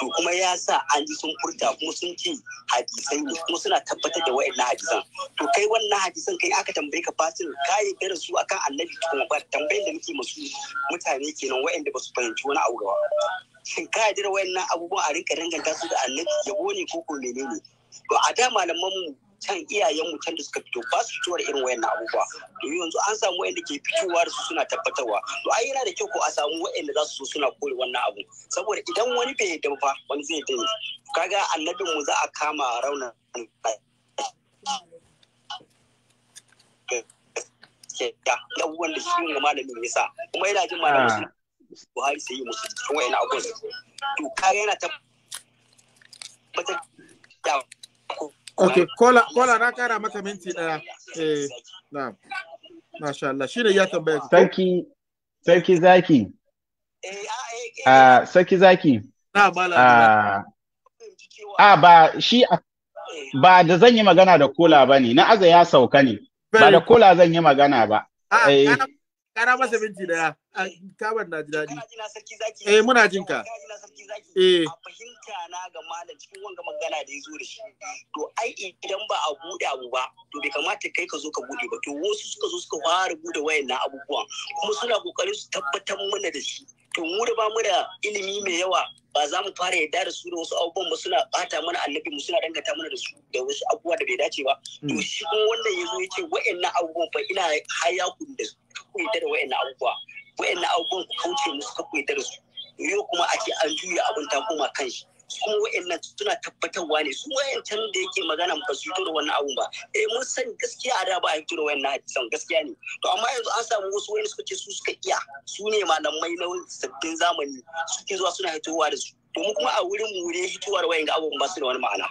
to kuma ya sa an ji sun furta kuma sun ce hadisai ne kuma suna tabbatar da wa'annan hadisan to kai wannan hadisan kai aka tambaye ka fasil kai irin su akan annabi kuma ba tambayin da muke masu mutane kenan wa'anda ba su fahimci wani abu ba shin ka yarda da wa'annan abubuwan a rinka danganta su da annabi yabo ne ko ko menene to a da malaman mu can iyayen mu can da suka fito ba su fitowar irin wayannan abubuwa domin yanzu an samu wayanda ke fitowa da su suna tabbatarwa to ai yana da kyau ko a samu wayanda za su so suna kore wannan abu saboda idan wani bai yadda ba wani zai yadda kaga annabin mu za a kama raunin da wanda shi ne malamin yasa kuma yana jin malamin ah. Buhari sai yi musu cikin wayannan abubuwa to kaga yana tabbatar da ko Ok, kola, kola na kara maka minti ɗaya. Eh, na, masha Allah, shi ne ya tambaya. Sarki, sarki zaki. Uh, sarki zaki. Na, bala. Ah, ah, ba shi ba da zan yi magana da kola ba ne, na aza ya sauka ne, ba da kola zan yi magana ba. Ah, karama masa minti daya eh. kaban na ji daɗi eh muna jin ka eh fahimta na ga malam cikin wanga magana da yazo da shi to ai idan ba a bude abu ba to bai kamata kai ka zo ka bude ba to wasu suka zo suka fara bude wayan na abubuwan kuma suna kokarin su tabbatar mana da shi to mu da ba mu da ilimi mai yawa ba za mu fara yarda da su da wasu abubuwan ba suna bata mana annabi mu suna dangata mana da su da wasu abubuwa da bai dace ba to hmm. shi kuma wannan yazo yace wa'annan abubuwan fa ina hayakun da su ku da wayannan abubuwa wayannan abubuwan ku kauce musu ka ku da su yau kuma ake an juya abin ta koma kan shi kuma wayannan suna tabbatarwa ne su wa'ancan da yake magana ba su fito da wannan abun ba eh mun san gaskiya a da ba a fito da wa'annan hadisan gaskiya ne to amma yanzu an samu wasu wani suka ce su suka iya su ne malamai na sabbin zamani suke zuwa suna hitowa da su mu kuma a wurin mu ne hitowar wayan ga abun ba su da wani ma'ana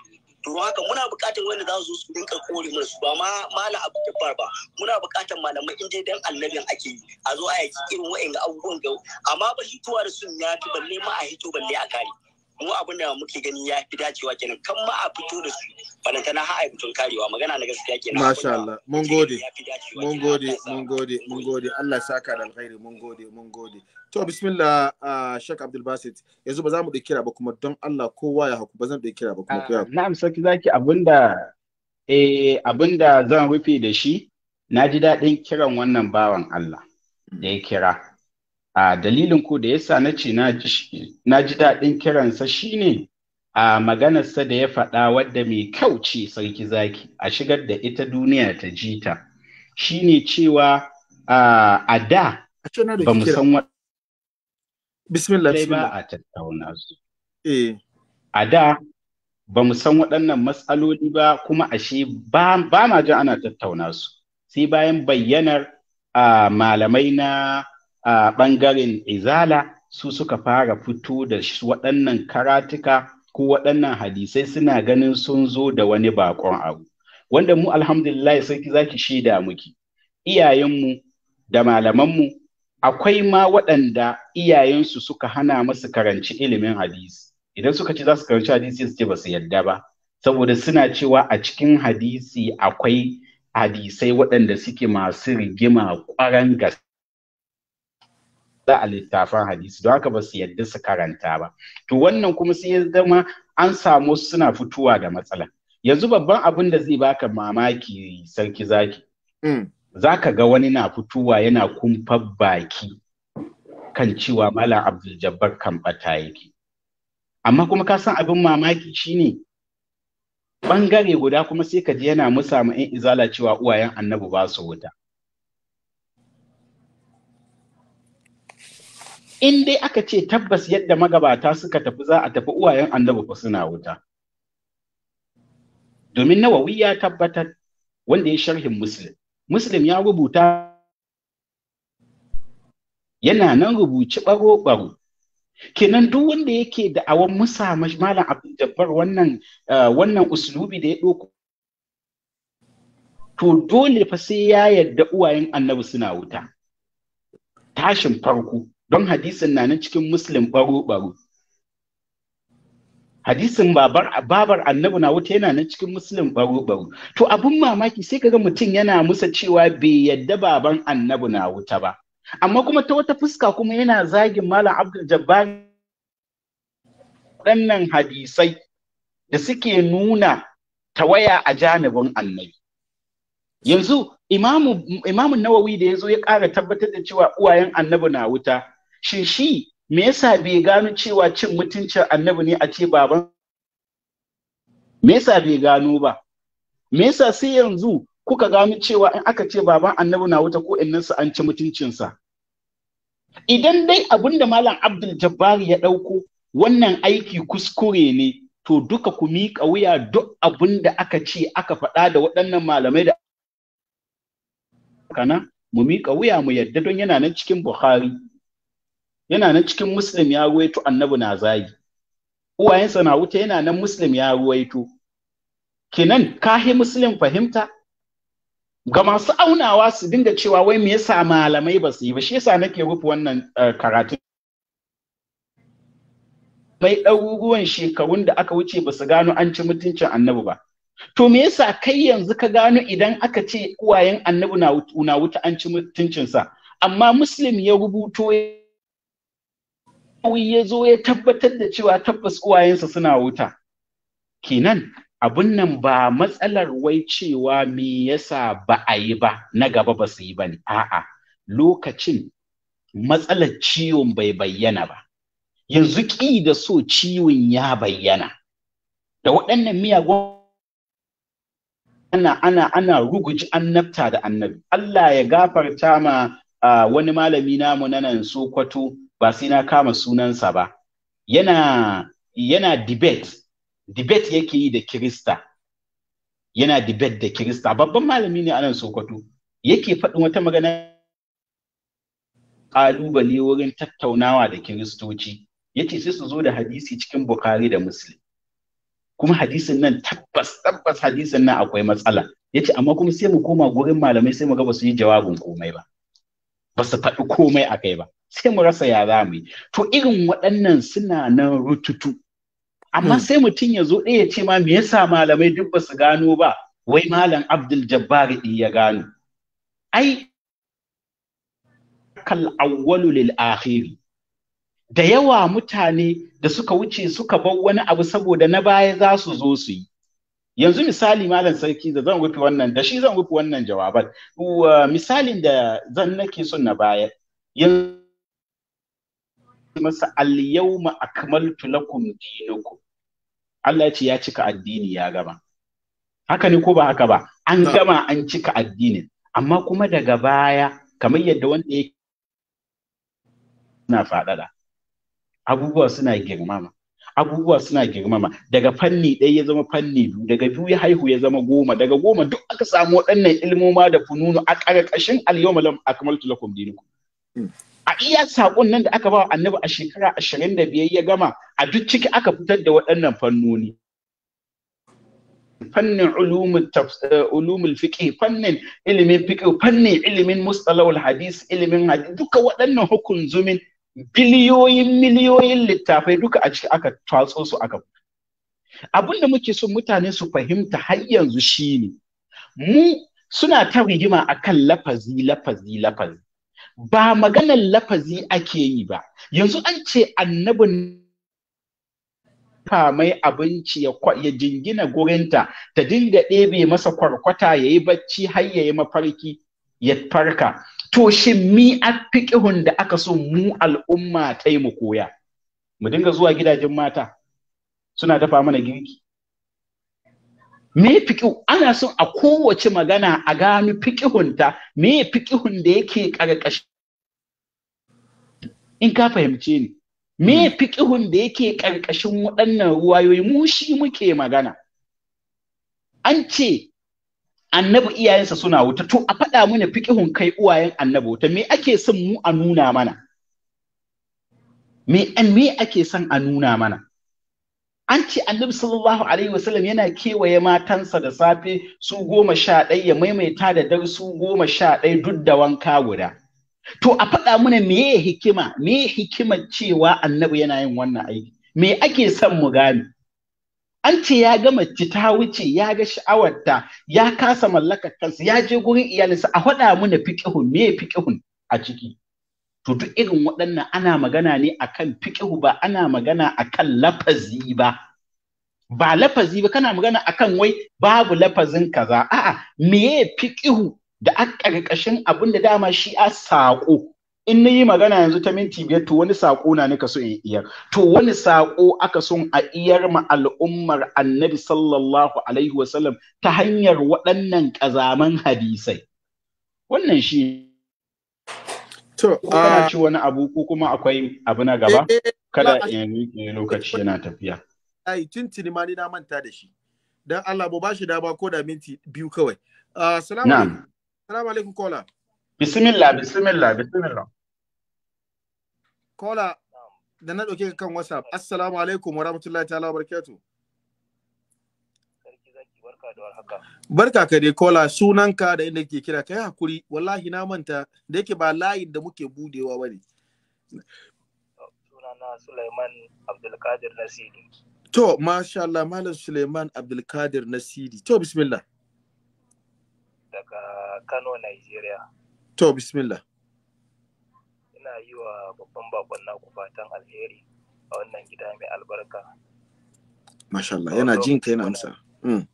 to haka muna buƙatar wanda za su su dinka kore musu ba ma mala abu jabbar ba muna bukatar malamai in dai dan annabin ake yi a zo a yaki irin wa'in abubuwan ga amma ba hituwa da sun ya fi balle ma a hito balle a kare mu abin da muke gani ya fi dacewa kenan kan ma a fito da su balanta na ha'a fitun karewa magana na gaskiya kenan masha Allah mun gode mun gode mun gode mun gode Allah saka da alkhairi mun gode mun gode to bismillah uh, Sheikh Abdul Basit yanzu ba za mu da kira ba kuma don Allah kowa ya haku ba zan da kira ba kuma koya ah, na'am sarki zaki abinda eh abinda zan rufe da shi na ji daɗin kiran wannan bawan Allah da ya kira a dalilin ku da yasa na ce na ji daɗin kiransa shine a maganarsa da ya faɗa wadda mai kyau ce sarki zaki a shigar da ita duniya ta jita shine cewa a da ba mu san bismillah a tattauna su eh a da ba san waɗannan matsaloli ba kuma ashe ba ba ma ji ana tattauna su sai bayan bayyanar uh, malamai na uh, ɓangaren izala su suka fara fito da waɗannan karatuka ko waɗannan hadisai suna ganin sun zo da wani bakon abu wanda mu alhamdulillah sai zaki shaida muki iyayenmu da malamanmu akwai ma waɗanda iyayensu suka hana masu karanci ilimin hadisi idan suka ce za su karanci hadisi su ce ba su yarda ba saboda suna cewa a cikin hadisi akwai hadisai waɗanda suke masu rigima ƙwaran gaske a littafan hadisi don haka ba su yarda su karanta ba to wannan kuma sai ya zama an samu suna fitowa da matsala yanzu babban abin da zai baka mamaki sarki zaki mm. za ka ga wani na fitowa yana kumfar baki kan cewa Malam Abdul Jabbar kan bata yake. Amma kuma ka san abin mamaki shine bangare guda kuma sai ka ji yana musa in izala cewa uwayen annabi ba su wuta. In dai aka ce tabbas yadda magabata suka tafi za a tafi uwayen annabi ba suna wuta. Domin nawawi ya tabbatar wanda ya sharhin Muslim. muslim ya rubuta yana nan rubuci baro-baro kenan duk wanda yake da awon musa malam abdul jabbar wannan eh, wannan uslubi da ya doko. to dole fa sai ya yarda uwayen annabi suna wuta tashin farko don hadisin na nan cikin muslim baro-baro hadisin babar babar annabi na wuta yana na cikin musulun baro baro to abun mamaki sai ka ga mutum yana musa cewa bai yadda baban annabi na wuta ba amma kuma ta wata fuska kuma yana zagin malam abdul jabbar wannan hadisai da suke nuna tawaya a janibin annabi yanzu imamu imamu nawawi da yazo ya ƙara tabbatar da cewa uwayen annabi na wuta shin shi me yasa bai gano cewa cin mutuncin annabi ne a ce baban me yasa bai gano ba me yasa sai yanzu kuka gano cewa in aka ce baban annabi na wuta ko innansa an ci mutuncinsa idan dai abin da malam abdul jabbar ya ɗauko wannan aiki kuskure ne to duka ku miƙa wuya duk abin da aka ce aka faɗa da waɗannan malamai da kana mu miƙa wuya mu yarda don yana nan cikin buhari yana nan cikin muslim ya ruwaito annabi na zagi uwayensa na wuta yana nan muslim ya ruwaito kinan kahi muslim fahimta ga masu aunawa su dinga cewa wai me yasa malamai ba su yi ba shi yasa nake rufe wannan eh, karatun mai ɗaruruwan shekarun da aka wuce ba su gano an ci mutuncin annabi ba to me yasa kai yanzu ka gano idan aka ce uwayen annabi na wuta an ci mutuncinsa amma muslim ya rubuto Nawawi ya zo ya tabbatar da cewa tabbas uwayensa suna wuta. Kenan abun nan ba matsalar wai cewa me yasa ba a yi ba na gaba ba su yi ba ne. A'a lokacin matsalar ciwon bai bayyana ba. Yanzu ƙi da so ciwon ya bayyana. Da waɗannan miyagun ana ana ana ruguji annabta da annabi. Allah ya gafarta ma ah, wani malami namu na nan Sokoto ba sai na kama sunansa ba yana yana debate debate yake yi da kirista yana debate da kirista babban malami ne anan sokoto yake faɗin wata magana ƙalubale wurin tattaunawa da kiristoci yace sai su zo da hadisi cikin Bukhari da muslim kuma hadisin nan tabbas tabbas hadisin nan akwai matsala yace amma kuma sai mu koma gurin malamai sai mu ga ba su yi jawabin komai ba ba su faɗi komai a kai ba sai mu rasa ya za mu yi to irin waɗannan suna nan rututu amma hmm. sai mutum ya zo ɗaya ce ma me yasa malamai duk ba su gano ba wai malam abdul jabbari ya gano ai kal awwalu lil akhiri da yawa mutane da suka wuce suka bar wani abu saboda na baya za su zo su yi yanzu misali malam sarki da zan rufe wannan da shi zan rufe wannan jawaban misalin da zan nake son na baya yanzu masa al-yawma akmaltu lakum dinakum Allah ce ya cika addini ya gama haka ne ko ba haka ba an gama an cika addinin amma kuma daga baya kamar yadda wanda ya suna faɗaɗa abubuwa suna girmama abubuwa suna girmama daga fanni ɗaya ya zama fanni biyu daga biyu ya haihu ya zama goma daga goma duk aka samu waɗannan ilmoma da fununu a ƙarƙashin al-yawma lam akmaltu lakum dinakum hmm. a iya saƙon nan da aka ba annabi a shekara ashirin da biyar ya gama a duk ciki aka fitar da waɗannan fannoni fannin eh, ulumul fiqh fannin ilimin fiqh fannin ilimin mustalahul hadis ilimin hadis duka waɗannan hukun zumin biliyoyin miliyoyin littafai duka a ciki aka tatso su aka abin da muke son mutane su fahimta har yanzu shine mu suna ta rigima akan lafazi lafazi lafazi ba maganar lafazi ake yi ba yanzu an ce annabin mai abinci ya jingina gurinta ta dinga ɗebe masa kwarkwata ya yi bacci har ya yi mafarki ya farka to shin mi a fiƙihun da aka so mu al'umma ta yi mu koya mu dinga zuwa gidajen mata suna dafa mana girki me ana son a kowace magana a gano fiƙihunta me fiƙihun da yake ƙarƙashin in ka fahimce ni me hmm. fiƙihun da yake ƙarƙashin waɗannan ruwayoyi mu shi muke magana an ce annabi iyayensa suna wuta to a faɗa mana fiƙihun kai uwayen annabi wuta me ake son mu a nuna mana me me ake son a nuna mana an ce annabi sallallahu alaihi wasallam yana kewaye matansa da safe su goma sha ɗaya ya maimaita da dar su goma sha ɗaya duk da wanka guda to a faɗa mana meye hikima meye hikimar cewa annabi yana yin wannan aiki me ake son mu gane an ce ya ga mace ta wuce ya ga sha'awarta ya kasa mallakar kansa ya je gurin iyalinsa a faɗa mana fiƙihun, me fiƙihun a ciki to duk irin waɗannan ana magana ne akan fiƙihu ba ana magana akan lafazi ba ba lafazi ba kana magana akan wai babu lafazin kaza a'a meye fiƙihu da a ƙarƙashin abin da dama shi a saƙo in na yi magana yanzu ta minti biyar to wani saƙo na nika so in iya. to wani saƙo aka son a iyar ma al'ummar annabi sallallahu alaihi wasallam ta hanyar waɗannan ƙazaman hadisai wannan shi To, kana ah, ci wani abu ko kuma akwai abu na gaba? Eh, eh, Kada in lokaci yana tafiya. Ai, tuntuni ma ni na manta da shi. Dan Allah ba bashi ba ko da minti biyu kawai. Assalamu ah, alaikum. Assalamu alaikum kola. Bismillah, bismillah, bismillah. Kola, da na ɗauke kan WhatsApp. Assalamu alaikum wa rahmatullahi ta'ala wa barakatuh. Barka ka dai kola sunanka da inda ke kira kai hakuri wallahi na manta da yake ba layin da muke budewa bane. Sunana Sulaiman Abdulkadir Nasiri. To masha Allah Malam Suleiman Abdulkadir Nasiri. To bismillah. Daga Kano Nigeria. To bismillah. Ina yi wa babban bakon na fatan alheri a wannan gida mai albarka. Masha Allah yana jin kai na amsa. Mm.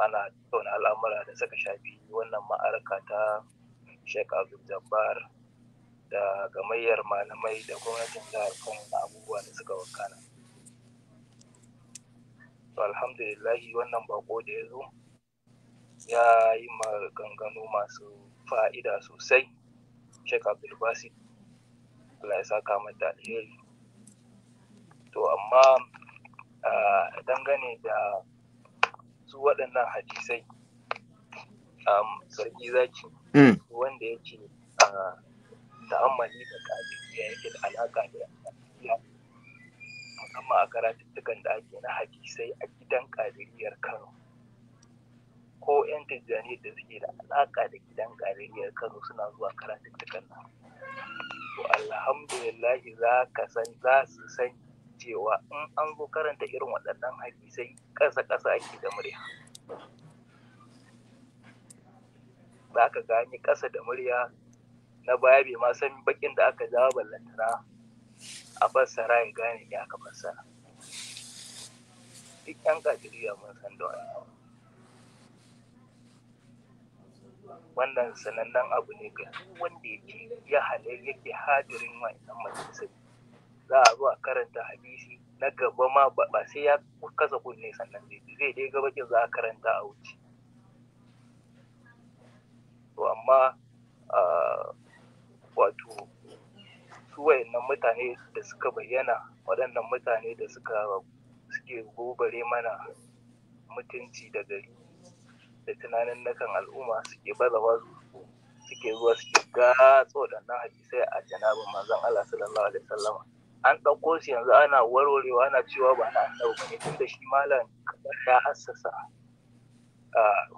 ana tattauna al'amura da suka shafi wannan ma'arka ta Sheikh Abdul Jabbar da gamayyar malamai da gwamnatin jihar Kano da abubuwa da suka wakana. To alhamdulillah wannan bako da ya zo ya yi maganganu masu fa'ida sosai Sheikh Abdul Basit Allah ya saka mata alheri. To amma ah, dangane da su waɗannan hadisai sarki zaki mm. wanda a ah, ta'ammali da ya yake da alaƙa da ka'adiyya musamman a karatuttukan da ake na hadisai a gidan ƙadiriyar kano ko 'yan tijjani da suke da alaƙa da gidan ƙadiriyar kano suna zuwa karatuttukan nan to alhamdulillah za su sani cewa in an zo karanta irin waɗannan hadisai ƙasa-ƙasa ake da murya za ka gani ƙasa da murya na baya bai ma san bakin da aka jawo ballantana a fassara ya gane ne aka fassara duk ƴan kajiriya mun san da wani wannan sanannen abu ne ga wanda ya yake ya halar yake hadirin wa'annan majalisar za a zo a karanta hadisi na gaba ma ba sai ya kasa kunne sannan zai dai gabakin za a karanta a wuce to amma wato su wayannan mutane da suka bayyana waɗannan mutane da suka suke gobare mana mutunci da gari da tunanin nakan al'umma suke bazawa su suke zuwa suke gatsa waɗannan hadisai a janabin manzon Allah sallallahu alaihi an ɗauko su yanzu ana warwarewa ana cewa ba na annabi tun tunda shi malam kabar ya hassasa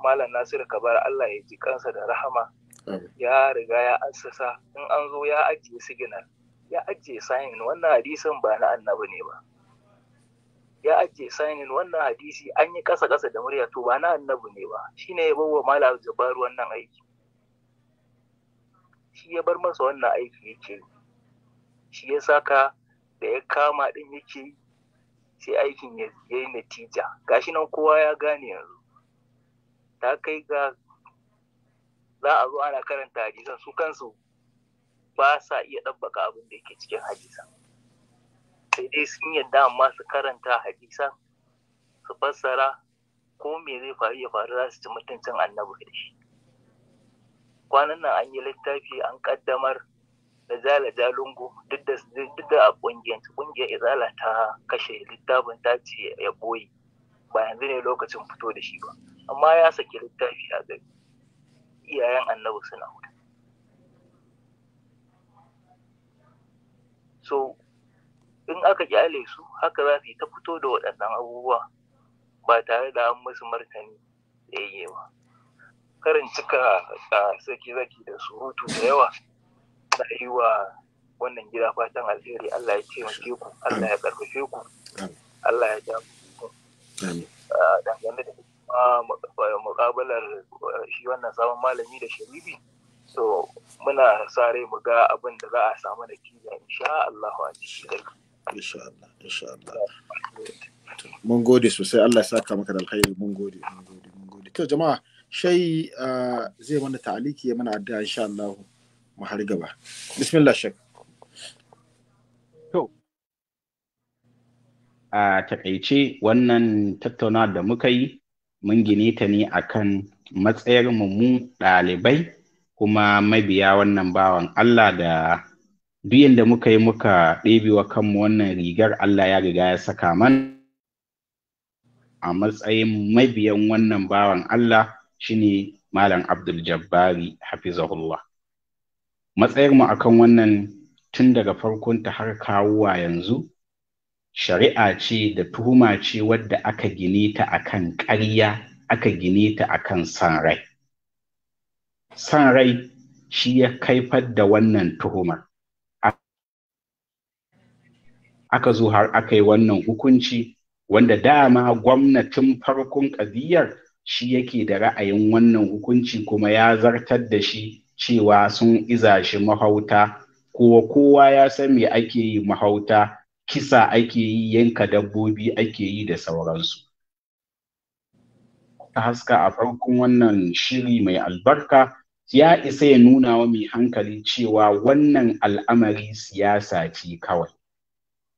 malam nasiru kabar Allah ya ji kansa da rahama ya riga ya assasa in an zo ya ajiye signal ya ajiye sign wannan hadisin ba na annabi ne ba ya ajiye signin wannan hadisi an yi ƙasa ƙasa da murya to ba na annabi ne ba shine ya bawa malam jabaru wannan aiki shi ya bar masa wannan aiki yake shi ya saka da ya kama din yake sai aikin ya yi natija gashi nan kowa ya gane yanzu ta kai ga za a zo ana karanta hadisan su kansu ba sa iya ɗabbaka abin da yake cikin hadisan sai dai sun yadda amma su karanta hadisan su fassara ko me zai faru ya faru za su ci mutuncin annabi da shi kwanan nan an yi littafi an ƙaddamar. na jala jalungu duk da duk da a kungiyar kungiyar izala ta kashe littafin ta ce ya boye ba yanzu ne lokacin fito da shi ba amma ya saki littafi a gari iyayen annabi suna huta so in aka kyale su haka za su yi ta fito da waɗannan abubuwa ba tare da an musu martani da yi ba karin cika a ah, saki zaki da surutu da yawa na yi wa wannan gida fatan alheri Allah ya taimake ku Allah ya karfafe ku Allah ya ja ku dangane da mukabalar eh, shi wannan sabon malami da sharibi so muna sa rai mu ga abin da za a samu da kiyaye insha Allah a cikin insha Allah insha Allah mun gode sosai Allah ya saka maka da alkhairi mun gode mun gode mun gode to jama'a shai eh, zai mana ta'aliki ya mana addu'a insha Allah mu har gaba bismillah shek to a takaice wannan tattauna da muka yi mun gine ta ne a kan matsayar mu ɗalibai kuma mabiya wannan bawan Allah da duk da muka yi muka ɗebewa kanmu wannan rigar Allah ya riga ya saka man a matsayin mabiyan wannan bawan Allah shine Malam Abdul Jabbari Hafizahullah. matsayarmu akan wannan tun daga farkonta har kawuwa yanzu shari'a ce da tuhuma ce wadda aka gine ta akan ƙarya aka gine ta akan san rai san rai shi ya kaifar da wannan tuhumar aka zo har aka yi wannan hukunci wanda dama gwamnatin farkon ƙaziyar shi yake da ra'ayin wannan hukunci kuma ya zartar da shi cewa sun iza shi mahauta ko kowa ya san me ake yi mahauta kisa ake yi yanka dabbobi ake yi da sauransu ta haska a farkon wannan shiri mai albarka ya isa ya nuna wa mai hankali cewa wannan al'amari siyasa ce kawai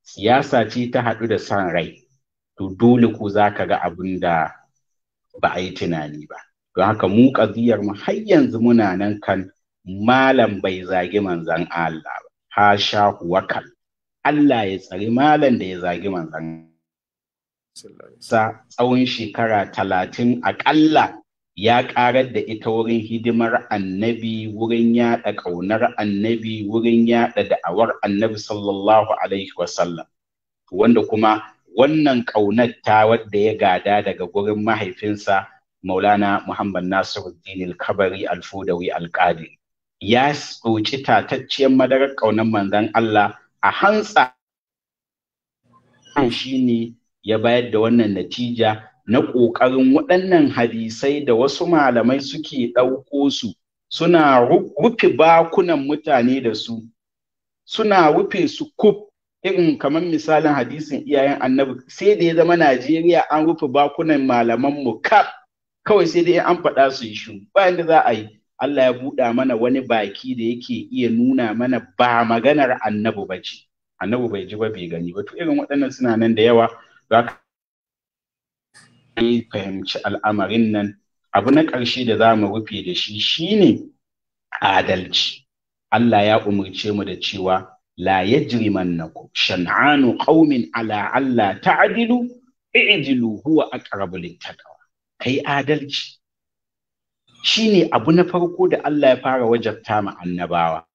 siyasa ce ta haɗu da san rai to dole ko za ka ga abin da ba a yi tunani ba don haka mu ƙaziyar mu har yanzu muna nan kan malam bai zagi manzan Allah ba ha sha wakal Allah ya tsari malam da ya zagi manzan sa tsawon shekara talatin aƙalla ya ƙarar da ita wurin hidimar annabi wurin yaɗa ƙaunar annabi wurin yaɗa da'awar annabi sallallahu alaihi wasallam wanda kuma wannan ƙaunar ta wadda ya gada daga gurin mahaifinsa maulana muhammad nasiruddin al-kabari al-fudawi al qadiri ya tsoci tatacciyar madarar ƙaunar manzan Allah a hantsa shi ne ya bayar da wannan natija na ƙoƙarin waɗannan hadisai da wasu malamai suke ɗauko su suna rufe bakunan mutane da su suna rufe su kuf irin kamar misalin hadisin iyayen annabi sai da ya zama najeriya an rufe bakunan malaman mu kaf kawai sai dai an faɗa su yi shu bayan da za a yi Allah ya buɗa mana wani baki da yake iya nuna mana ba maganar annabu ba ce annabu bai ji ba bai gani ba to irin waɗannan suna nan da yawa za ka fahimci al'amarin nan abu na ƙarshe da za mu rufe da shi shine adalci Allah ya umarce mu da cewa la yajrimannakum shan'anu qaumin ala Allah ta'dilu i'dilu huwa aqrabu littaqwa kai adalci Shi ne abu na farko da Allah ya fara wajabta ma annabawa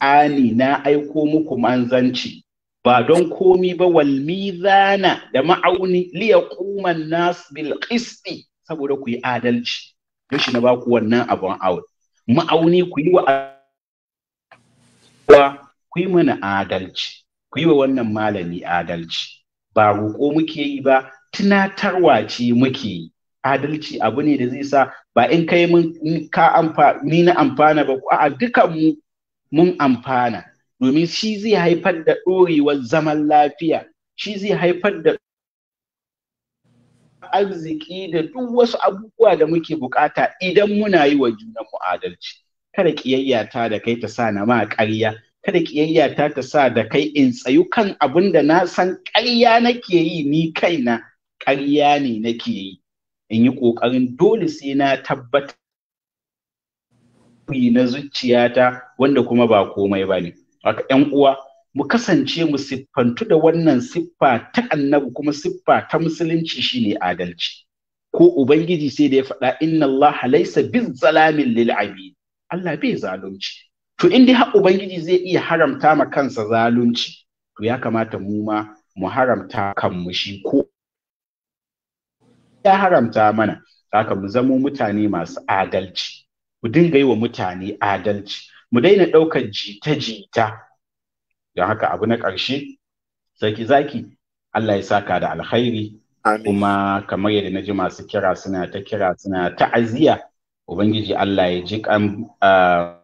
ani na aiko muku manzanci ba don komi ba wal mizana da ma'auni li yaquma nas bil qisti saboda ku yi adalci yashi na baku wannan abun aure ma'auni ku yi wa ku yi mana adalci ku yi wa wannan malami adalci ba roƙo muke yi ba tunatarwa ce muke yi adalci abu ne da zai sa ba in kai mun ka ni na amfana ba ku a dukan mu mun amfana domin shi zai haifar da ɗorewar zaman lafiya shi zai haifar da arziki da duk wasu abubuwa da muke bukata idan muna yi wa mu adalci kada ƙiyayyata ta da kai ta sa na ma ƙarya kada ƙiyayya ta ta sa da kai in tsayu kan abin da na san ƙarya nake yi ni kaina ƙarya ne nake yi in yi ƙoƙarin dole sai na tabbatar tabbata na zuciyata wanda kuma ba komai ba ne. ‘yan uwa, mu kasance mu siffantu da wannan siffa ta annabi kuma siffa ta musulunci shine adalci. Ko Ubangiji sai da ya faɗa inna Allah laisa bin zalamin lil Allah bai zalunci. To in dai Ubangiji zai iya haramta ma kansa zalunci, to ya kamata mu ma mu haramta kanmu shi ko ya haramta mana haka mu zamo mutane masu adalci mu dinga yi wa mutane adalci mu daina ɗaukar jita-jita don haka abu na ƙarshe zaki zaki Allah ya saka da alkhairi kuma kamar yadda na ji masu kira suna ta kira suna ta aziya ubangiji Allah ya ji kan ah,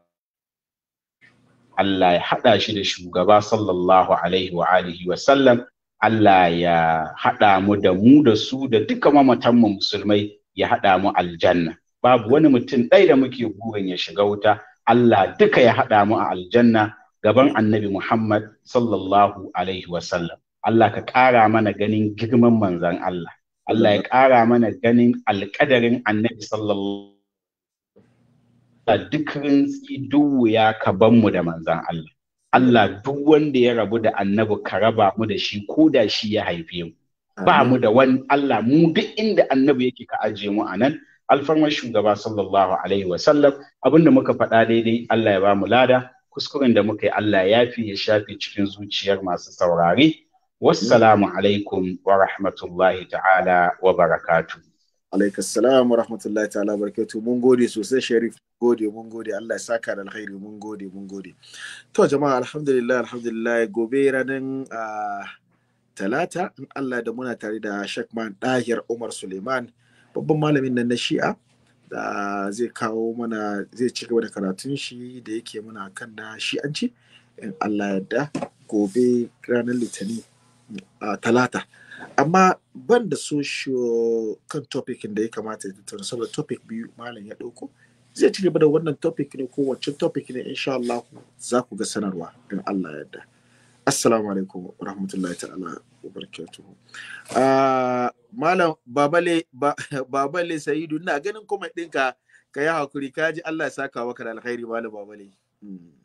Allah ya haɗa shi da shugaba sallallahu alaihi wa alihi wa sallam Allah ya haɗa mu da mu da su da duka mamatanmu musulmai ya haɗa mu aljanna babu wani mutum ɗaya da muke burin ya shiga wuta Allah duka ya haɗa mu a aljanna gaban annabi Muhammad sallallahu alaihi wasallam Allah ka ƙara mana ganin girman manzan Allah Allah ya ƙara mana ganin alƙadarin annabi sallallahu a duk ka ban mu da manzan Allah Allah duk wanda ya rabu da annabi ka raba mu da shi ko da shi ya haife mu ba mu da wani Allah mu duk inda annabi yake ka ajiye mu a nan alfarmar shugaba sallallahu alaihi wa sallam abinda muka faɗa daidai Allah ya ba mu lada kuskuren da muka yi Allah ya fi ya shafi cikin zuciyar masu saurare wassalamu alaikum wa rahmatullahi ta'ala wa barakatuh alaikassalam wa rahmatullahi ta'ala barkatu mun gode sosai sharif mun gode mun gode Allah ya saka da alkhairi mun gode mun gode to jama'a alhamdulillah alhamdulillah gobe ranar talata in Allah da muna tare da Shakman Dahir Umar Suleiman babban malamin nan na Shi'a da zai kawo mana zai ci gaba da karatun shi da yake muna kan na Shi'anci in Allah da gobe ranar Litinin talata amma ban da socio kan topic da ya kamata ya tattauna saboda topic biyu malam ya ɗauko zai ci gaba da wannan topic ne ko wacce topic ne insha Allah za ku ga sanarwa in Allah yarda assalamu alaikum rahmatullahi ta'ala wa barakatuhu ah, malam babale *laughs* babale sa'idu ina ganin kuma ɗinka ka yi hakuri ka ji Allah ya saka maka da alkhairi malam babale hmm.